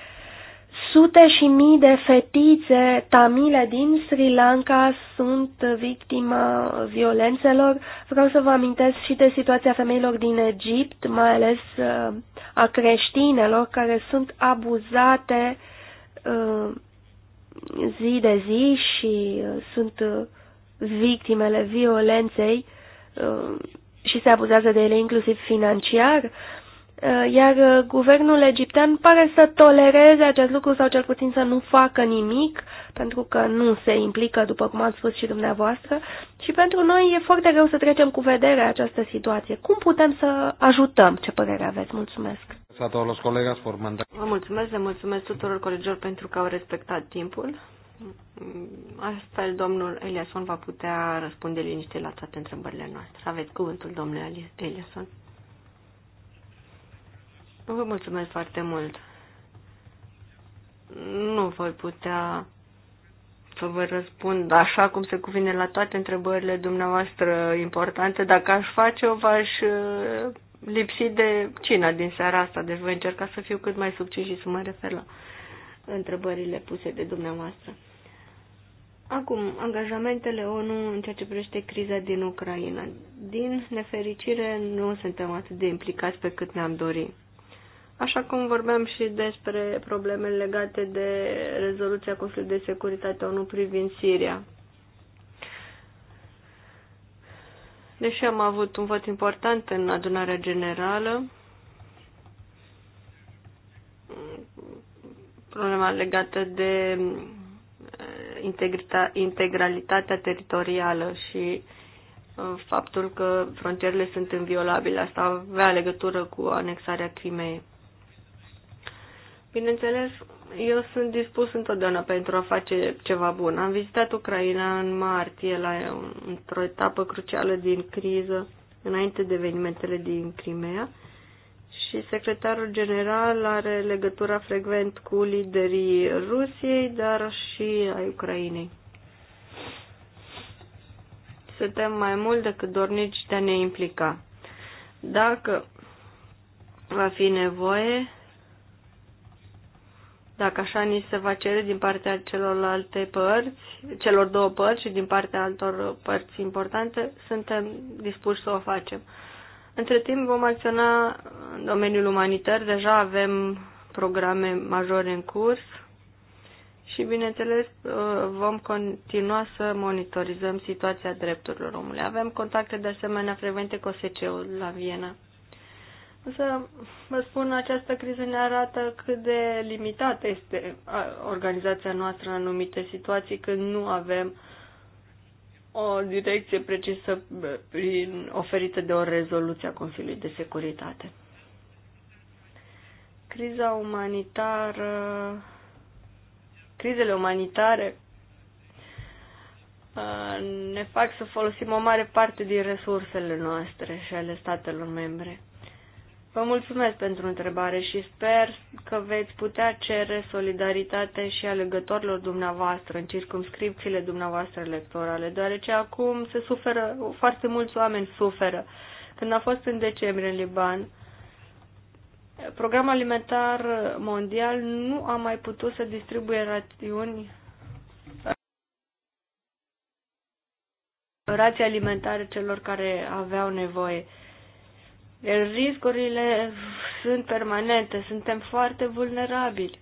Speaker 2: Sute și mii de fetițe tamile din Sri Lanka sunt victima violențelor. Vreau să vă amintesc și de situația femeilor din Egipt, mai ales uh, a creștinelor care sunt abuzate uh, zi de zi și uh, sunt victimele violenței și se abuzează de ele inclusiv financiar. Eh, iar eh, guvernul egiptean pare să tolereze acest lucru sau cel puțin să nu facă nimic, pentru că nu se implică, după cum ați spus și dumneavoastră, și pentru noi e foarte greu să trecem cu vedere această situație. Cum putem să ajutăm? Ce părere aveți? Mulțumesc! Vă mulțumesc, le mulțumesc tuturor colegilor pentru că au respectat timpul. Astfel, domnul Eliasson va putea răspunde liniște la toate întrebările noastre. Aveți cuvântul, domnule Eliasson. Vă mulțumesc foarte mult. Nu voi putea să vă răspund așa cum se cuvine la toate întrebările dumneavoastră importante. Dacă aș face-o, v-aș uh, lipsi de cina din seara asta, deci voi încerca să fiu cât mai subțin și să mă refer la întrebările puse de dumneavoastră. Acum, angajamentele ONU în ceea ce privește criza din Ucraina. Din nefericire, nu suntem atât de implicați pe cât ne-am dorit. Așa cum vorbeam și despre problemele legate de rezoluția Consiliului de Securitate ONU privind Siria. Deși am avut un vot important în adunarea generală, problema legată de eh, integralitatea teritorială și eh, faptul că frontierele sunt inviolabile. Asta avea legătură cu anexarea Crimei. Bineînțeles, eu sunt dispus întotdeauna pentru a face ceva bun. Am vizitat Ucraina în martie, la, într-o etapă crucială din criză, înainte de evenimentele din Crimea, și secretarul general are legătura frecvent cu liderii Rusiei, dar și ai Ucrainei. Suntem mai mult decât dornici de a ne implica. Dacă va fi nevoie, dacă așa ni se va cere din partea celorlalte părți, celor două părți și din partea altor părți importante, suntem dispuși să o facem. Între timp vom acționa în domeniul umanitar, deja avem programe majore în curs și, bineînțeles, vom continua să monitorizăm situația drepturilor omului. Avem contacte de asemenea frecvente cu OSCE-ul la Viena. Să vă spun, această criză ne arată cât de limitată este organizația noastră în anumite situații când nu avem o direcție precisă prin, oferită de o rezoluție a Consiliului de Securitate. Criza umanitară, crizele umanitare ne fac să folosim o mare parte din resursele noastre și ale statelor membre. Vă mulțumesc pentru întrebare și sper că veți putea cere solidaritate și alegătorilor dumneavoastră în circumscripțiile dumneavoastră electorale, deoarece acum se suferă, foarte mulți oameni suferă. Când a fost în decembrie în Liban, programul alimentar mondial nu a mai putut să distribuie rațiuni rații alimentare celor care aveau nevoie. Riscurile sunt permanente, suntem foarte vulnerabili.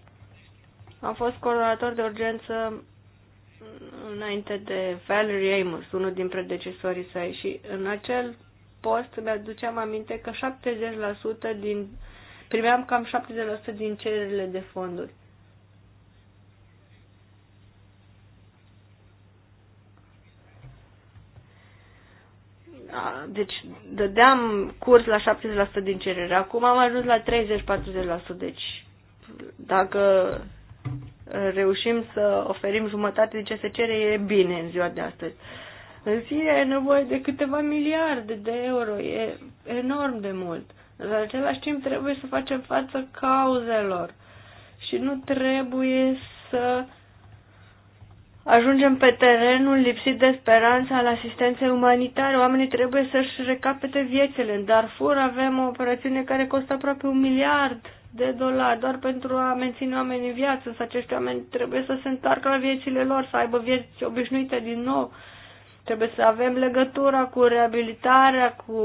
Speaker 2: Am fost coordonator de urgență înainte de Valerie Amos, unul din predecesorii săi, și în acel post mi-aduceam aminte că 70% din, primeam cam 70% din cererile de fonduri. deci dădeam curs la 70% din cerere. Acum am ajuns la 30-40%. Deci dacă reușim să oferim jumătate din ce se cere, e bine în ziua de astăzi. În fine, e nevoie de câteva miliarde de euro. E enorm de mult. Dar în același timp trebuie să facem față cauzelor. Și nu trebuie să ajungem pe terenul lipsit de speranță al asistenței umanitare. Oamenii trebuie să-și recapete viețile. În Darfur avem o operațiune care costă aproape un miliard de dolari doar pentru a menține oamenii în viață. să acești oameni trebuie să se întoarcă la viețile lor, să aibă vieți obișnuite din nou. Trebuie să avem legătura cu reabilitarea, cu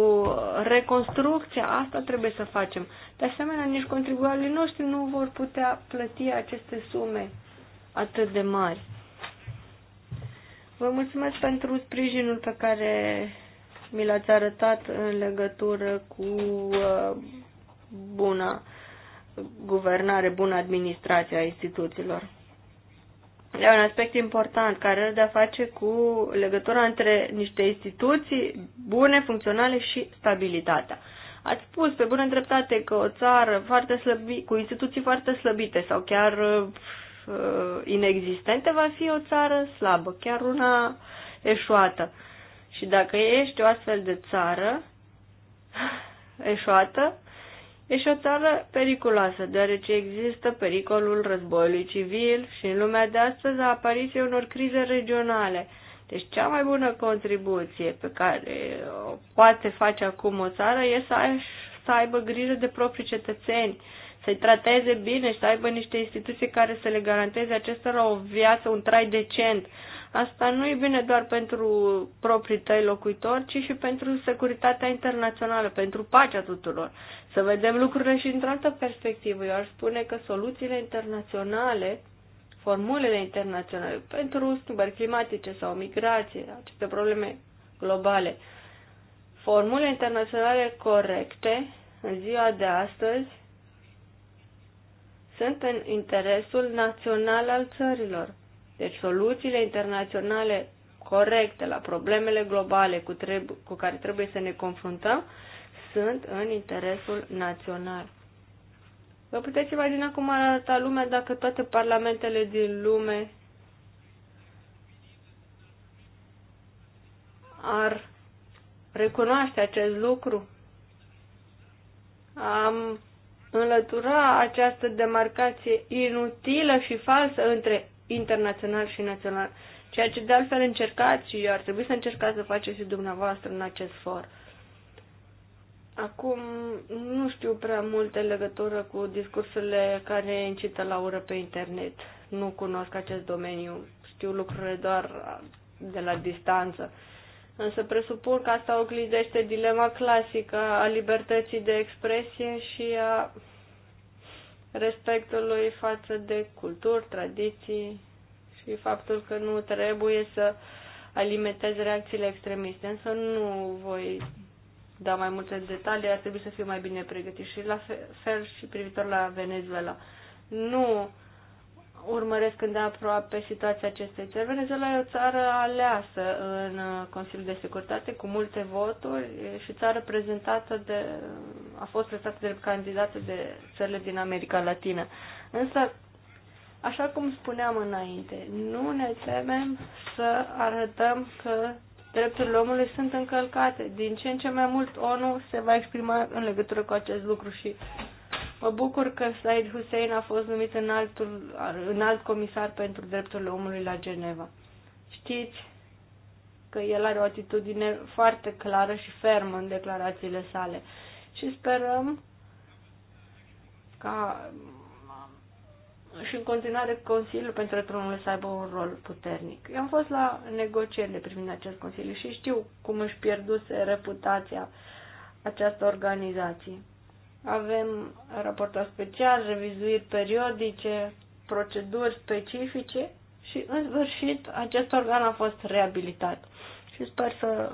Speaker 2: reconstrucția. Asta trebuie să facem. De asemenea, nici contribuabilii noștri nu vor putea plăti aceste sume atât de mari. Vă mulțumesc pentru sprijinul pe care mi l-ați arătat în legătură cu uh, bună guvernare, bună administrație a instituțiilor. E un aspect important care are de-a face cu legătura între niște instituții bune, funcționale și stabilitatea. Ați spus pe bună dreptate că o țară foarte slăbi, cu instituții foarte slăbite sau chiar uh, Uh, inexistente, va fi o țară slabă, chiar una eșuată. Și dacă ești o astfel de țară eșuată, ești o țară periculoasă, deoarece există pericolul războiului civil și în lumea de astăzi a apariției unor crize regionale. Deci cea mai bună contribuție pe care o poate face acum o țară e să, ai, să aibă grijă de proprii cetățeni, să-i trateze bine și să aibă niște instituții care să le garanteze acestora o viață, un trai decent. Asta nu e bine doar pentru proprii tăi locuitori, ci și pentru securitatea internațională, pentru pacea tuturor. Să vedem lucrurile și într-o altă perspectivă. Eu ar spune că soluțiile internaționale, formulele internaționale pentru schimbări climatice sau migrație, aceste probleme globale, formule internaționale corecte în ziua de astăzi sunt în interesul național al țărilor. Deci soluțiile internaționale corecte la problemele globale cu, treb- cu care trebuie să ne confruntăm sunt în interesul național. Vă puteți imagina cum ar arăta lumea dacă toate parlamentele din lume ar recunoaște acest lucru? Am înlătura această demarcație inutilă și falsă între internațional și național, ceea ce de altfel încercați și ar trebui să încercați să faceți și dumneavoastră în acest for. Acum nu știu prea multe legătură cu discursurile care incită la ură pe internet. Nu cunosc acest domeniu, știu lucrurile doar de la distanță. Însă presupun că asta oglindește dilema clasică a libertății de expresie și a respectului față de culturi, tradiții și faptul că nu trebuie să alimentez reacțiile extremiste. Însă nu voi da mai multe detalii, ar trebui să fiu mai bine pregătit și la fel și privitor la Venezuela. Nu urmăresc îndeaproape situația acestei țări. Venezuela e o țară aleasă în Consiliul de Securitate cu multe voturi și țară prezentată de, a fost prezentată de candidate de țările din America Latină. Însă, așa cum spuneam înainte, nu ne temem să arătăm că drepturile omului sunt încălcate. Din ce în ce mai mult ONU se va exprima în legătură cu acest lucru și Mă bucur că Said Hussein a fost numit în, altul, în alt comisar pentru drepturile omului la Geneva. Știți că el are o atitudine foarte clară și fermă în declarațiile sale și sperăm ca și în continuare Consiliul pentru Drepturile să aibă un rol puternic. Eu am fost la negocieri de privind acest Consiliu și știu cum își pierduse reputația această organizație. Avem raportări special, revizuiri periodice, proceduri specifice și, în sfârșit, acest organ a fost reabilitat. Și sper să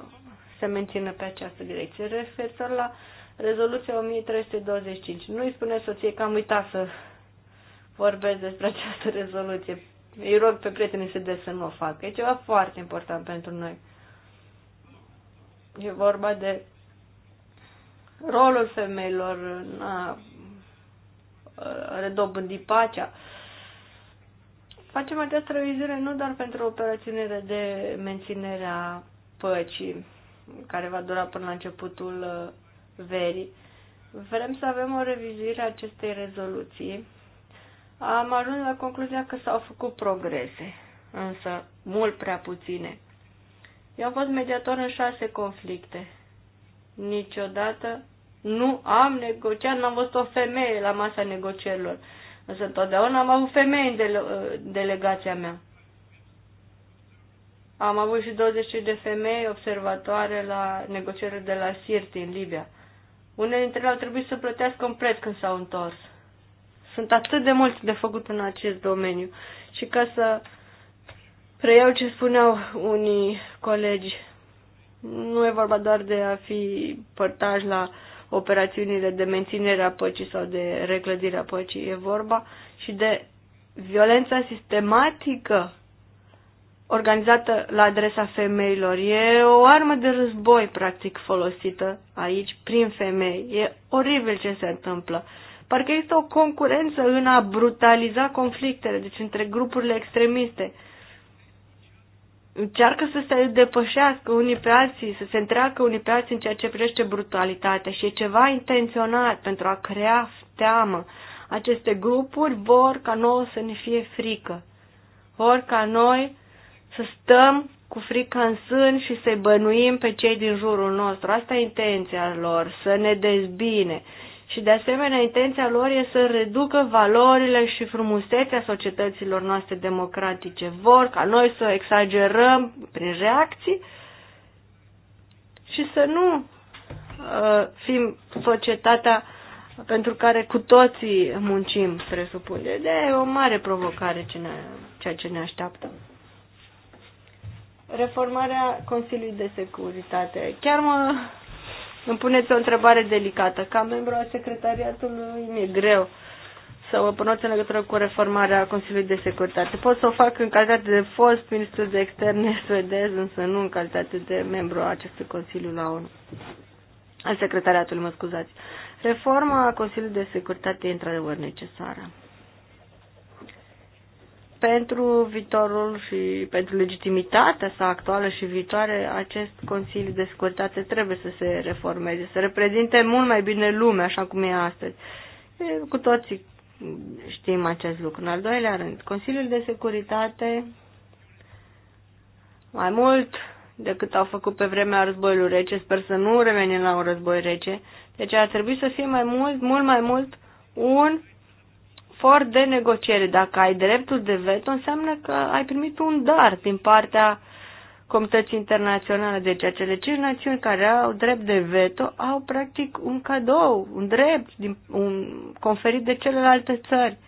Speaker 2: se mențină pe această direcție. Referitor la rezoluția 1325, nu-i spune soției că am uitat să vorbesc despre această rezoluție. Îi rog pe prietenii să des să nu o facă. E ceva foarte important pentru noi. E vorba de rolul femeilor în a redobândi pacea. Facem această revizuire nu doar pentru operațiunile de menținere a păcii, care va dura până la începutul uh, verii. Vrem să avem o revizuire a acestei rezoluții. Am ajuns la concluzia că s-au făcut progrese, însă mult prea puține. Eu am fost mediator în șase conflicte niciodată nu am negociat, n-am văzut o femeie la masa negocierilor. Însă întotdeauna am avut femei în dele, uh, delegația mea. Am avut și 20 de femei observatoare la negocierile de la Sirti, în Libia. Unele dintre ele au trebuit să plătească un preț când s-au întors. Sunt atât de mulți de făcut în acest domeniu. Și ca să preiau ce spuneau unii colegi, nu e vorba doar de a fi părtaș la operațiunile de menținere a păcii sau de reclădire a păcii. E vorba și de violența sistematică organizată la adresa femeilor. E o armă de război, practic, folosită aici prin femei. E oribil ce se întâmplă. Parcă există o concurență în a brutaliza conflictele, deci între grupurile extremiste încearcă să se depășească unii pe alții, să se întreacă unii pe alții în ceea ce privește brutalitatea și e ceva intenționat pentru a crea teamă. Aceste grupuri vor ca nouă să ne fie frică, vor ca noi să stăm cu frica în sân și să-i bănuim pe cei din jurul nostru. Asta e intenția lor, să ne dezbine. Și de asemenea, intenția lor e să reducă valorile și frumusețea societăților noastre democratice. Vor ca noi să exagerăm prin reacții și să nu uh, fim societatea pentru care cu toții muncim, presupun. De e o mare provocare ce ne, ceea ce ne așteaptă. Reformarea Consiliului de Securitate. Chiar mă îmi puneți o întrebare delicată. Ca membru al secretariatului mi-e greu să vă pronunț în legătură cu reformarea Consiliului de Securitate. Pot să o fac în calitate de fost ministru de externe suedez, însă nu în calitate de membru al acestui Consiliu la ONU. Al secretariatului, mă scuzați. Reforma Consiliului de Securitate e într-adevăr necesară pentru viitorul și pentru legitimitatea sa actuală și viitoare, acest Consiliu de Securitate trebuie să se reformeze, să reprezinte mult mai bine lumea așa cum e astăzi. Cu toții știm acest lucru. În al doilea rând, Consiliul de Securitate, mai mult decât au făcut pe vremea războiului rece, sper să nu revenim la un război rece, deci ar trebui să fie mai mult, mult mai mult, un for de negociere. Dacă ai dreptul de veto, înseamnă că ai primit un dar din partea comunității internaționale. Deci acele cinci națiuni care au drept de veto au practic un cadou, un drept din, un, conferit de celelalte țări.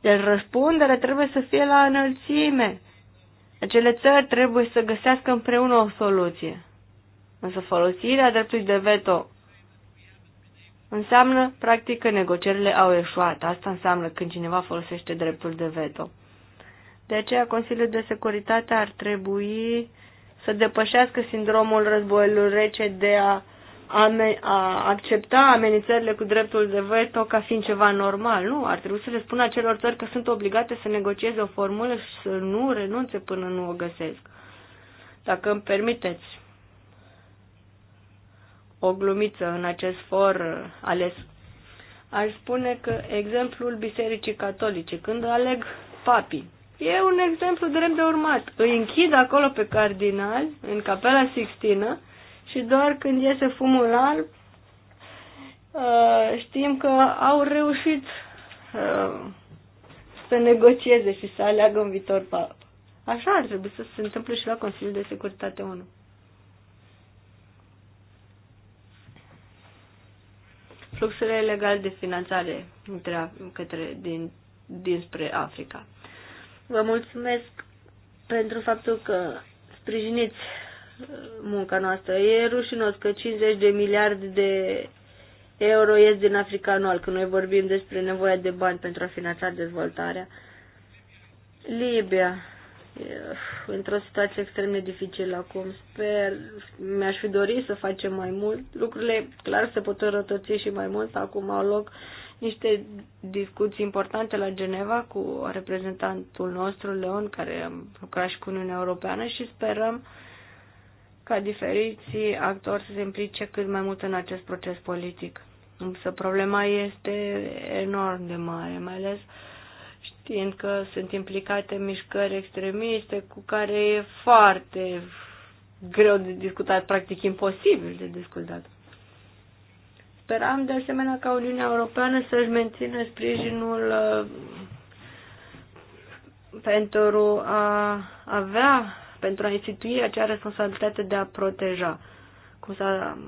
Speaker 2: Deci răspunderea trebuie să fie la înălțime. Acele țări trebuie să găsească împreună o soluție. Însă folosirea dreptului de veto înseamnă, practic, că negocierile au eșuat. Asta înseamnă când cineva folosește dreptul de veto. De aceea, Consiliul de Securitate ar trebui să depășească sindromul războiului rece de a, ame- a accepta amenințările cu dreptul de veto ca fiind ceva normal. Nu, ar trebui să le spună acelor țări că sunt obligate să negocieze o formulă și să nu renunțe până nu o găsesc. Dacă îmi permiteți, o glumiță în acest for ales. Aș spune că exemplul Bisericii Catolice, când aleg papii, e un exemplu drept de urmat. Îi închid acolo pe cardinal, în capela Sixtină, și doar când iese fumul alb, uh, știm că au reușit uh, să negocieze și să aleagă un viitor papă. Așa ar trebui să se întâmple și la Consiliul de Securitate 1. fluxurile legale de finanțare între, către, din, dinspre Africa. Vă mulțumesc pentru faptul că sprijiniți
Speaker 1: uh,
Speaker 2: munca noastră. E rușinos că 50 de miliarde de euro ies din Africa anual, când noi vorbim despre nevoia de bani pentru a finanța dezvoltarea. Libia, Eh, într-o situație extrem de dificilă acum. Sper, mi-aș fi dorit să facem mai mult. Lucrurile, clar, se pot rătăți și mai mult. Acum au loc niște discuții importante la Geneva cu reprezentantul nostru, Leon, care lucra și cu Uniunea Europeană și sperăm ca diferiții actori să se implice cât mai mult în acest proces politic. Însă problema este enorm de mare, mai ales uh, fiindcă sunt implicate mișcări extremiste cu care e foarte greu de discutat, practic imposibil de discutat. Speram de asemenea ca Uniunea Europeană să-și mențină sprijinul uh, pentru a avea, pentru a institui acea responsabilitate de a proteja, cum s-a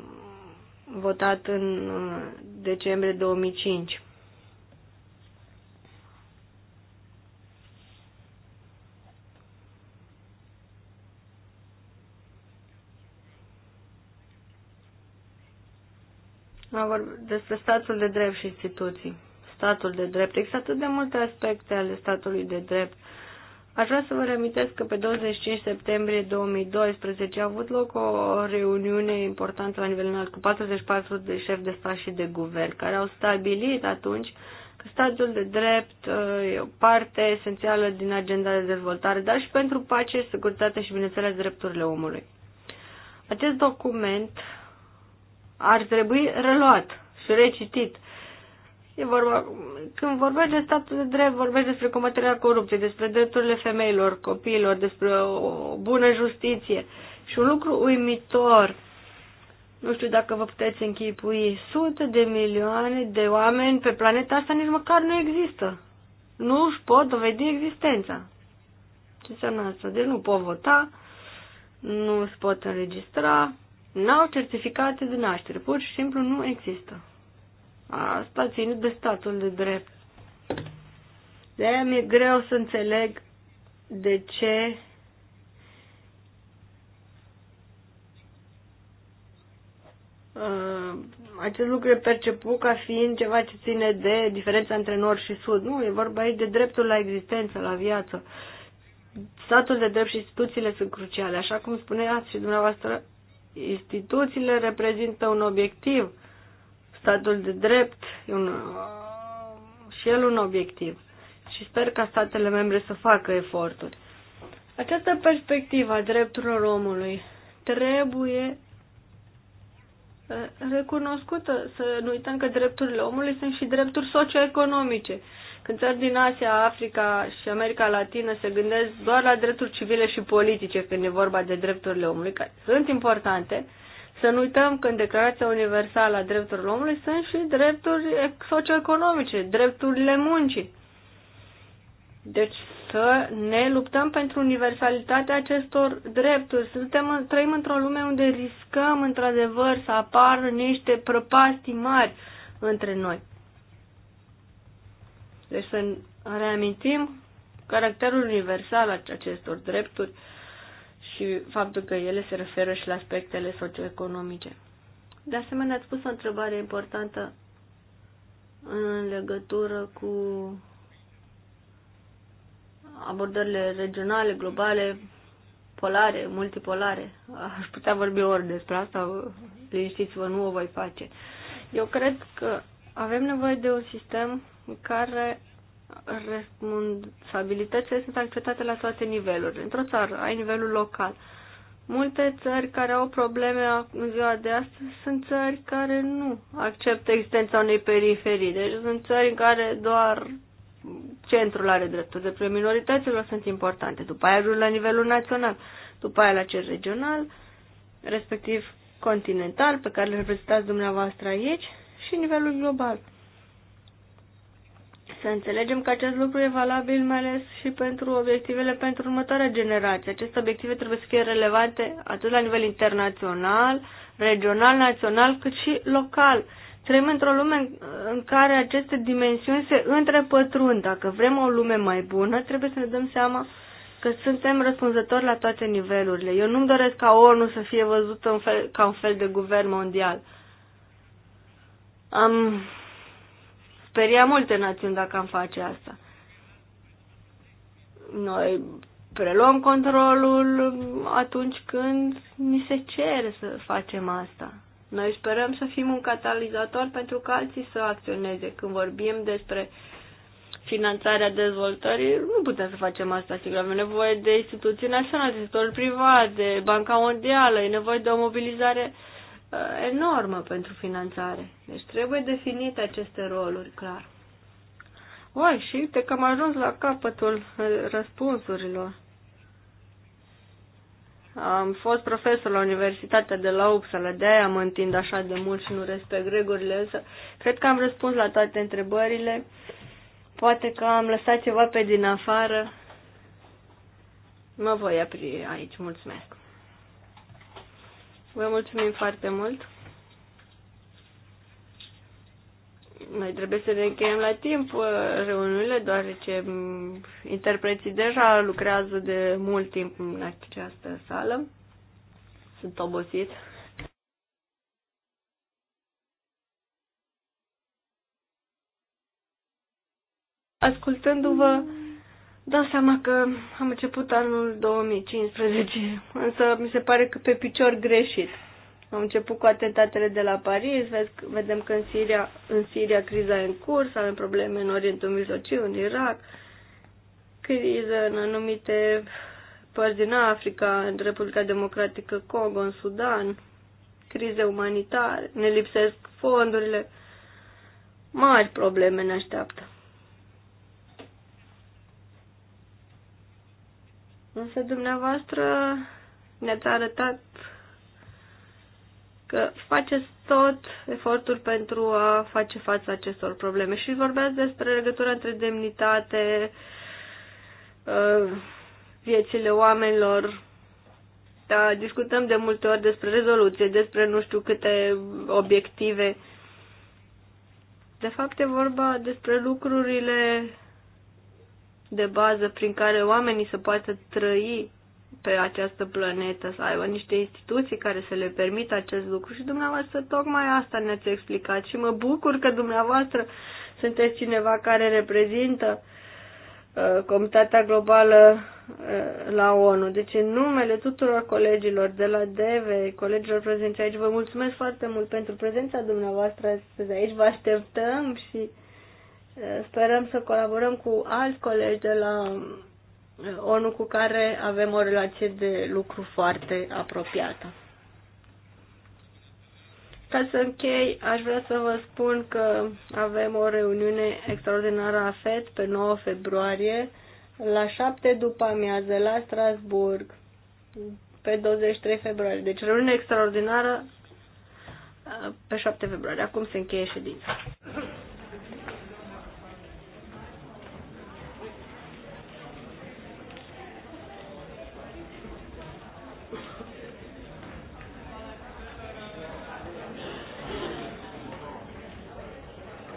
Speaker 2: votat în uh, decembrie 2005. Noi despre statul de drept și instituții. Statul de drept. Există atât de multe aspecte ale statului de drept. Aș vrea să vă reamintesc că pe 25 septembrie 2012 a avut loc o reuniune importantă la nivel înalt cu 44 de șefi de stat și de guvern, care au stabilit atunci că statul de drept uh, e o parte esențială din agenda de dezvoltare, dar și pentru pace, securitate și, bineînțeles, drepturile omului. Acest document ar trebui reluat și recitit. E vorba, când vorbești de statul de drept, vorbești despre combaterea corupției, despre drepturile femeilor, copiilor, despre o bună justiție. Și un lucru uimitor, nu știu dacă vă puteți închipui, sute de milioane de oameni pe planeta asta nici măcar nu există. Nu își pot dovedi existența. Ce înseamnă asta? Deci nu pot vota, nu își pot înregistra, n-au certificate de naștere, pur și simplu nu există. Asta ține de statul de drept. De aia mi-e greu să înțeleg de ce Uh, acest lucru e perceput ca fiind ceva ce ține de diferența între nord și sud. Nu, e vorba aici de dreptul la existență, la viață. Statul de drept și instituțiile sunt cruciale. Așa cum spuneați și dumneavoastră, instituțiile reprezintă un obiectiv, statul de drept un, și el un obiectiv. Și sper ca statele membre să facă eforturi. Această perspectivă a drepturilor omului trebuie eh, recunoscută. Să nu uităm că drepturile omului sunt și drepturi socioeconomice. Când țări din Asia, Africa și America Latină se gândesc doar la drepturi civile și politice când e vorba de drepturile omului, care sunt importante, să nu uităm că în Declarația Universală a Drepturilor Omului sunt și drepturi socioeconomice, drepturile muncii. Deci să ne luptăm pentru universalitatea acestor drepturi. Suntem, trăim într-o lume unde riscăm într-adevăr să apară niște prăpastii mari între noi. Deci să reamintim caracterul universal al acestor drepturi și faptul că ele se referă și la aspectele socioeconomice. De asemenea, ați pus o întrebare importantă în legătură cu abordările regionale, globale, polare, multipolare. Aș putea vorbi ori despre asta, liniștiți-vă, nu o voi face. Eu cred că avem nevoie de un sistem în care responsabilitățile sunt acceptate la toate nivelurile. Într-o țară, ai nivelul local. Multe țări care au probleme în ziua de astăzi sunt țări care nu acceptă existența unei periferii. Deci sunt țări în care doar centrul are drepturi. Deci minorităților sunt importante. După aia ajungi la nivelul național, după aia la cel regional, respectiv continental, pe care îl reprezentați dumneavoastră aici, și nivelul global. Să înțelegem că acest lucru e valabil mai ales și pentru obiectivele pentru următoarea generație. Aceste obiective trebuie să fie relevante atât la nivel internațional, regional, național, cât și local. Trăim într-o lume în care aceste dimensiuni se întrepătrund. Dacă vrem o lume mai bună, trebuie să ne dăm seama că suntem răspunzători la toate nivelurile. Eu nu-mi doresc ca ONU să fie văzută un fel, ca un fel de guvern mondial. Am speria multe națiuni dacă am face asta. Noi preluăm controlul atunci când ni se cere să facem asta. Noi sperăm să fim un catalizator pentru că alții să acționeze. Când vorbim despre finanțarea dezvoltării, nu putem să facem asta, sigur. Avem nevoie de instituții naționale, de sectorul privat, de Banca Mondială, e nevoie de o mobilizare uh, Uh, enormă pentru finanțare. Deci trebuie definite aceste roluri, clar. Oi, și uite că am ajuns la capătul uh, răspunsurilor. Am fost profesor la Universitatea de la Uppsala, de aia mă întind așa de mult și nu respect regulile, însă cred că am răspuns la toate întrebările. Poate că am lăsat ceva pe din afară. Mă voi apri aici. Mulțumesc! Vă mulțumim foarte mult. Noi trebuie să ne încheiem la timp uh, reuniunile, deoarece mm, interpreții deja lucrează de mult timp în această sală. Sunt obosit. Ascultându-vă, dau seama că am început anul 2015, însă mi se pare că pe picior greșit. Am început cu atentatele de la Paris, vezi, vedem că în Siria, în Siria criza e în curs, avem probleme în Orientul Mijlociu, în Irak, criză în anumite părți din Africa, în Republica Democratică Congo, în Sudan, crize umanitare, ne lipsesc fondurile, mari probleme ne așteaptă. Însă dumneavoastră ne-ați arătat că faceți tot efortul pentru a face față acestor probleme și vorbeați despre legătura între demnitate, uh, viețile oamenilor. Da, discutăm de multe ori despre rezoluție, despre nu știu câte obiective. De fapt, e vorba despre lucrurile de bază prin care oamenii să poată trăi pe această planetă, să aibă niște instituții care să le permită acest lucru și dumneavoastră tocmai asta ne-ați explicat și mă bucur că dumneavoastră sunteți cineva care reprezintă uh, Comitatea Globală uh, la ONU. Deci în numele tuturor colegilor de la DEVE, colegilor prezenți aici, vă mulțumesc foarte mult pentru prezența dumneavoastră astăzi aici, vă așteptăm și Sperăm să colaborăm cu alți colegi de la eh, ONU cu care avem o relație de lucru foarte apropiată. Ca să închei, aș vrea să vă spun că avem o reuniune extraordinară a FED pe 9 februarie la 7 după amiază la Strasburg pe 23 februarie. Deci reuniune extraordinară eh, pe 7 februarie. Acum se încheie ședința.